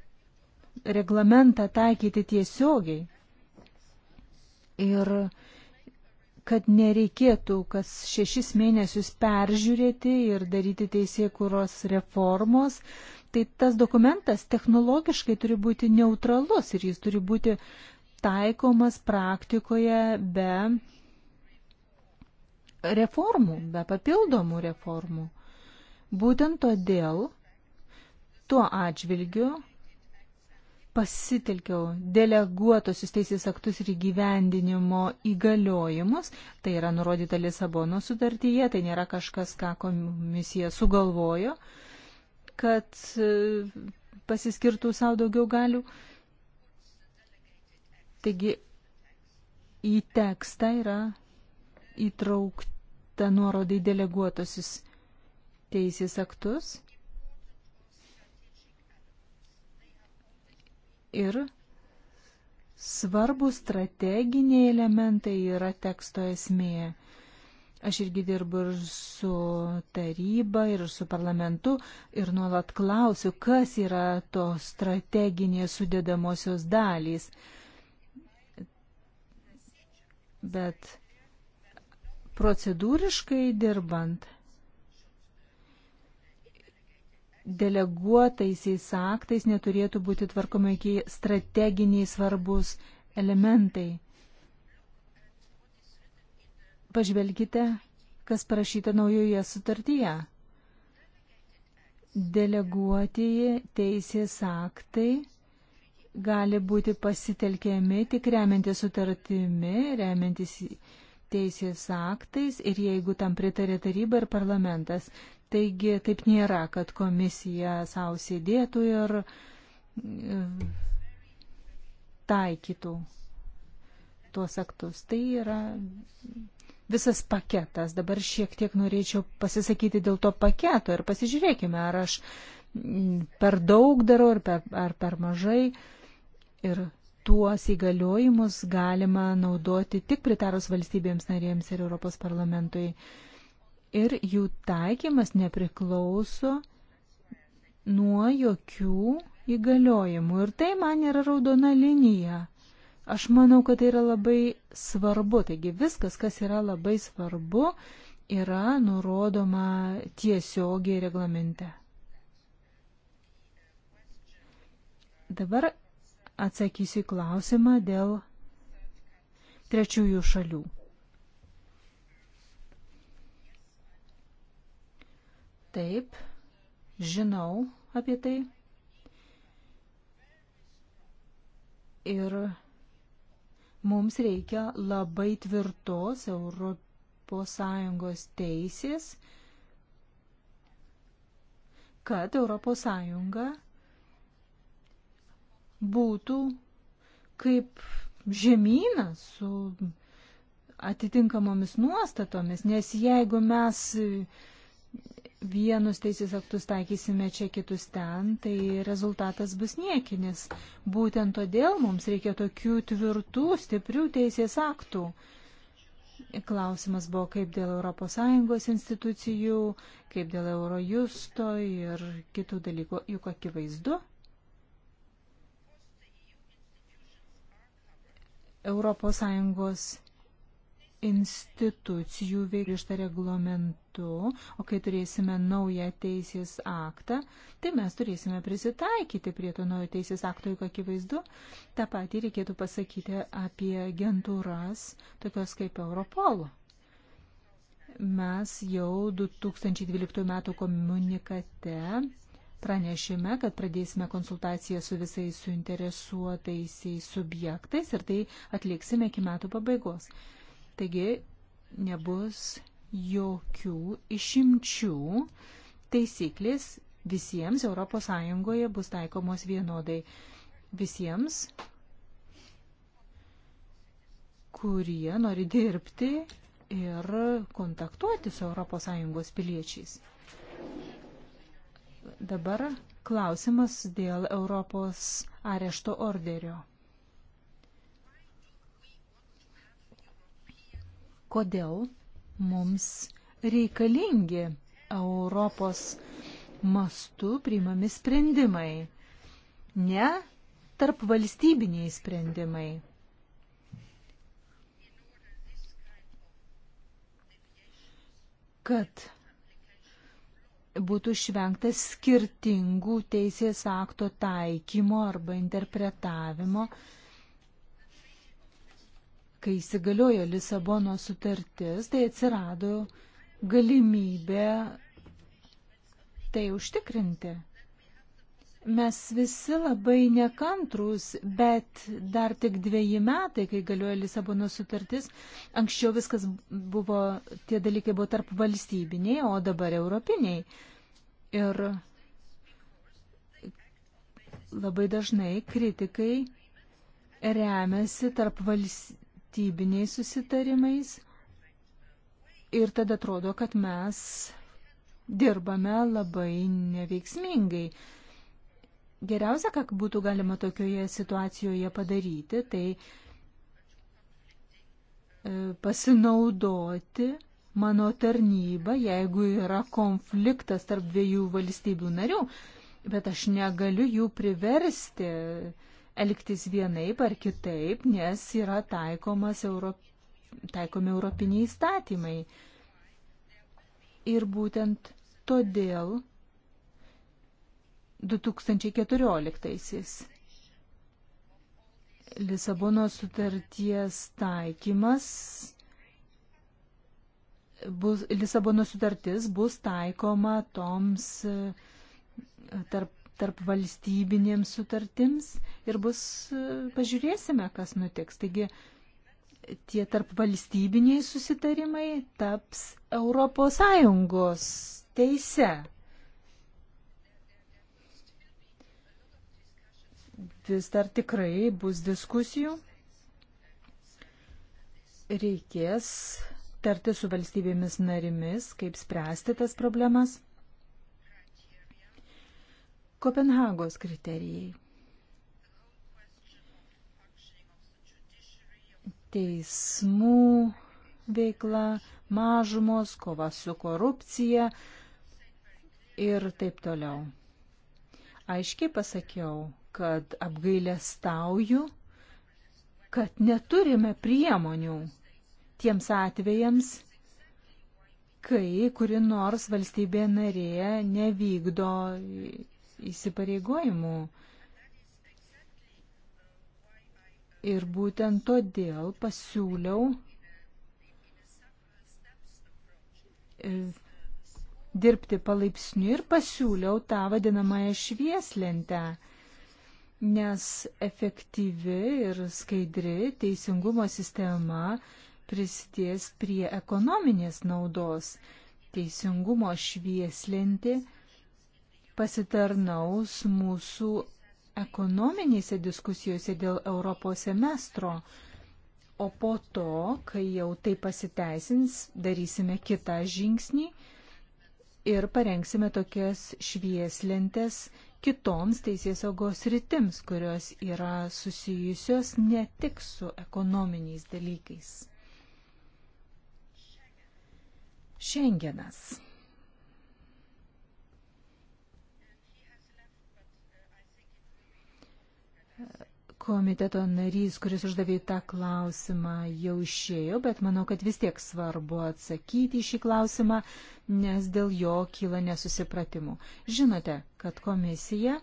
reglamentą taikyti tiesiogiai. Ir kad nereikėtų kas šešis mėnesius peržiūrėti ir daryti teisėkuros reformos, tai tas dokumentas technologiškai turi būti neutralus ir jis turi būti taikomas praktikoje be reformų, be papildomų reformų. Būtent todėl tuo atžvilgiu pasitelkiau deleguotosius teisės aktus ir įgyvendinimo įgaliojimus. Tai yra nurodyta Lisabono sutartyje, tai nėra kažkas, ką komisija sugalvojo, kad e, pasiskirtų savo daugiau galių. Taigi į tekstą yra įtraukta nuorodai deleguotosius teisės aktus ir svarbus strateginiai elementai yra teksto esmėje. Aš irgi dirbu ir su taryba, ir su parlamentu, ir nuolat klausiu, kas yra tos strateginės sudėdamosios dalys. Bet procedūriškai dirbant, deleguotaisiais aktais neturėtų būti tvarkomi iki strateginiai svarbus elementai. Pažvelkite, kas parašyta naujoje sutartyje. Deleguotieji teisės aktai gali būti pasitelkiami tik remiantis sutartimi, remiantis teisės aktais ir jeigu tam pritarė taryba ir parlamentas. Taigi taip nėra, kad komisija savo sėdėtų ir e, taikytų tuos aktus. Tai yra visas paketas. Dabar šiek tiek norėčiau pasisakyti dėl to paketo ir pasižiūrėkime, ar aš per daug darau ar per, ar per mažai. Ir tuos įgaliojimus galima naudoti tik pritarus valstybėms narėms ir Europos parlamentui. Uh, ir jų taikymas nepriklauso nuo jokių įgaliojimų. Ir tai man yra raudona linija. Aš manau, kad tai yra labai svarbu. Taigi viskas, kas yra labai svarbu, yra nurodoma tiesiogiai reglamente. Dabar atsakysiu į klausimą dėl trečiųjų šalių. Taip, žinau apie tai. Ir mums reikia labai tvirtos ES teisės, kad ES būtų kaip žemynas su atitinkamomis nuostatomis, nes jeigu mes vienus teisės aktus taikysime čia kitus ten, tai rezultatas bus niekinis. Būtent todėl mums reikia tokių tvirtų, stiprių teisės aktų. Klausimas buvo, kaip dėl ES institucijų, kaip dėl Eurojusto ir kitų dalykų, juk akivaizdu. ES institucijų veikištą reglamentu, o kai turėsime naują teisės aktą, tai mes turėsime prisitaikyti prie to naujo teisės akto, juk akivaizdu. Ta pati reikėtų pasakyti apie agentūras, tokios kaip Europolo. Mes jau 2012 m. komunikate pranešime, kad pradėsime konsultaciją su visais suinteresuotaisiais subjektais ir tai atliksime iki metų pabaigos. Taigi nebus jokių išimčių. Taisyklės visiems ES bus taikomos vienodai. Visiems, kurie nori dirbti ir kontaktuoti su ES piliečiais. Dabar klausimas dėl Europos arešto orderio. kodėl mums reikalingi Europos mastu priimami sprendimai, ne tarp valstybiniai sprendimai. Kad būtų išvengta skirtingų teisės akto taikymo arba interpretavimo, kai įsigaliojo Lisabono sutartis, tai atsirado galimybė tai užtikrinti. Mes visi labai nekantrus, bet dar tik dviejį metai, kai galioja Lisabono sutartis, anksčiau viskas buvo, tie dalykai buvo tarp valstybiniai, o dabar europiniai. Ir labai dažnai kritikai remiasi tarp valstybiniai vertybiniais susitarimais ir tada atrodo, kad mes dirbame labai neveiksmingai. Geriausia, ką būtų galima tokioje situacijoje padaryti, tai e, pasinaudoti mano tarnybą, jeigu yra konfliktas tarp dviejų valstybių narių, bet aš negaliu jų priversti uh, elgtis vienaip ar kitaip, nes yra taikomas Euro, taikomi europiniai įstatymai. Ir būtent todėl 2014-aisiais Lisabono sutarties taikymas bus, Lisabono sutartis bus taikoma toms e, tarp tarp valstybinėms sutartims ir bus, e, pažiūrėsime, kas nutiks. Taigi tie tarp valstybiniai susitarimai taps ES teise. Vis dar tikrai bus diskusijų. Reikės tarti su valstybėmis narimis, kaip spręsti tas problemas. Kopenhagos kriterijai. Teismų veikla, mažumos, kova su korupcija ir taip toliau. Aiškiai pasakiau, kad apgailę stauju, kad neturime priemonių tiems atvejams, kai kuri nors valstybė narė nevykdo įsipareigojimų. Ir būtent todėl pasiūliau e, dirbti palaipsniui ir pasiūliau tą vadinamąją švieslentę, nes efektyvi ir skaidri teisingumo sistema prisidės prie ekonominės naudos. Teisingumo švieslentė pasitarnaus mūsų ekonominėse diskusijose dėl Europos semestro. O po to, kai jau tai pasiteisins, darysime kitą žingsnį ir parengsime tokias švieslentes kitoms teisėsaugos rytims, kurios yra susijusios ne tik su ekonominiais dalykais. Šengenas. komiteto narys, kuris uždavė tą klausimą, jau išėjo, bet manau, kad vis tiek svarbu atsakyti į šį klausimą, nes dėl jo kyla nesusipratimų. Žinote, kad komisija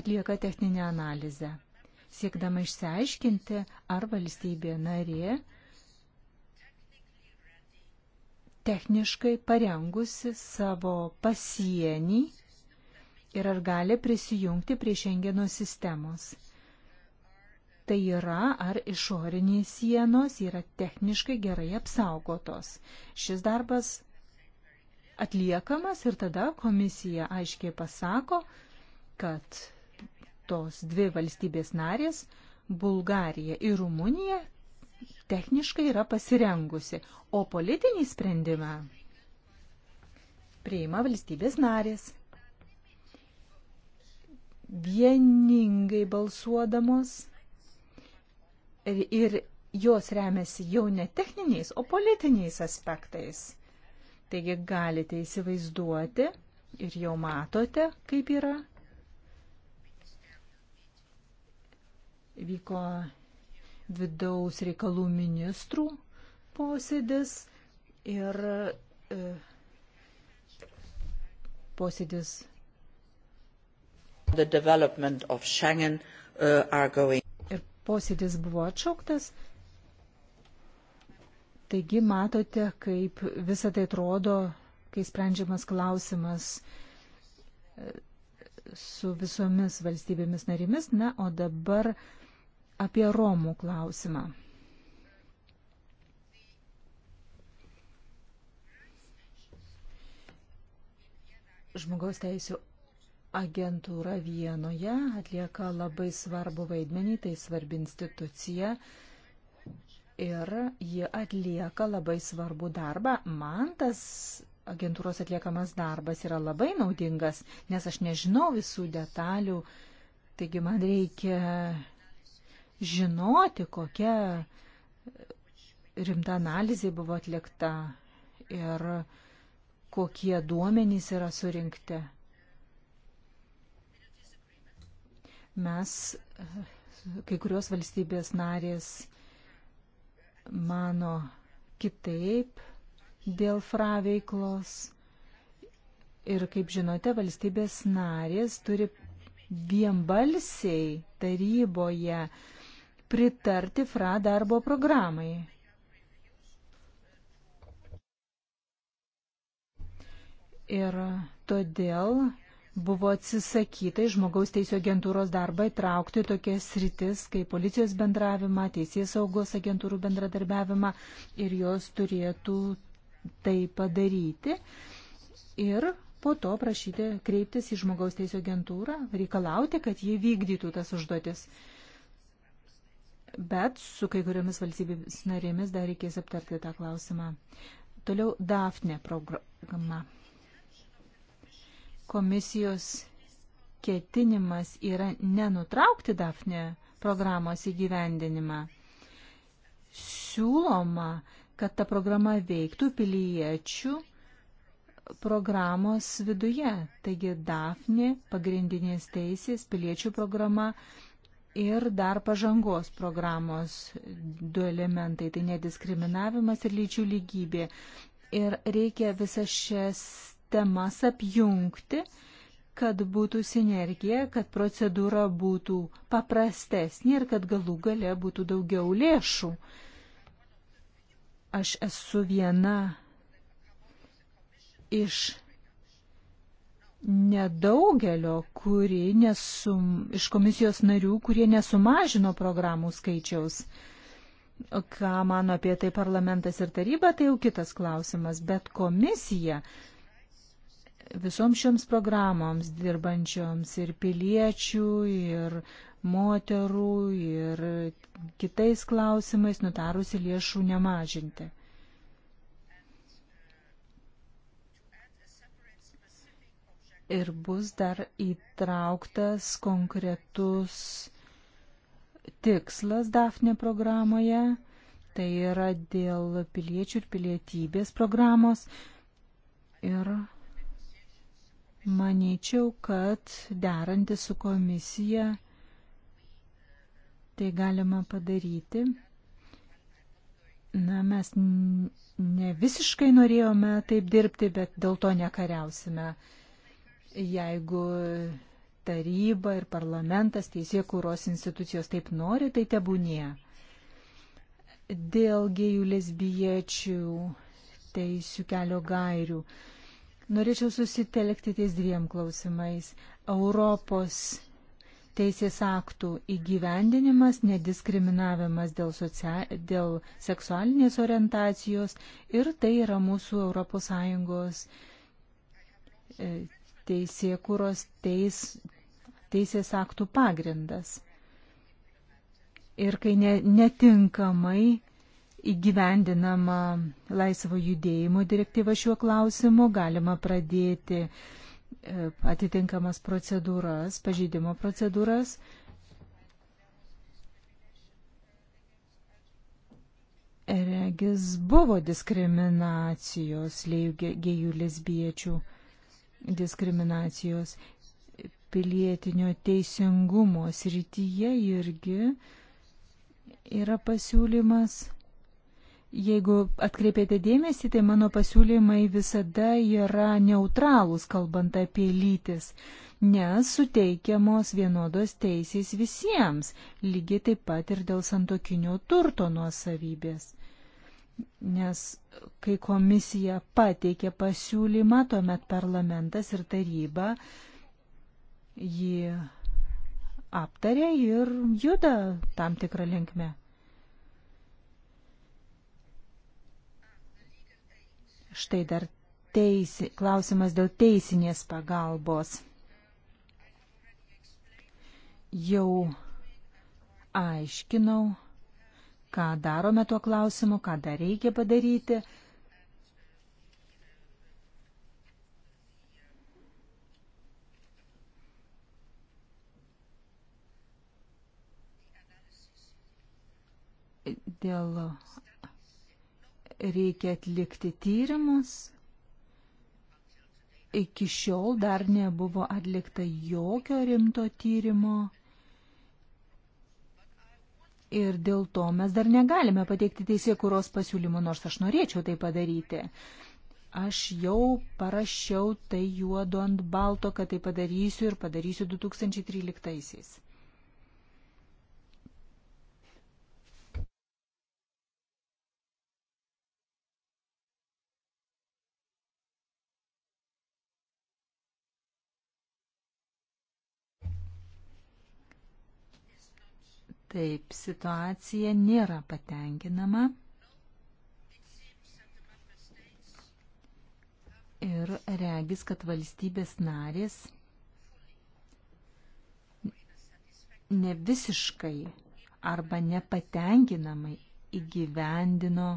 atlieka techninę analizę, siekdama išsiaiškinti, ar valstybė narė techniškai parengusi savo pasienį ir ar gali prisijungti prie Šengeno sistemos. Tai yra, ar išorinės sienos yra techniškai gerai apsaugotos. Šis darbas atliekamas ir tada komisija aiškiai pasako, kad tos dvi valstybės narės, Bulgarija ir Rumunija, techniškai yra pasirengusi, o politinį sprendimą priima valstybės narės vieningai balsuodamos ir, ir jos remiasi jau ne techniniais, o politiniais aspektais. Taigi galite įsivaizduoti ir jau matote, kaip yra. Vyko vidaus reikalų ministrų posėdis ir e, posėdis Schengen, uh, going... Ir posėdis buvo atšauktas. Taigi matote, kaip visą tai atrodo, kai sprendžiamas klausimas e, su visomis valstybėmis narimis. Na, o dabar apie Romų klausimą. Žmogaus teisų agentūra Vienoje atlieka labai svarbu vaidmenį, tai svarbi institucija ir ji atlieka labai svarbu darbą. Man tas agentūros atliekamas darbas yra labai naudingas, nes aš nežinau visų detalių, taigi man reikia žinoti, kokia rimta analizė buvo atlikta ir kokie duomenys yra surinkti. Mes, kai kurios valstybės narės, mano kitaip dėl FRA veiklos. Ir kaip žinote, valstybės narės turi vienbalsiai taryboje pritarti FRA darbo programai. Ir todėl buvo atsisakyta į žmogaus teisų agentūros darbą įtraukti tokias sritis kaip policijos bendravimą, teisės saugos agentūrų bendradarbiavimą ir jos turėtų tai padaryti. Ir po to prašyti kreiptis į žmogaus teisų agentūrą, reikalauti, kad jie vykdytų tas užduotis. Bet su kai kuriomis valstybės narėmis dar reikės aptarti tą klausimą. Toliau DAFNE programa komisijos ketinimas yra nenutraukti Dafne programos įgyvendinimą. Siūloma, kad ta programa veiktų piliečių programos viduje. Taigi Dafne, pagrindinės teisės, piliečių programa ir dar pažangos programos du elementai - tai nediskriminavimas ir lyčių lygybė. Ir reikia visas šias temas apjungti, kad būtų sinergija, kad procedūra būtų paprastesnė ir kad galų gale būtų daugiau lėšų. Aš esu viena iš nedaugelio, kuri nesum, iš komisijos narių, kurie nesumažino programų skaičiaus. Ką mano apie tai parlamentas ir taryba, tai jau kitas klausimas, bet komisija visoms šioms programoms dirbančioms ir piliečių, ir moterų, ir kitais klausimais nutarusi lėšų nemažinti. ir bus dar įtrauktas konkretus tikslas DAFNE programoje, tai yra dėl piliečių ir pilietybės programos. Ir Manyčiau, kad derantį su komisija tai galima padaryti. Na, mes ne visiškai norėjome taip dirbti, bet dėl to nekariausime. Jeigu taryba ir parlamentas, teisėkūros institucijos taip nori, tai tebūnie. Dėl gėjų lesbiečių teisių kelio gairių. Norėčiau susitelkti ties dviem klausimais. Europos teisės aktų įgyvendinimas, nediskriminavimas dėl, socia... dėl seksualinės orientacijos ir tai yra mūsų ES e, teisėkuros teis... teisės aktų pagrindas. Ir kai ne, netinkamai įgyvendinama laisvo judėjimo direktyva šiuo klausimu, galima pradėti e, atitinkamas procedūras, pažydimo procedūras. Regis buvo diskriminacijos, gėjų lesbiečių diskriminacijos pilietinio teisingumo srityje irgi yra pasiūlymas Jeigu atkreipėte dėmesį, tai mano pasiūlymai visada yra neutralūs, kalbant apie lytis, nes suteikiamos vienodos teisės visiems, lygiai taip pat ir dėl santokinio turto nuosavybės. Nes kai komisija pateikė pasiūlymą, tuomet parlamentas ir taryba jį aptarė ir juda tam tikrą linkmę. Štai dar teisi, klausimas dėl teisinės pagalbos. Jau aiškinau, ką darome tuo klausimu, ką dar reikia padaryti. Dėl reikia atlikti tyrimus. Iki šiol dar nebuvo atlikta jokio rimto tyrimo. Ir dėl to mes dar negalime pateikti teisėkuros pasiūlymų, nors aš norėčiau tai padaryti. Aš jau parašiau tai juodu ant balto, kad tai padarysiu ir padarysiu 2013. -aisiais. Taip, situacija nėra patenkinama. Ir regis, kad valstybės narės ne visiškai arba nepatenkinamai įgyvendino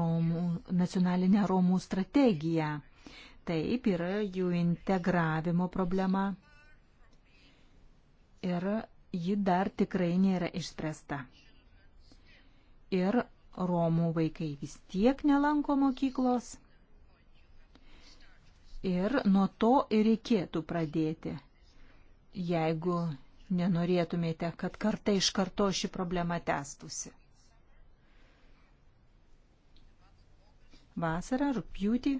romų, nacionalinę Romų strategiją. Taip yra jų integravimo problema ir ji dar tikrai nėra išspręsta. Ir Romų vaikai vis tiek nelanko mokyklos. Ir nuo to ir reikėtų pradėti. Jeigu nenorėtumėte, kad kartai iš karto ši problema tęstusi. Vasarą, rūpjūtį,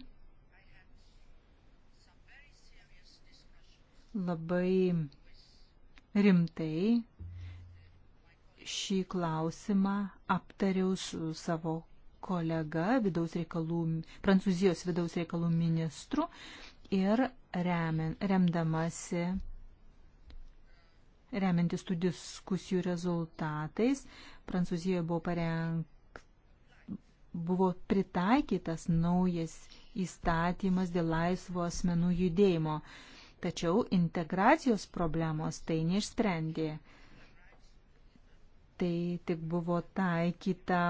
labai rimtai šį klausimą aptariau su savo kolega, vidaus reikalų, Prancūzijos vidaus reikalų ministru ir remen, remdamasi, remiantis tų diskusijų rezultatais, Prancūzijoje buvo parengta buvo pritaikytas naujas įstatymas dėl laisvo asmenų judėjimo. Uh, Tačiau integracijos problemos tai neišsprendė. Tai tik buvo taikyta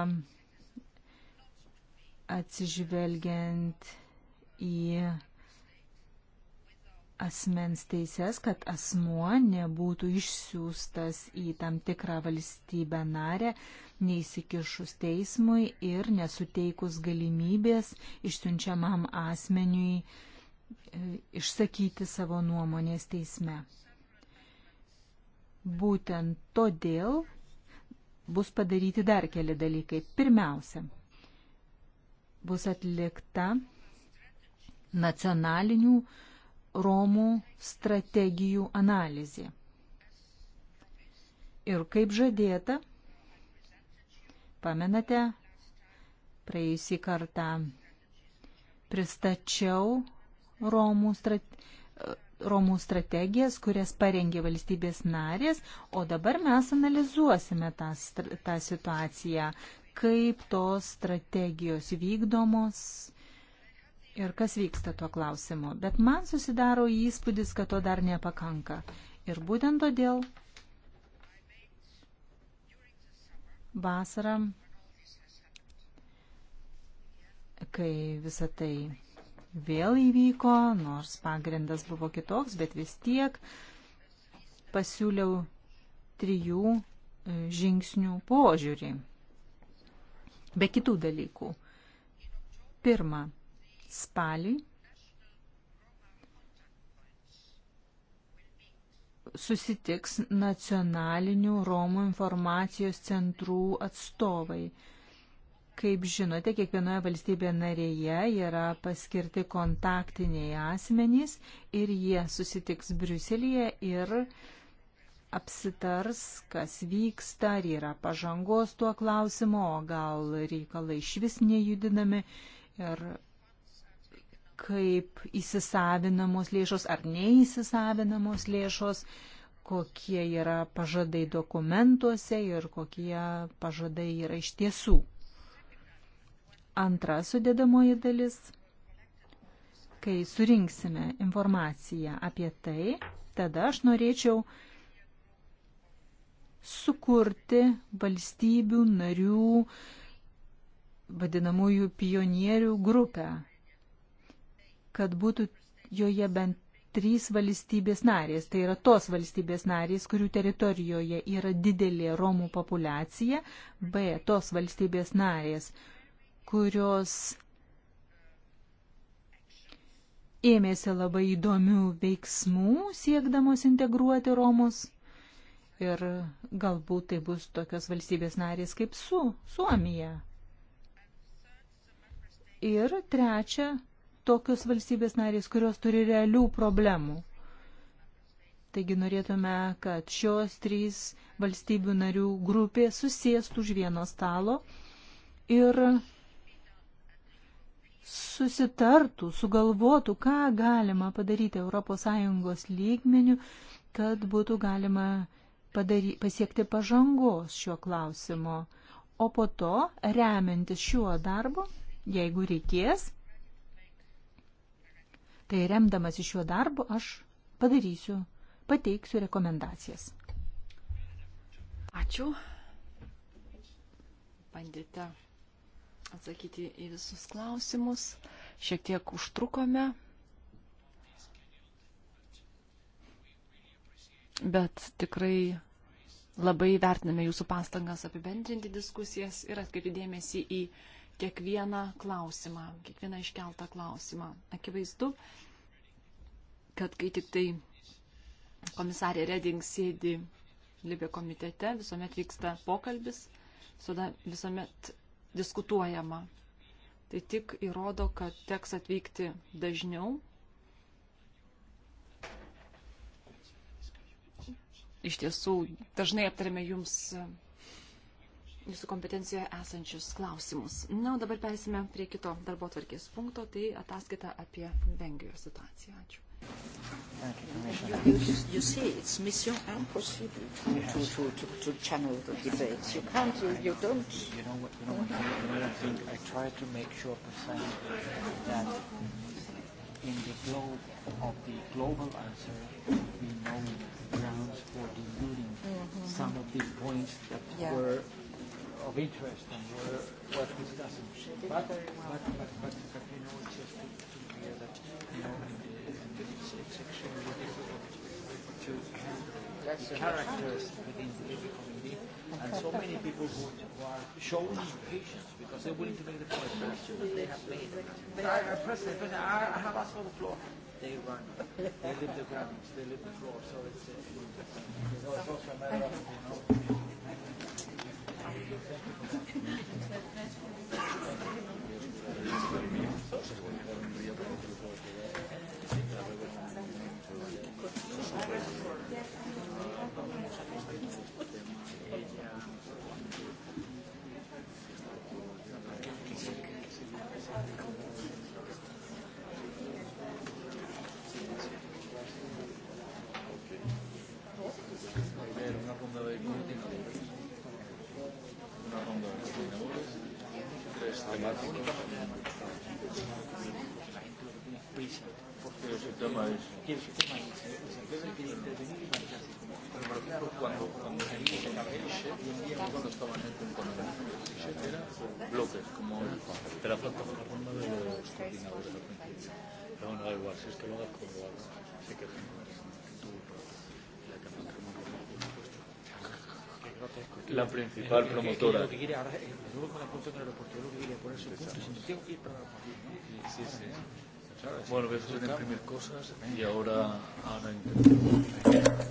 atsižvelgiant į asmens teises, kad asmuo nebūtų išsiųstas į tam tikrą valstybę narę, neįsikišus teismui ir nesuteikus galimybės išsiunčiamam asmeniui išsakyti savo nuomonės teisme. Būtent todėl bus padaryti dar keli dalykai. Pirmiausia, bus atlikta nacionalinių Romų strategijų analizė. Ir kaip žadėta, pamenate, praėjusį kartą pristačiau Romų, strate, Romų strategijas, kurias parengė valstybės narės, o dabar mes analizuosime tą, tą situaciją, kaip tos strategijos vykdomos ir kas vyksta tuo klausimu. Bet man susidaro įspūdis, kad to dar nepakanka. Ir būtent todėl vasarą, kai visą tai vėl įvyko, nors pagrindas buvo kitoks, bet vis tiek pasiūliau trijų e, žingsnių požiūrį. Be kitų dalykų. Pirma, spalį susitiks nacionalinių Romų informacijos centrų atstovai. Kaip žinote, kiekvienoje valstybėje narėje yra paskirti kontaktiniai asmenys ir jie susitiks Briuselėje ir apsitars, kas vyksta, ar yra pažangos tuo klausimu, o gal reikalai iš vis nejudinami ir kaip įsisavinamos lėšos ar neįsisavinamos lėšos kokie yra pažadai dokumentuose ir kokie pažadai yra iš tiesų. Antra sudėdamoji dalis, kai surinksime informaciją apie tai, tada aš norėčiau sukurti valstybių narių vadinamųjų pionierių grupę, kad būtų joje bent trys valstybės narės. Tai yra tos valstybės narės, kurių teritorijoje yra didelė Romų populiacija, B, tos valstybės narės, kurios ėmėsi labai įdomių veiksmų siekdamos integruoti Romus. Ir galbūt tai bus tokios valstybės narės kaip su Suomija. Ir trečia, tokios valstybės narės, kurios turi realių problemų. Taigi norėtume, kad šios trys valstybių narių grupė susėstų už vieno stalo ir susitartų, sugalvotų, ką galima padaryti ES lygmenių, kad būtų galima padary, pasiekti pažangos šiuo klausimu. O po to, remiantis šiuo darbu, jeigu reikės, tai remdamas iš šiuo darbu aš padarysiu, pateiksiu rekomendacijas. Ačiū. Bandėte atsakyti į visus klausimus. Šiek tiek užtrukome. Bet tikrai labai vertiname jūsų pastangas apibendrinti diskusijas ir atkreipti dėmesį į kiekvieną klausimą, kiekvieną iškeltą klausimą. Akivaizdu, kad kai tik tai komisarė Reding sėdi Libė komitete, visuomet vyksta pokalbis, visuomet diskutuojama. Tai tik įrodo, kad teks atvykti dažniau. Iš tiesų, dažnai aptarėme jums jūsų kompetencijoje esančius klausimus. Na, o dabar persime prie kito darbo tvarkės punkto, tai ataskaita apie Vengrijos situaciją. Ačiū. You, you, you see, it's mission impossible to, yes. to, to, to, to channel the debates. You can't, you, you don't. You know what, you know what, you know, I think I try to make sure percent that in the globe of the global answer, we know grounds for deluding mm-hmm. some of the points that yeah. were of interest and were was discussed. But, but, but, but, but, you know, it's just to, to clear that, you know, that's the characters within the Labour community, and so many people who, who are showing impatience because they're willing to make the point faster than they have made. But I, I, President, President, I, I have asked for the floor. They run. They leave the ground. They leave the floor. So it's, uh, so it's also a matter of, you know. Thank you. principal es que, promotora. Es que lo que quiere ahora es luego con la puntuación del aeropuerto, lo que quiere es ponerse puntos y tengo que ir para la Sí, sí. Claro, bueno, voy a hacer primero cosas y ahora, ahora intento.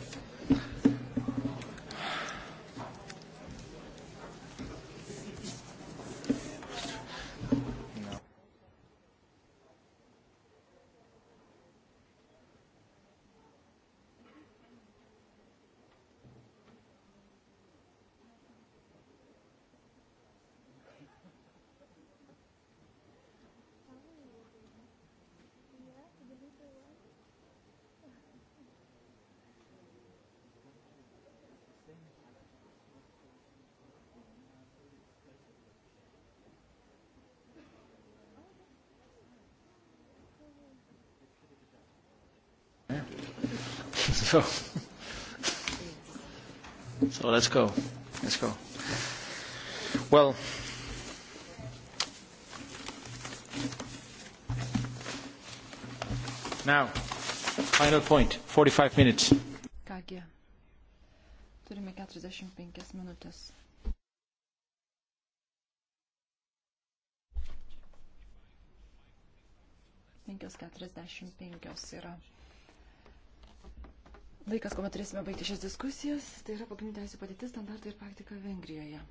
So, so let's go. Let's go. Well, now, final point, 45 minutes. Kągi, turime 45 minutės. penkios keturiasdešimt penkios yra laikas, kuomet turėsime baigti šias diskusijas, tai yra pagrindinė teisų padėtis, standartai ir praktika Vengrijoje.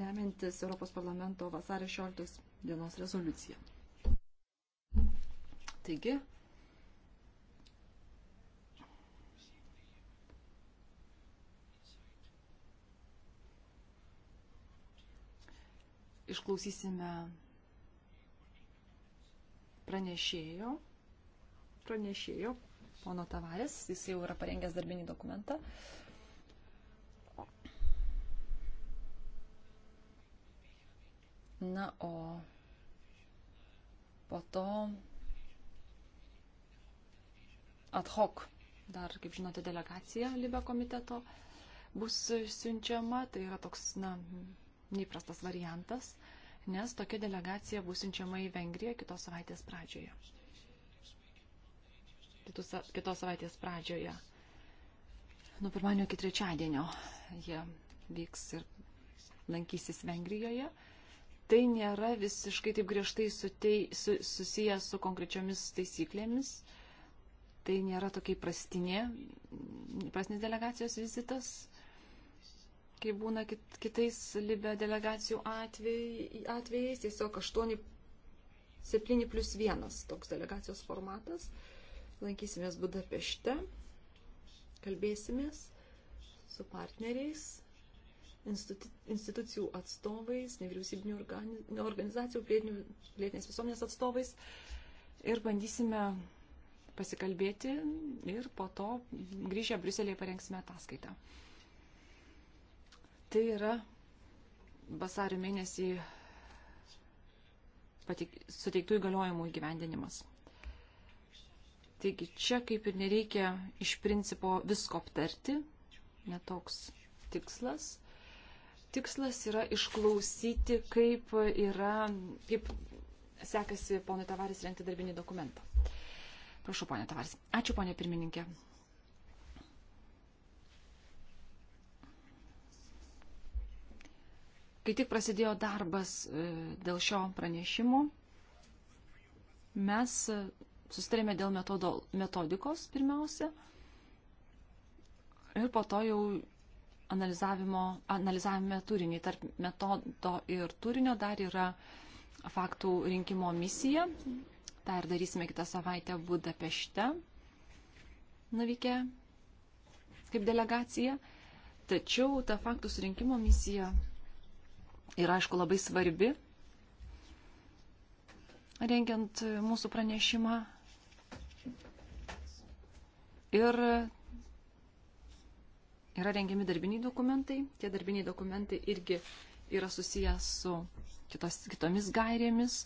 Remiantis Europos parlamento vasario 16 dienos rezoliuciją. Taigi, išklausysime pranešėjo, pranešėjo pono Tavarės, jis jau yra parengęs darbinį dokumentą. Na, o po to ad hoc, dar, kaip žinote, delegacija Libe komiteto bus siunčiama, tai yra toks, na, neįprastas variantas, nes tokia delegacija bus siunčiama į Vengriją kitos savaitės pradžioje kitus, kitos savaitės pradžioje. Nuo pirmadienio iki trečiadienio jie vyks ir lankysis Vengrijoje. Tai nėra visiškai taip griežtai sutei, su, susijęs su konkrečiomis taisyklėmis. Tai nėra tokia prastinė, prasnis delegacijos vizitas, kaip būna kit, kitais Libė delegacijų atvej, atvejais. Tiesiog 8 7 plus 1 toks delegacijos formatas. Lankysimės Budapešte, kalbėsimės su partneriais, institucijų atstovais, nevyriausybinių organizacijų, pilietinės visuomenės atstovais ir bandysime pasikalbėti ir po to grįžę Briuselėje parengsime ataskaitą. Tai yra vasario mėnesį patik, suteiktų įgaliojimų įgyvendinimas. Taigi čia kaip ir nereikia iš principo visko aptarti, netoks tikslas. Tikslas yra išklausyti, kaip, yra, kaip sekasi ponui Tavaris renkti darbinį dokumentą. Prašau, ponė Tavaris. Ačiū, ponė pirmininkė. Kai tik prasidėjo darbas e, dėl šio pranešimo, mes sustarėme dėl metodo, metodikos pirmiausia ir po to jau analizavime turinį. Tarp metodo ir turinio dar yra faktų rinkimo misija. Ta ir darysime kitą savaitę Budapešte nuvykę kaip delegacija. Tačiau ta faktų surinkimo misija yra, aišku, labai svarbi, rengiant mūsų pranešimą Ir yra rengiami darbiniai dokumentai. Tie darbiniai dokumentai irgi yra susijęs su kitos, kitomis gairėmis,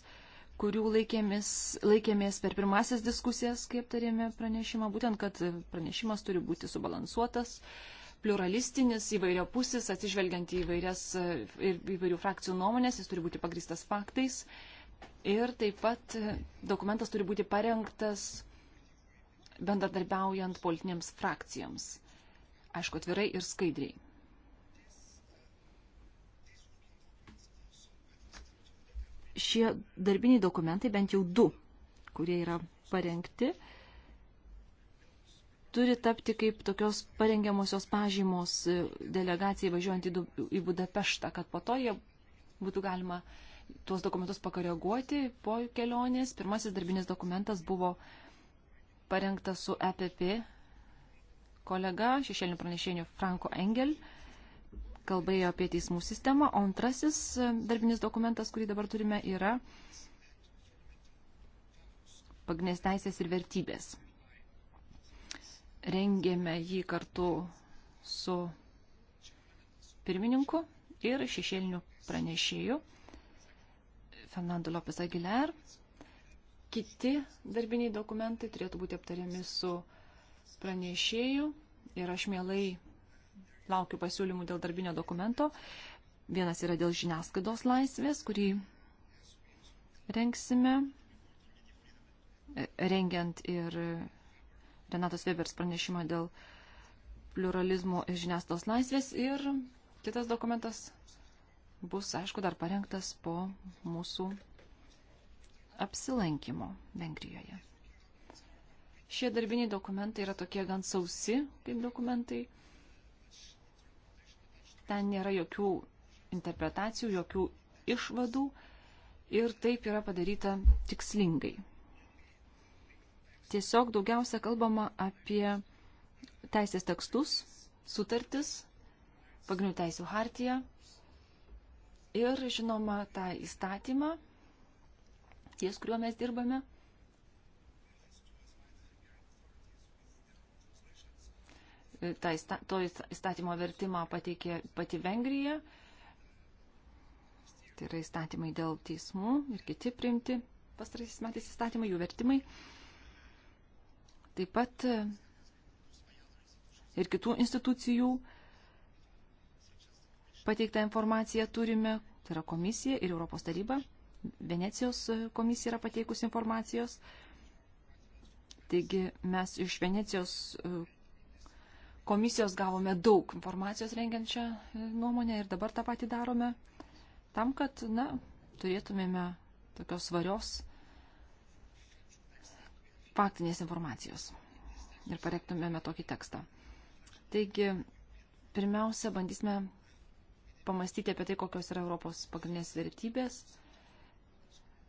kurių laikėmės, laikėmės per pirmasis diskusijas, kaip tarėme pranešimą, būtent, kad pranešimas turi būti subalansuotas, pluralistinis, įvairiapusis, atsižvelgiant į įvairias ir įvairių frakcijų nuomonės, jis turi būti pagristas faktais. Ir taip pat dokumentas turi būti parengtas bendradarbiaujant politinėms frakcijams. Aišku, atvirai ir skaidriai. Šie darbiniai dokumentai, bent jau du, kurie yra parengti, turi tapti kaip tokios parengiamosios pažymos e, delegacijai važiuojant į Budapeštą, kad po to jie būtų galima tuos dokumentus pakoreguoti po kelionės. Pirmasis darbinis dokumentas buvo parengtas su EPP kolega, šešėlinių pranešėjų Franko Engel, kalbėjo apie teismų sistemą, o antrasis e, darbinis dokumentas, kurį dabar turime, yra pagrindinės teisės ir vertybės. Rengėme jį kartu su pirmininku ir šešėliniu pranešėju Fernando Lopes Aguilar, kiti darbiniai dokumentai turėtų būti aptariami su pranešėju ir aš mielai laukiu pasiūlymų dėl darbinio dokumento. Vienas yra dėl žiniasklaidos laisvės, kurį rengsime, rengiant ir Renatos Webers pranešimą dėl pluralizmo ir žiniasklaidos laisvės. Ir kitas dokumentas bus, aišku, dar parengtas po mūsų apsilankimo Vengrijoje. Šie darbiniai dokumentai yra tokie gan sausi, kaip dokumentai. Ten nėra jokių interpretacijų, jokių išvadų ir taip yra padaryta tikslingai. Tiesiog daugiausia kalbama apie teisės tekstus, sutartis, pagrindinių teisų hartiją ir, žinoma, tą įstatymą, ties kuriuo mes dirbame. E, Ta, to įstatymo vertimą pateikė pati Vengrija. Tai yra įstatymai dėl teismų ir kiti priimti pastaraisiais metais įstatymai, jų vertimai. Taip pat e, ir kitų institucijų pateiktą informaciją turime, tai yra komisija ir Europos taryba. Venecijos komisija yra pateikusi informacijos. Taigi mes iš Venecijos e, komisijos gavome daug informacijos rengiančią e, nuomonę ir dabar tą patį darome tam, kad, na, turėtumėme tokios svarios faktinės informacijos ir parektumėme tokį tekstą. Taigi, pirmiausia, bandysime pamastyti apie tai, kokios yra Europos pagrindinės vertybės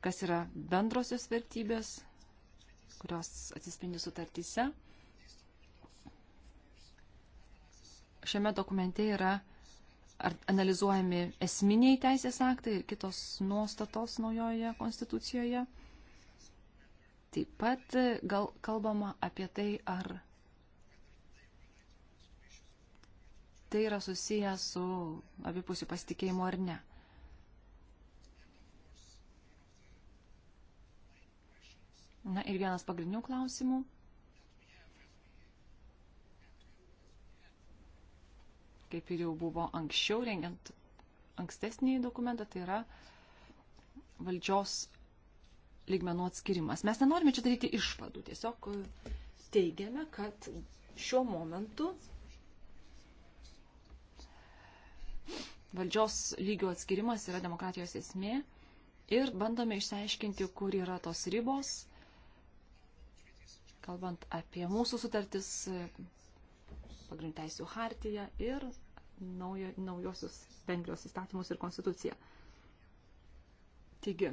kas yra bendrosios vertybės, kurios atsispindi sutartyse. Šiame dokumente yra analizuojami esminiai teisės aktai ir kitos nuostatos naujoje konstitucijoje. Taip pat e, gal kalbama apie tai, ar tai yra susiję su abipusiu pasitikėjimu ar ne. Na ir vienas pagrindinių klausimų. Kaip ir jau buvo anksčiau, rengiant ankstesnį dokumentą, tai yra valdžios lygmenų atskirimas. Mes nenorime čia daryti išvadų, tiesiog e, teigiame, kad šiuo momentu valdžios lygio atskirimas yra demokratijos esmė ir bandome išsiaiškinti, kur yra tos ribos kalbant apie mūsų sutartis, pagrindų teisų hartiją ir naujo, naujosius Vengrijos įstatymus ir konstituciją. Taigi,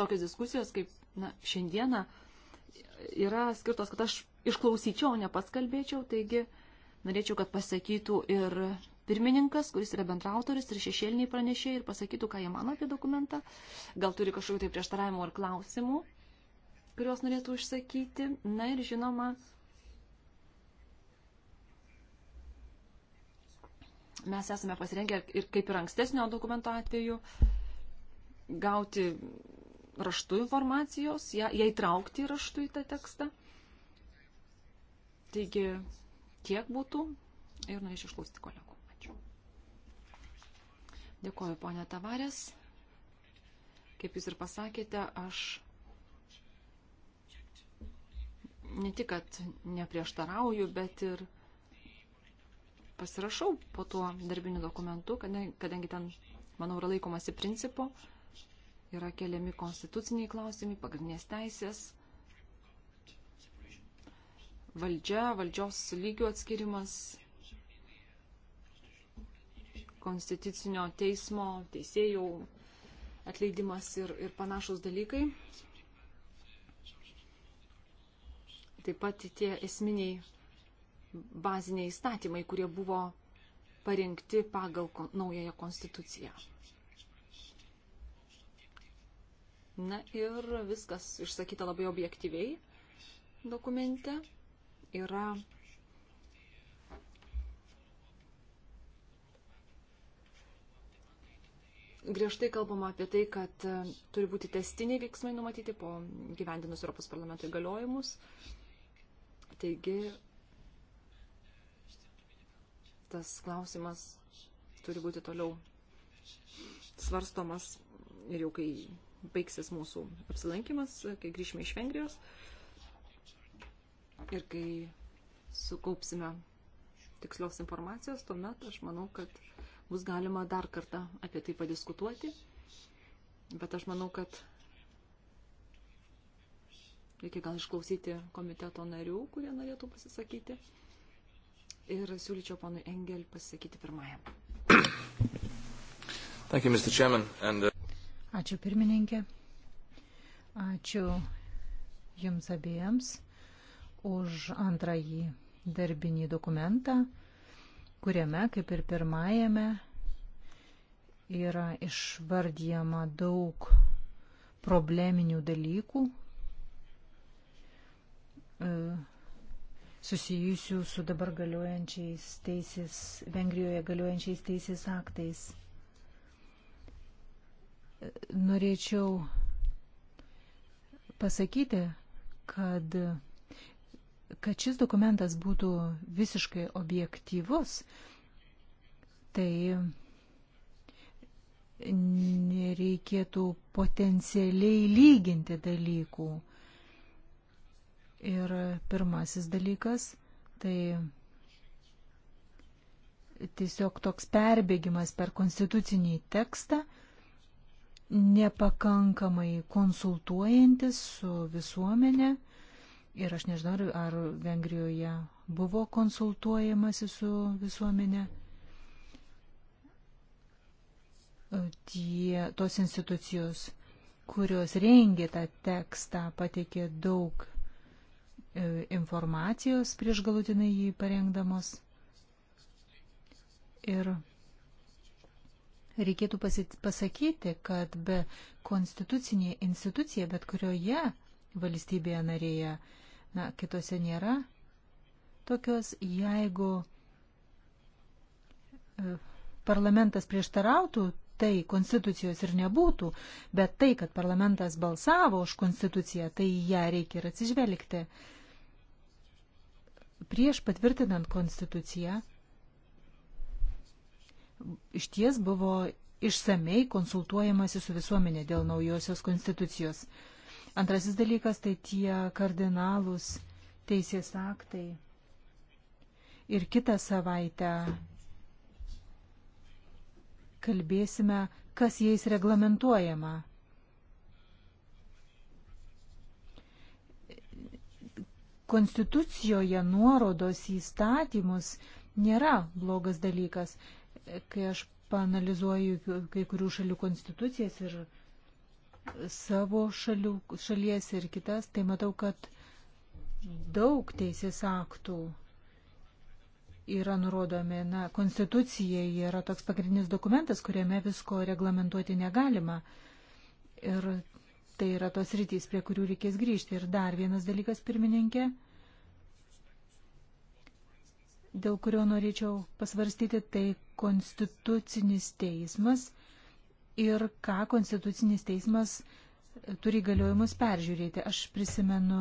tokios diskusijos kaip na, šiandieną yra skirtos, kad aš išklausyčiau, ne pats kalbėčiau, taigi norėčiau, kad pasakytų ir pirmininkas, kuris yra bendrautoris ir šešėliniai pranešėjai ir pasakytų, ką jie mano apie dokumentą. Gal turi kažkokių tai prieštaravimų ar klausimų kuriuos norėtų užsakyti. Na ir žinoma, mes esame pasirengę ir kaip ir ankstesnio dokumento atveju gauti raštų informacijos, ją, ją įtraukti raštų į tą tekstą. Taigi tiek būtų ir norėčiau išklausyti kolegų. Ačiū. Dėkuoju, ponė Tavarės. Kaip jūs ir pasakėte, aš ne tik, kad neprieštarauju, bet ir pasirašau po tuo darbiniu dokumentu, kadangi ten, manau, yra laikomasi principo, yra keliami konstituciniai klausimai, pagrindinės teisės, valdžia, valdžios lygių atskirimas, konstitucinio teismo, teisėjų atleidimas ir, ir panašus dalykai. Taip pat tie esminiai baziniai įstatymai, kurie buvo parengti pagal naująją konstituciją. Na ir viskas išsakyta labai objektyviai dokumente. Yra griežtai kalbama apie tai, kad turi būti testiniai veiksmai numatyti po gyvendinus Europos parlamento įgaliojimus. Taigi, tas klausimas turi būti toliau svarstomas ir jau kai baigsis mūsų apsilankimas, kai grįšime iš Vengrijos ir kai sukaupsime tikslios informacijos, tuomet aš manau, kad bus galima dar kartą apie tai padiskutuoti. Bet aš manau, kad Reikia gal išklausyti komiteto narių, kurie norėtų pasisakyti. Ir siūlyčiau ponui Engel pasisakyti pirmajam. Thank you, Mr. Chairman. And, uh... Ačiū pirmininkė. Ačiū jums abiems už antrąjį darbinį dokumentą, kuriame, kaip ir pirmajame, yra išvardyjama daug probleminių dalykų, E, susijusių su dabar galiojančiais teisės, Vengrijoje galiojančiais teisės aktais. Norėčiau pasakyti, kad, kad šis dokumentas būtų visiškai objektyvus, tai nereikėtų potencialiai lyginti dalykų. Ir pirmasis dalykas - tai tiesiog toks perbėgimas per konstitucinį tekstą, nepakankamai konsultuojantis su visuomenė. Ir aš nežinau, ar Vengrijoje buvo konsultuojamasi su visuomenė. Tie, tos institucijos, kurios rengė tą tekstą, pateikė daug E, informacijos prieš galutinai jį parengdamos. Ir reikėtų pasakyti, kad be konstitucinė institucija, bet kurioje valstybėje narėje, na, kitose nėra tokios, jeigu e, parlamentas prieštarautų, tai konstitucijos ir nebūtų, bet tai, kad parlamentas balsavo už konstituciją, tai ją reikia ir atsižvelgti. Uh, prieš patvirtinant konstituciją išties buvo išsamei konsultuojamasi su visuomenė dėl naujosios konstitucijos. Antrasis dalykas tai tie kardinalūs teisės aktai. Ir kitą savaitę kalbėsime, kas jais reglamentuojama. Konstitucijoje nuorodos į statymus nėra blogas dalykas. Kai aš panalizuoju kai kurių šalių konstitucijas ir savo šalių, šalies ir kitas, tai matau, kad daug teisės aktų yra nurodomi. Na, konstitucija yra toks pagrindinis dokumentas, kuriame visko reglamentuoti negalima. Ir Tai yra tos rytys, prie kurių reikės grįžti. Ir dar vienas dalykas, pirmininkė, dėl kurio norėčiau pasvarstyti, tai konstitucinis teismas ir ką konstitucinis teismas turi galiojimus peržiūrėti. Aš prisimenu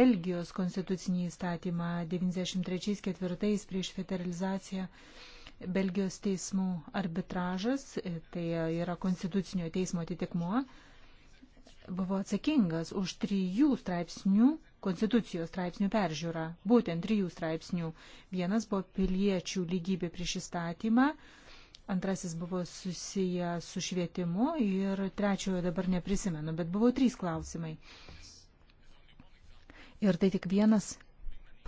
Belgijos konstitucinį įstatymą 93-4 prieš federalizaciją. Belgijos teismų arbitražas, tai yra konstitucinio teismo atitikmuo, buvo atsakingas už trijų straipsnių, konstitucijos straipsnių peržiūrą, būtent trijų straipsnių. Vienas buvo piliečių lygybė prieš įstatymą, antrasis buvo susiję su švietimu ir trečiojo dabar neprisimenu, bet buvo trys klausimai. Ir tai tik vienas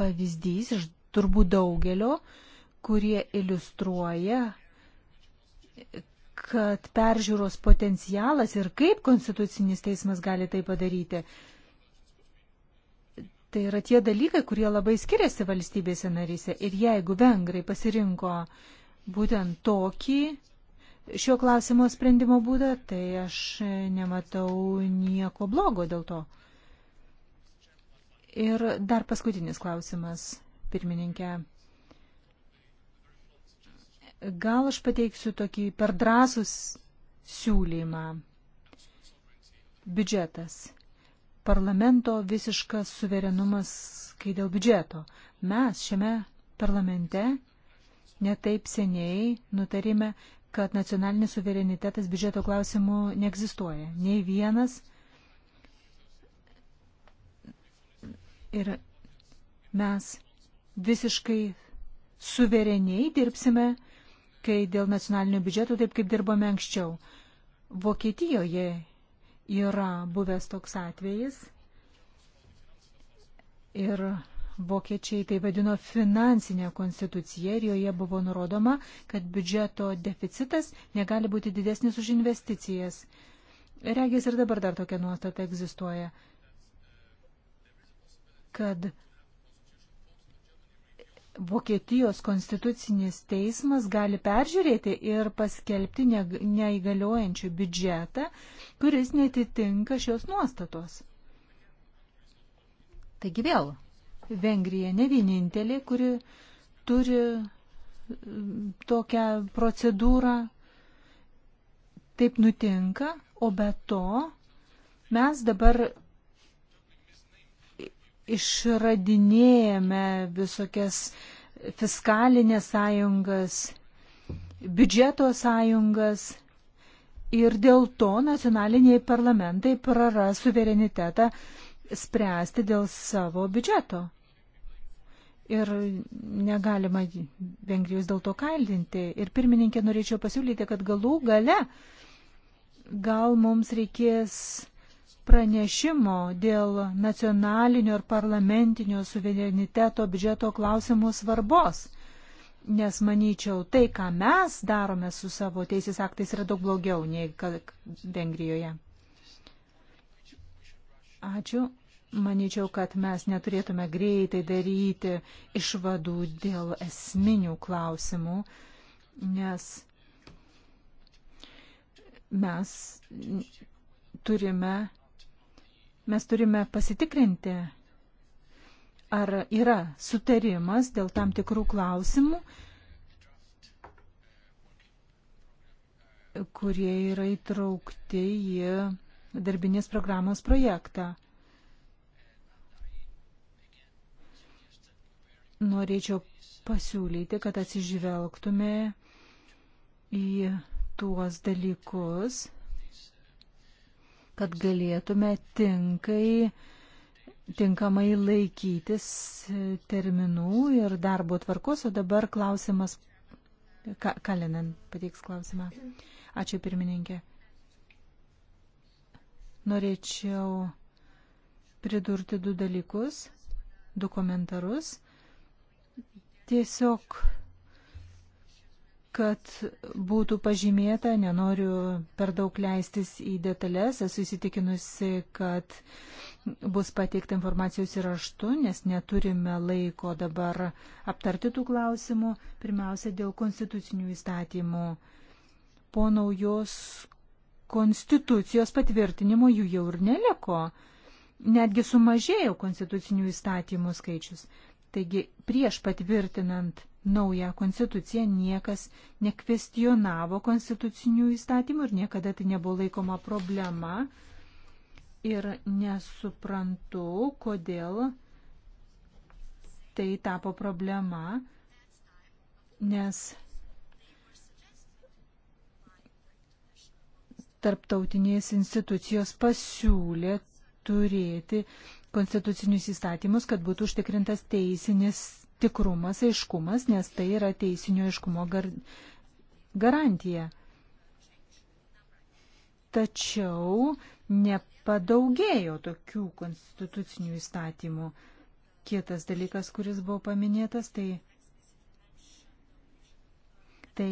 pavyzdys iš turbūt daugelio, kurie iliustruoja kad peržiūros potencialas ir kaip konstitucinis teismas gali tai padaryti. Tai yra tie dalykai, kurie labai skiriasi valstybėse narise. Ir jeigu vengrai pasirinko būtent tokį šio klausimo sprendimo būdą, tai aš nematau nieko blogo dėl to. Ir dar paskutinis klausimas, pirmininkė. Gal aš pateiksiu tokį per drąsus siūlymą. Biudžetas. Parlamento visiškas suverenumas, kai dėl biudžeto. Mes šiame parlamente netaip seniai nutarime, kad nacionalinis suverenitetas biudžeto klausimų neegzistuoja. Nei vienas. Ir mes visiškai suvereniai dirbsime kai dėl nacionalinių biudžetų, taip kaip dirbome anksčiau. Vokietijoje yra buvęs toks atvejis ir vokiečiai tai vadino finansinė konstitucija ir joje buvo nurodoma, kad biudžeto deficitas negali būti didesnis už investicijas. Regis ir dabar dar tokia nuostata egzistuoja, kad Vokietijos konstitucinis teismas gali peržiūrėti ir paskelbti neįgaliojančių biudžetą, kuris netitinka šios nuostatos. Taigi vėl, Vengrija ne vienintelė, kuri turi mm, tokią procedūrą. Taip nutinka, o be to mes dabar išradinėjame visokias fiskalinės sąjungas, biudžeto sąjungas ir dėl to nacionaliniai parlamentai praras suverenitetą spręsti dėl savo biudžeto. Ir negalima Vengrijos dėl to kaldinti. Ir pirmininkė norėčiau pasiūlyti, kad galų gale gal mums reikės pranešimo dėl nacionalinio ir parlamentinio suvereniteto biudžeto klausimų svarbos. Nes manyčiau, tai, ką mes darome su savo teisės aktais, yra daug blogiau nei Vengrijoje. Ačiū. Manyčiau, kad mes neturėtume greitai daryti išvadų dėl esminių klausimų, nes mes turime mes turime pasitikrinti, ar yra sutarimas dėl tam tikrų klausimų, kurie yra įtraukti į darbinės programos projektą. Norėčiau pasiūlyti, kad atsižvelgtume į tuos dalykus, kad galėtume tinkai, tinkamai laikytis terminų ir darbo tvarkos. O dabar klausimas. Ka Kalinin pateiks klausimą. Ačiū pirmininkė. Norėčiau pridurti du dalykus, du komentarus. Tiesiog kad būtų pažymėta, nenoriu per daug leistis į detalės, esu įsitikinusi, kad bus pateikta informacijos ir raštu, nes neturime laiko dabar aptarti tų klausimų, pirmiausia, dėl konstitucinių įstatymų. Po naujos konstitucijos patvirtinimo jų jau ir neliko, netgi sumažėjo konstitucinių įstatymų skaičius. Taigi, prieš patvirtinant naują konstituciją, niekas nekvestionavo konstitucinių įstatymų ir niekada tai nebuvo laikoma problema. Ir nesuprantu, kodėl tai tapo problema, nes tarptautinės institucijos pasiūlė turėti konstitucinius įstatymus, kad būtų užtikrintas teisinis tikrumas, aiškumas, nes tai yra teisinio aiškumo gar garantija. Tačiau nepadaugėjo tokių konstitucinių įstatymų. Kitas dalykas, kuris buvo paminėtas, tai tai,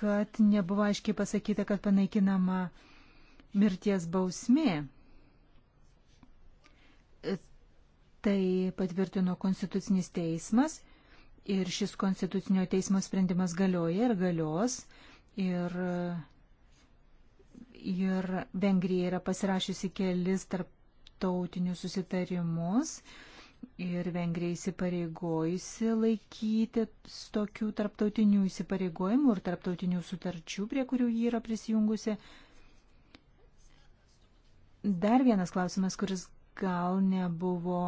kad nebuvo aiškiai pasakyta, kad panaikinama mirties bausmė. Tai patvirtino Konstitucinis teismas ir šis Konstitucinio teismo sprendimas galioja ir galios. Ir, ir Vengrija yra pasirašiusi kelis tarptautinius susitarimus ir Vengrija įsipareigojusi laikyti tokių tarptautinių įsipareigojimų ir tarptautinių sutarčių, prie kurių jį yra prisijungusi. Dar vienas klausimas, kuris gal nebuvo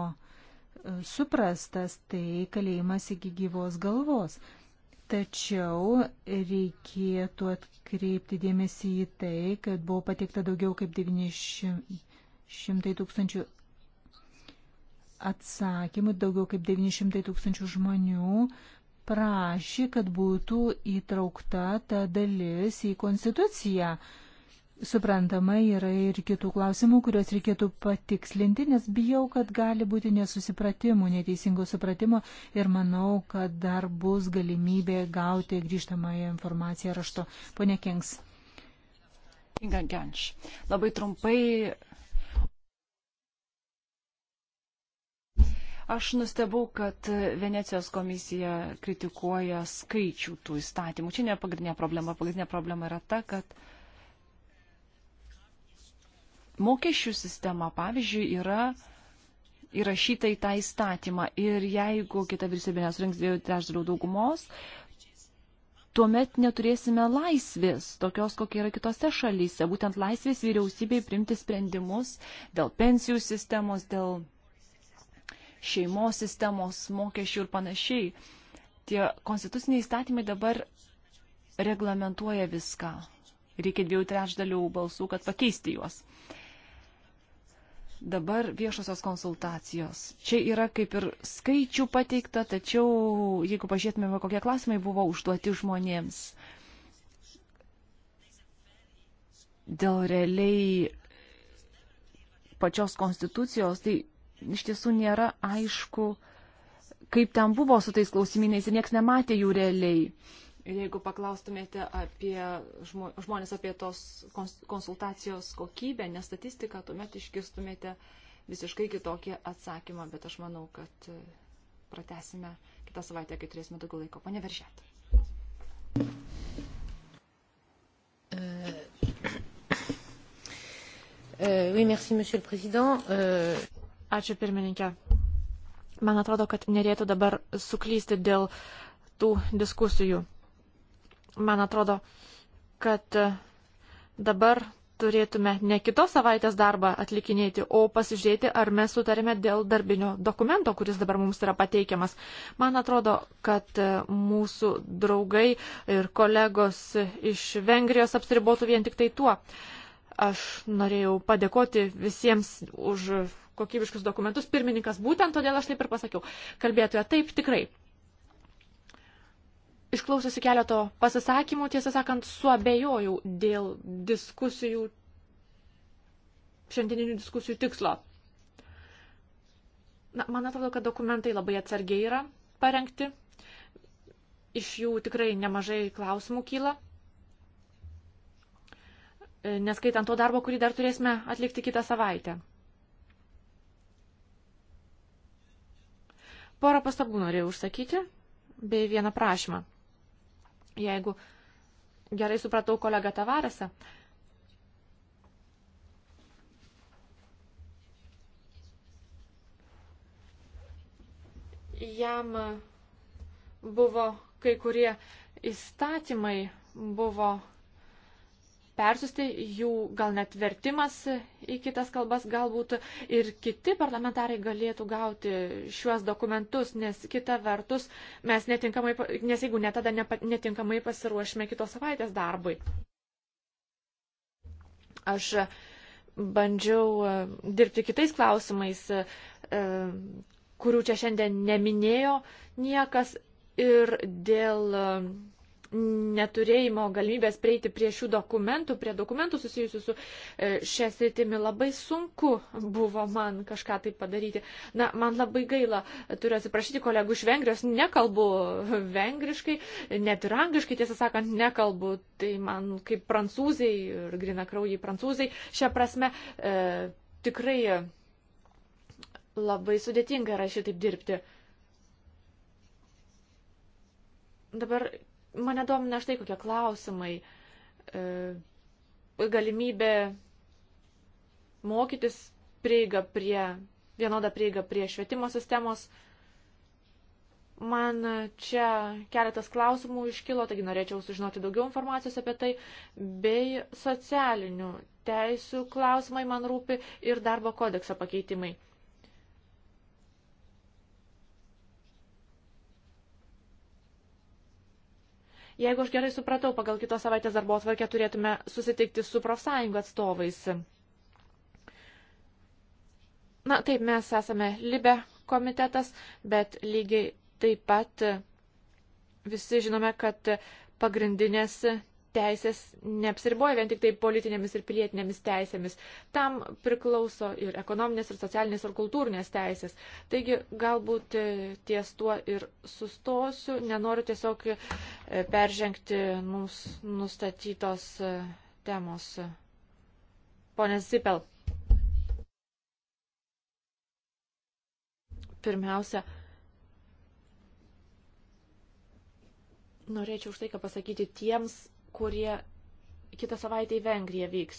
suprastas, tai kalėjimas iki gyvos galvos. Tačiau reikėtų atkreipti dėmesį į tai, kad buvo pateikta daugiau kaip 900 tūkstančių atsakymų, daugiau kaip 900 tūkstančių žmonių prašė, kad būtų įtraukta ta dalis į konstituciją. Uh, Suprantama, yra ir kitų klausimų, kuriuos reikėtų patikslinti, nes bijau, kad gali būti nesusipratimų, neteisingų supratimų ir manau, kad dar bus galimybė gauti grįžtamąją informaciją raštu. Pone Kings. Inga Genš. Labai trumpai. Aš nustebau, kad Venecijos komisija kritikuoja skaičių tų įstatymų. Čia ne pagrindinė problema. Pagrindinė problema yra ta, kad mokesčių sistema, pavyzdžiui, yra įrašyta į tą įstatymą ir jeigu kita vyriausybė nesurinks dviejų trečdalių daugumos, tuomet neturėsime laisvės, tokios kokia yra kitose šalyse, būtent laisvės vyriausybei priimti sprendimus dėl pensijų sistemos, dėl šeimos sistemos, mokesčių ir panašiai. Tie konstituciniai įstatymai dabar reglamentuoja viską. Reikia dviejų trečdalių balsų, kad pakeisti juos. Uh, dabar viešosios konsultacijos. Čia yra kaip ir skaičių pateikta, tačiau jeigu pažiūrėtumėme, kokie klausimai buvo užduoti žmonėms dėl realiai pačios konstitucijos, tai iš tiesų nėra aišku, kaip ten buvo su tais klausimynais ir nieks nematė jų realiai. Ir jeigu paklaustumėte apie žmonės apie tos konsultacijos kokybę, nestatistiką, tuomet išgirstumėte visiškai kitokį atsakymą, bet aš manau, kad e, pratesime kitą savaitę, kai turėsime daugiau laiko. Pane Veržet. E, e, Ačiū pirmininkė. Man atrodo, kad nerėtų dabar suklysti dėl tų diskusijų. Man atrodo, kad dabar turėtume ne kitos savaitės darbą atlikinėti, o pasižiūrėti, ar mes sutarėme dėl darbinio dokumento, kuris dabar mums yra pateikiamas. Man atrodo, kad mūsų draugai ir kolegos iš Vengrijos apsiribotų vien tik tai tuo. Aš norėjau padėkoti visiems už kokybiškus dokumentus. Pirmininkas būtent todėl aš taip ir pasakiau. Kalbėtoja taip tikrai. Išklausiusi keleto pasisakymų, tiesą sakant, suabejojau dėl diskusijų, šiandieninių diskusijų tikslo. Na, man atrodo, kad dokumentai labai atsargiai yra parengti. Iš jų tikrai nemažai klausimų kyla. E, neskaitant to darbo, kurį dar turėsime atlikti kitą savaitę. Porą pastabų norėjau užsakyti, bei vieną prašymą jeigu gerai supratau kolegą Tavarėsą. Jam buvo kai kurie įstatymai buvo persusti, jų gal net vertimas į kitas kalbas galbūt ir kiti parlamentarai galėtų gauti šiuos dokumentus, nes kita vertus mes netinkamai, nes jeigu ne tada nepa, netinkamai pasiruošime kitos savaitės darbui. Aš bandžiau e, dirbti kitais klausimais, e, e, kurių čia šiandien neminėjo niekas ir dėl neturėjimo galimybės prieiti prie šių dokumentų, prie dokumentų susijusių su e, šia sritimi, labai sunku buvo man kažką tai padaryti. Na, man labai gaila, turiu atsiprašyti kolegų iš Vengrijos, nekalbu vengriškai, net ir angliškai, tiesą sakant, nekalbu. Tai man kaip prancūzai ir grinakraujai prancūzai, šią prasme, e, tikrai e, labai sudėtinga yra šitaip dirbti. Dabar Mane domina štai kokie klausimai. E, galimybė mokytis prieiga prie, vienodą prieigą prie švietimo sistemos. Man čia keletas klausimų iškilo, taigi norėčiau sužinoti daugiau informacijos apie tai, bei socialinių teisų klausimai man rūpi ir darbo kodekso pakeitimai. Jeigu aš gerai supratau, pagal kitos savaitės darbo atvarkę turėtume susitikti su profsąjungų atstovais. Na taip, mes esame Libe komitetas, bet lygiai taip pat visi žinome, kad pagrindinės teisės neapsiriboja vien tik tai politinėmis ir pilietinėmis teisėmis. Tam priklauso ir ekonominės, ir socialinės, ir kultūrinės teisės. Taigi galbūt e, ties tuo ir sustosiu. Nenoriu tiesiog e, peržengti mums nustatytos e, temos. Pone Sipel. Pirmiausia, norėčiau už tai, ką pasakyti tiems, kurie kitą savaitę į Vengriją vyks.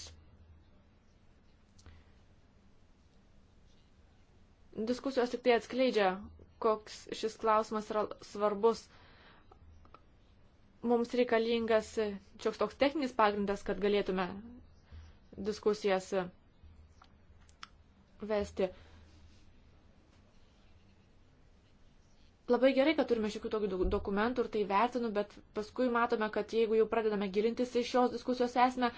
Diskusijos tik tai atskleidžia, koks šis klausimas yra svarbus. Mums reikalingas šioks toks techninis pagrindas, kad galėtume diskusijas vesti. labai gerai, kad turime šiokių tokių dokumentų ir tai vertinu, bet paskui matome, kad jeigu jau pradedame gilintis į šios diskusijos esmę,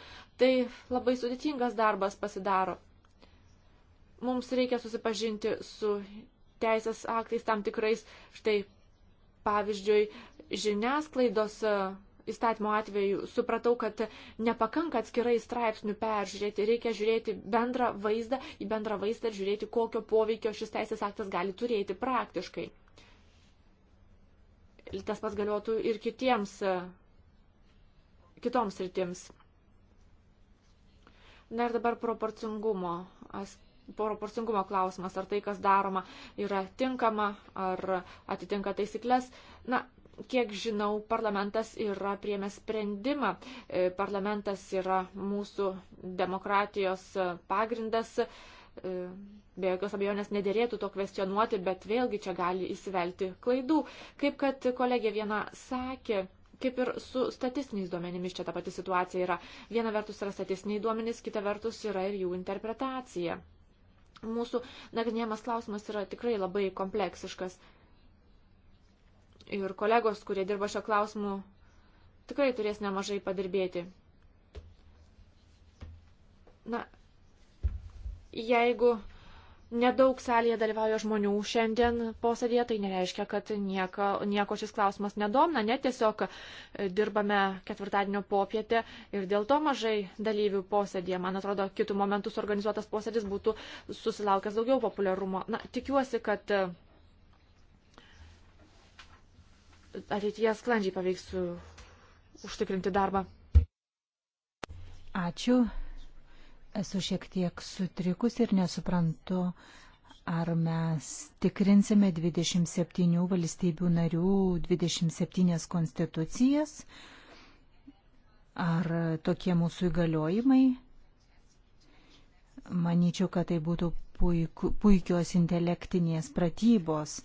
tai labai sudėtingas darbas pasidaro. Mums reikia susipažinti su teisės aktais tam tikrais, štai pavyzdžiui, žiniasklaidos e, įstatymo atveju supratau, kad nepakanka atskirai straipsnių peržiūrėti, reikia žiūrėti bendrą vaizdą, į bendrą vaizdą ir žiūrėti, kokio poveikio šis teisės aktas gali turėti praktiškai tas pats galiotų ir kitiems, kitoms rytims. Na ir dabar proporcingumo, proporcingumo klausimas, ar tai, kas daroma, yra tinkama, ar atitinka taisyklės. Na, kiek žinau, parlamentas yra priemęs sprendimą. E, parlamentas yra mūsų demokratijos pagrindas. E, be jokios abejonės nedėrėtų to kvestionuoti, bet vėlgi čia gali įsivelti klaidų. Kaip kad kolegė viena sakė, kaip ir su statistiniais duomenimis čia ta pati situacija yra. Viena vertus yra statistiniai duomenys, kita vertus yra ir jų interpretacija. Mūsų nagrinėjamas klausimas yra tikrai labai kompleksiškas. Ir kolegos, kurie dirba šio klausimu, tikrai turės nemažai padirbėti. Na, Jeigu nedaug salėje dalyvauja žmonių šiandien posėdėje, tai nereiškia, kad nieko, nieko šis klausimas nedomna, net tiesiog e, dirbame ketvirtadienio popietę ir dėl to mažai dalyvių posėdėje. Man atrodo, kitų momentų suorganizuotas posėdis būtų susilaukęs daugiau populiarumo. Na, tikiuosi, kad e, ateityje sklandžiai pavyks užtikrinti darbą. Ačiū. Esu šiek tiek sutrikus ir nesuprantu, ar mes tikrinsime 27 valstybių narių 27 konstitucijas, ar tokie mūsų įgaliojimai. Manyčiau, kad tai būtų puiku, puikios intelektinės pratybos,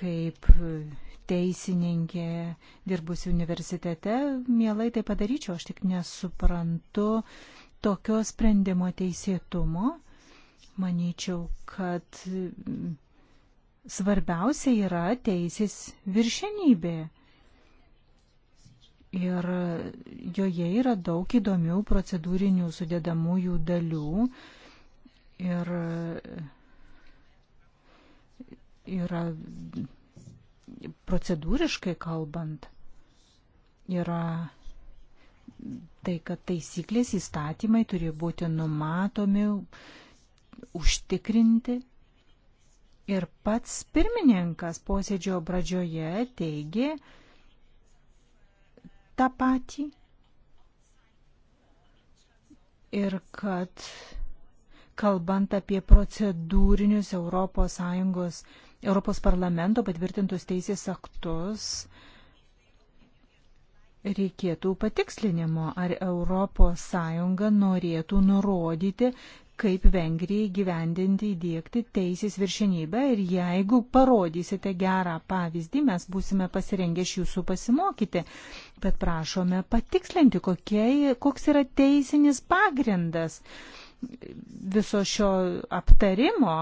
kaip teisininkė dirbusi universitete, mielai tai padaryčiau, aš tik nesuprantu, tokio sprendimo teisėtumo. Manyčiau, kad svarbiausia yra teisės viršenybė. Ir joje yra daug įdomių procedūrinių sudėdamųjų dalių. Ir yra procedūriškai kalbant, yra tai, kad taisyklės įstatymai turi būti numatomi, užtikrinti. Ir pats pirmininkas posėdžio pradžioje teigė tą patį. Ir kad kalbant apie procedūrinius ES, ES parlamento patvirtintus teisės aktus, reikėtų patikslinimo, ar ES norėtų nurodyti, kaip Vengrijai gyvendinti įdėkti teisės viršenybę ir jeigu parodysite gerą pavyzdį, mes būsime pasirengę iš jūsų pasimokyti, bet prašome patikslinti, kokie, koks yra teisinis pagrindas viso šio aptarimo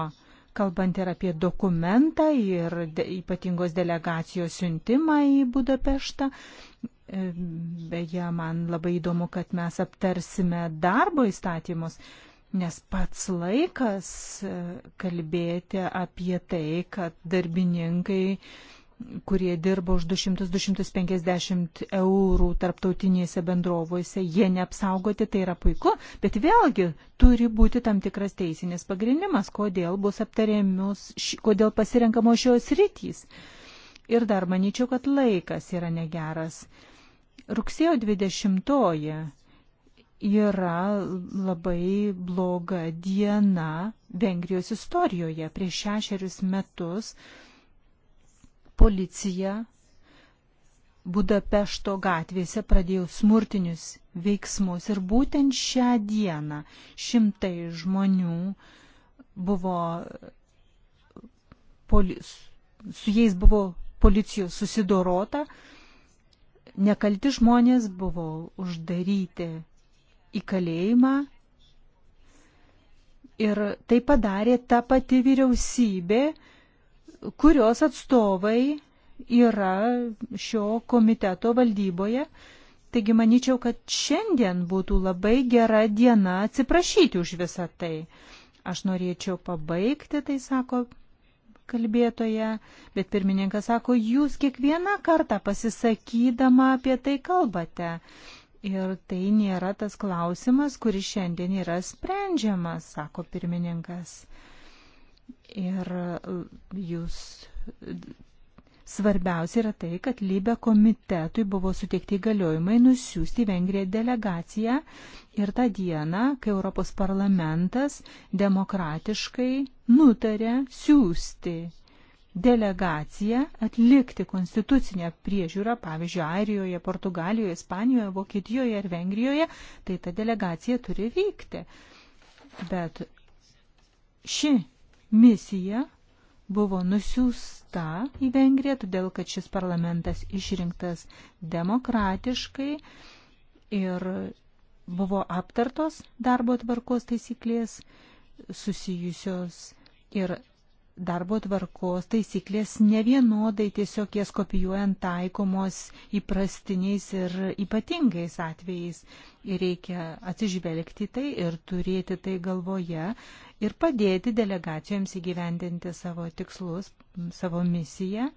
kalbant ir apie dokumentą ir de, ypatingos delegacijos siuntimą į Budapeštą. Beje, man labai įdomu, kad mes aptarsime darbo įstatymus, nes pats laikas e, kalbėti apie tai, kad darbininkai, kurie dirba už 200-250 eurų tarptautinėse bendrovose, jie neapsaugoti, tai yra puiku, bet vėlgi turi būti tam tikras teisinis pagrindimas, kodėl bus aptariamius, kodėl pasirenkamos šios rytys. Ir dar manyčiau, kad laikas yra negeras. Rugsėjo 20 yra labai bloga diena Vengrijos istorijoje. Prieš šešerius metus policija Budapešto gatvėse pradėjo smurtinius veiksmus ir būtent šią dieną šimtai žmonių buvo, poli, su jais buvo policijos susidorota, Nekalti žmonės buvo uždaryti į kalėjimą ir tai padarė ta pati vyriausybė, kurios atstovai yra šio komiteto valdyboje. Taigi manyčiau, kad šiandien būtų labai gera diena atsiprašyti už visą tai. Aš norėčiau pabaigti, tai sako kalbėtoje, bet pirmininkas sako, jūs kiekvieną kartą pasisakydama apie tai kalbate. Ir tai nėra tas klausimas, kuris šiandien yra sprendžiamas, sako pirmininkas. Ir jūs Svarbiausia yra tai, kad Lybe komitetui buvo suteikti įgaliojimai nusiųsti į Vengriją delegaciją Ir tą dieną, kai Europos parlamentas demokratiškai nutarė siūsti delegaciją atlikti konstitucinę priežiūrą, pavyzdžiui, Airijoje, Portugalijoje, Ispanijoje, Vokietijoje ir Vengrijoje, tai ta delegacija turi vykti. Bet ši misija buvo nusiųsta į Vengriją, todėl kad šis parlamentas išrinktas demokratiškai ir buvo aptartos darbo tvarkos taisyklės susijusios ir darbo tvarkos taisyklės nevienodai tiesiog jas kopijuojant taikomos įprastiniais ir ypatingais atvejais. Ir reikia atsižvelgti tai ir turėti tai galvoje ir padėti delegacijoms įgyvendinti savo tikslus, savo misiją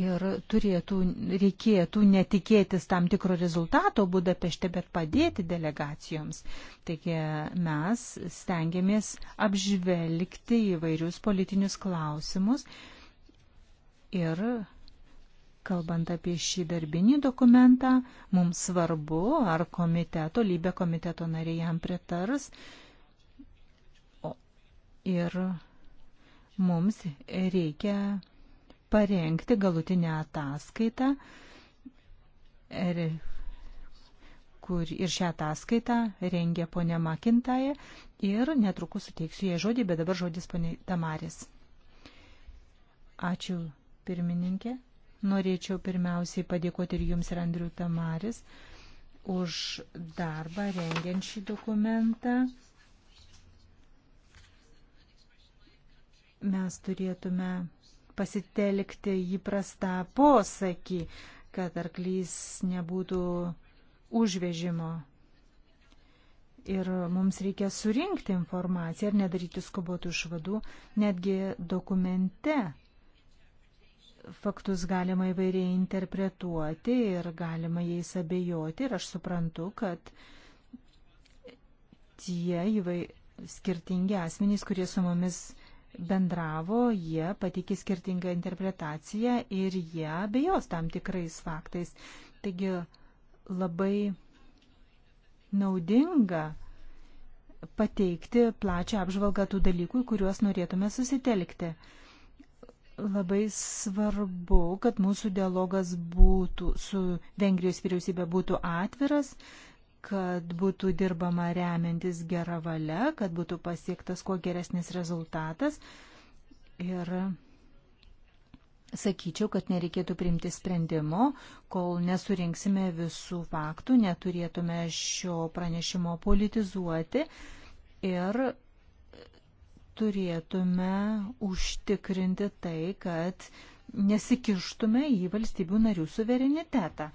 ir turėtų, reikėtų netikėtis tam tikro rezultato Budapešte, bet padėti delegacijoms. Taigi mes stengiamės apžvelgti įvairius politinius klausimus ir Kalbant apie šį darbinį dokumentą, mums svarbu, ar komiteto, lybė komiteto nariai jam pritars. O, ir mums reikia parengti galutinę ataskaitą ir, er, kur ir šią ataskaitą rengė ponė Makintaja ir netrukus suteiksiu jai žodį, bet dabar žodis ponė Tamaris. Ačiū pirmininkė. Norėčiau pirmiausiai padėkoti ir jums, ir Andriu Tamaris, už darbą rengiant šį dokumentą. Mes turėtume pasitelkti įprastą posakį, kad arklys nebūtų užvežimo. Ir mums reikia surinkti informaciją ir nedaryti skubotų išvadų, netgi dokumente faktus galima įvairiai interpretuoti ir galima jais abejoti. Ir aš suprantu, kad tie įvai skirtingi asmenys, kurie su mumis bendravo, jie patikė skirtingą interpretaciją ir jie abejos tam tikrais faktais. Taigi labai naudinga pateikti plačią apžvalgą tų dalykų, kuriuos norėtume susitelkti. Labai svarbu, kad mūsų dialogas būtų su Vengrijos vyriausybė būtų atviras, kad būtų dirbama remiantis gerą valią, kad būtų pasiektas kuo geresnis rezultatas. Ir sakyčiau, kad nereikėtų priimti sprendimo, kol nesurinksime visų faktų, neturėtume šio pranešimo politizuoti ir turėtume užtikrinti tai, kad nesikištume į valstybių narių suverenitetą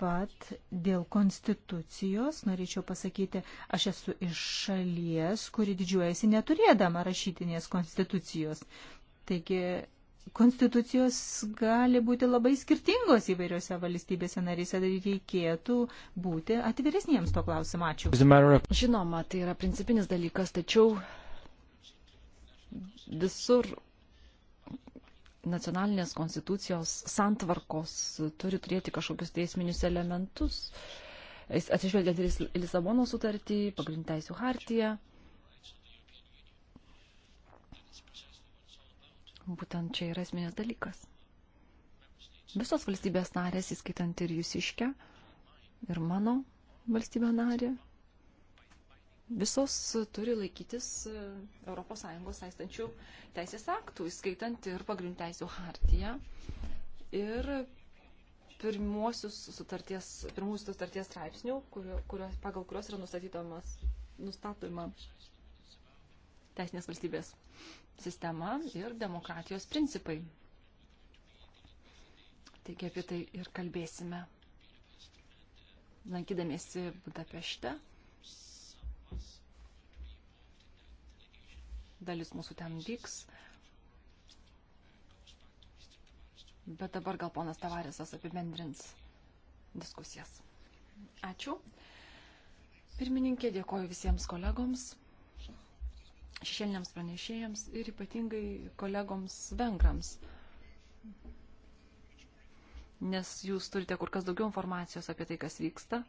pat dėl konstitucijos norėčiau pasakyti, aš esu iš šalies, kuri didžiuojasi neturėdama rašytinės konstitucijos. Taigi konstitucijos gali būti labai skirtingos įvairiose valstybėse narėse, tai reikėtų būti atviresniems to klausimu. Ačiū. Žinoma, tai yra principinis dalykas, tačiau visur nacionalinės konstitucijos santvarkos turi turėti kažkokius teisminius elementus, atsižvelgiant ir į Lisabono sutartį, pagrindinę teisų hartiją. Būtent čia yra esminės dalykas. Visos valstybės narės, įskaitant ir jūsiškę, ir mano valstybę narę, visos turi laikytis ES aistančių teisės aktų, įskaitant ir pagrindų teisų hartiją ir pirmuosius sutarties, pirmuosius sutarties straipsnių, kurio, kurio, pagal kurios yra nustatomas, nustatoma teisinės valstybės sistema ir demokratijos principai. Taigi apie tai ir kalbėsime, lankydamiesi Budapešte dalis mūsų ten vyks. Bet dabar gal ponas Tavaresas apibendrins diskusijas. Ačiū. Pirmininkė, dėkoju visiems kolegoms, šešėliniams pranešėjams ir ypatingai kolegoms vengrams nes jūs turite kur kas daugiau informacijos apie tai, kas vyksta.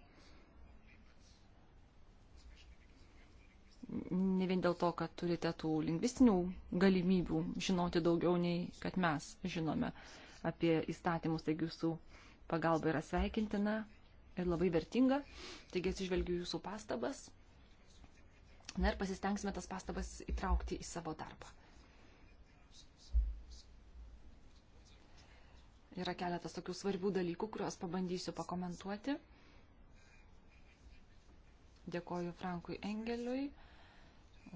ne vien dėl to, kad turite tų lingvistinių galimybių žinoti daugiau nei kad mes žinome apie įstatymus, taigi jūsų pagalba yra sveikintina ir labai vertinga, taigi atsižvelgiu jūsų pastabas. Na ir pasistengsime tas pastabas įtraukti į savo darbą. Yra keletas tokių svarbių dalykų, kuriuos pabandysiu pakomentuoti. Dėkoju Frankui Engeliui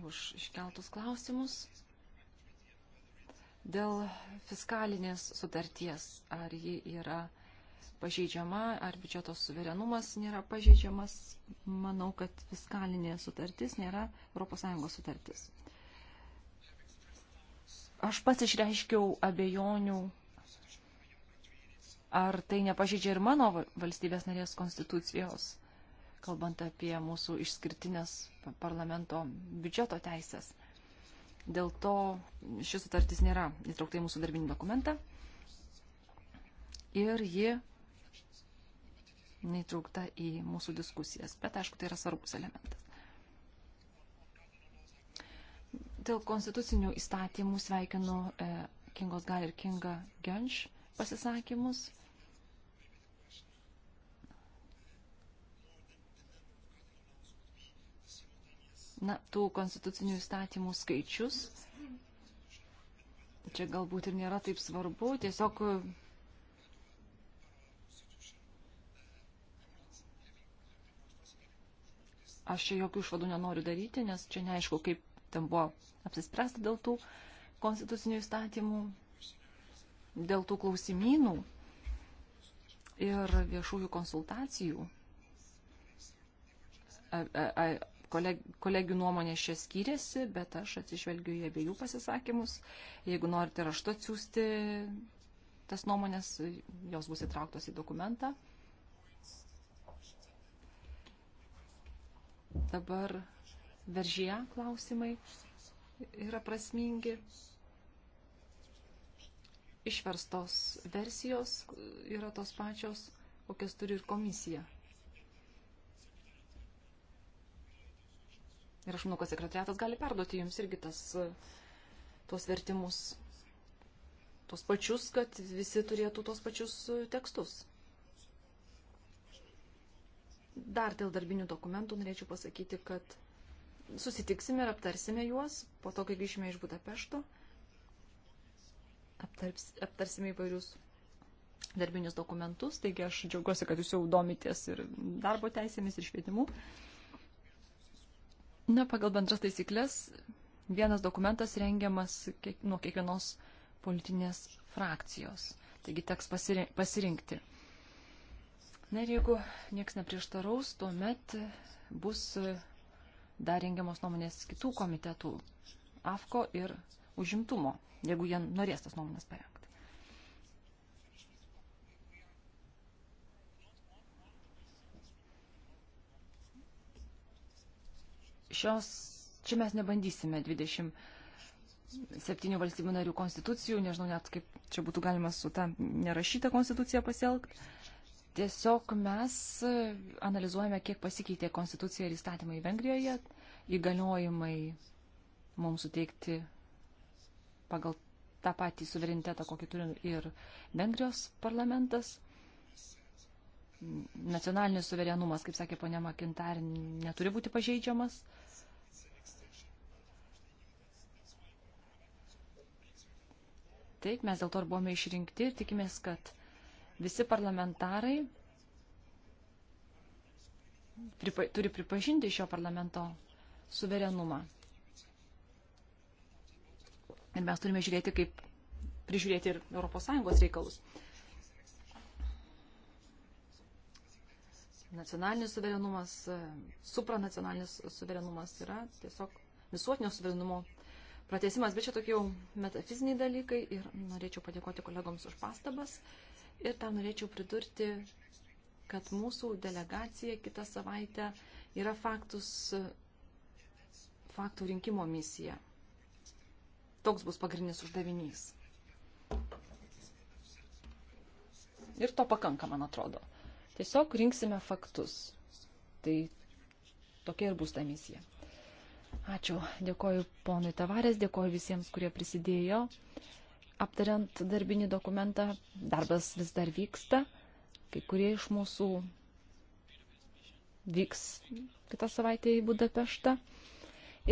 už iškeltus klausimus. Dėl fiskalinės sutarties, ar ji yra pažeidžiama, ar biudžeto suverenumas nėra pažeidžiamas, manau, kad fiskalinė sutartis nėra ES sutartis. Aš pats išreiškiau abejonių ar tai nepažydžia ir mano valstybės narės konstitucijos kalbant apie mūsų išskirtinės parlamento biudžeto teisės. Dėl to šis sutartis nėra įtraukta į mūsų darbinį dokumentą ir ji neįtraukta į mūsų diskusijas. Bet aišku, tai yra svarbus elementas. Dėl konstitucinių įstatymų sveikinu e, Kingos Gal ir Kinga Genš pasisakymus. na, tų konstitucinių įstatymų skaičius. Čia galbūt ir nėra taip svarbu, tiesiog aš čia jokių išvadų nenoriu daryti, nes čia neaišku, kaip ten buvo apsispręsta dėl tų konstitucinių įstatymų, dėl tų klausimynų ir viešųjų konsultacijų koleg, kolegių nuomonė šia skyrėsi, bet aš atsižvelgiu į abiejų pasisakymus. Jeigu norite raštu atsiųsti tas nuomonės, jos bus įtrauktos į dokumentą. Dabar veržyje klausimai yra prasmingi. Išverstos versijos yra tos pačios, kokias turi ir komisija. Ir aš manau, kad sekretariatas gali perduoti jums irgi tas, e, tuos vertimus, tuos pačius, kad visi turėtų tuos pačius e, tekstus. Dar dėl darbinių dokumentų norėčiau pasakyti, kad susitiksime ir aptarsime juos, po to, kai grįšime iš Budapešto, aptarps, aptarsime įvairius darbinius dokumentus, taigi aš džiaugiuosi, kad jūs jau domitės ir darbo teisėmis, ir švietimu. Uh, Na, pagal bendras taisyklės, vienas dokumentas rengiamas kiek, nuo kiekvienos politinės frakcijos. Taigi teks pasirinkti. Na ir jeigu nieks neprieštaraus, tuomet bus dar rengiamos nuomonės kitų komitetų, AFKO ir užimtumo, jeigu jie norės tas nuomonės paremti. šios, čia mes nebandysime 27 valstybių narių konstitucijų, nežinau net kaip čia būtų galima su ta nerašyta konstitucija pasielgti. Tiesiog mes e, analizuojame, kiek pasikeitė konstitucija ir įstatymai Vengrijoje, įgaliojimai mums suteikti pagal tą patį suverenitetą, kokį turi ir Vengrijos parlamentas. Nacionalinis suverenumas, kaip sakė ponia Makintar, neturi būti pažeidžiamas. Taip, mes dėl to ir buvome išrinkti ir tikimės, kad visi parlamentarai pripa, turi pripažinti šio parlamento suverenumą. Ir mes turime žiūrėti, kaip prižiūrėti ir ES reikalus. Nacionalinis suverenumas, supranacionalinis suverenumas yra tiesiog visuotinio suverenumo pratesimas, bet čia tokie jau metafiziniai dalykai ir norėčiau padėkoti kolegoms už pastabas. Ir dar norėčiau pridurti, kad mūsų delegacija kitą savaitę yra faktus, faktų rinkimo misija. Toks bus pagrindinis uždavinys. Ir to pakanka, man atrodo. Tiesiog rinksime faktus. Tai tokia ir bus ta misija. Ačiū. Dėkoju ponui Tavarės, dėkoju visiems, kurie prisidėjo. Aptariant darbinį dokumentą, darbas vis dar vyksta. Kai kurie iš mūsų vyks kitą savaitę į Budapeštą.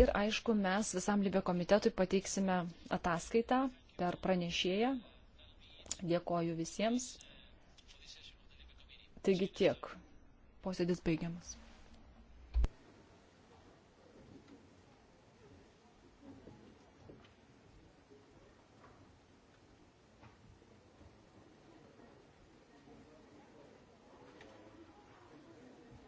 Ir aišku, mes visam Libė komitetui pateiksime ataskaitą per pranešėją. Dėkoju visiems. Taigi tiek. Posėdis baigiamas.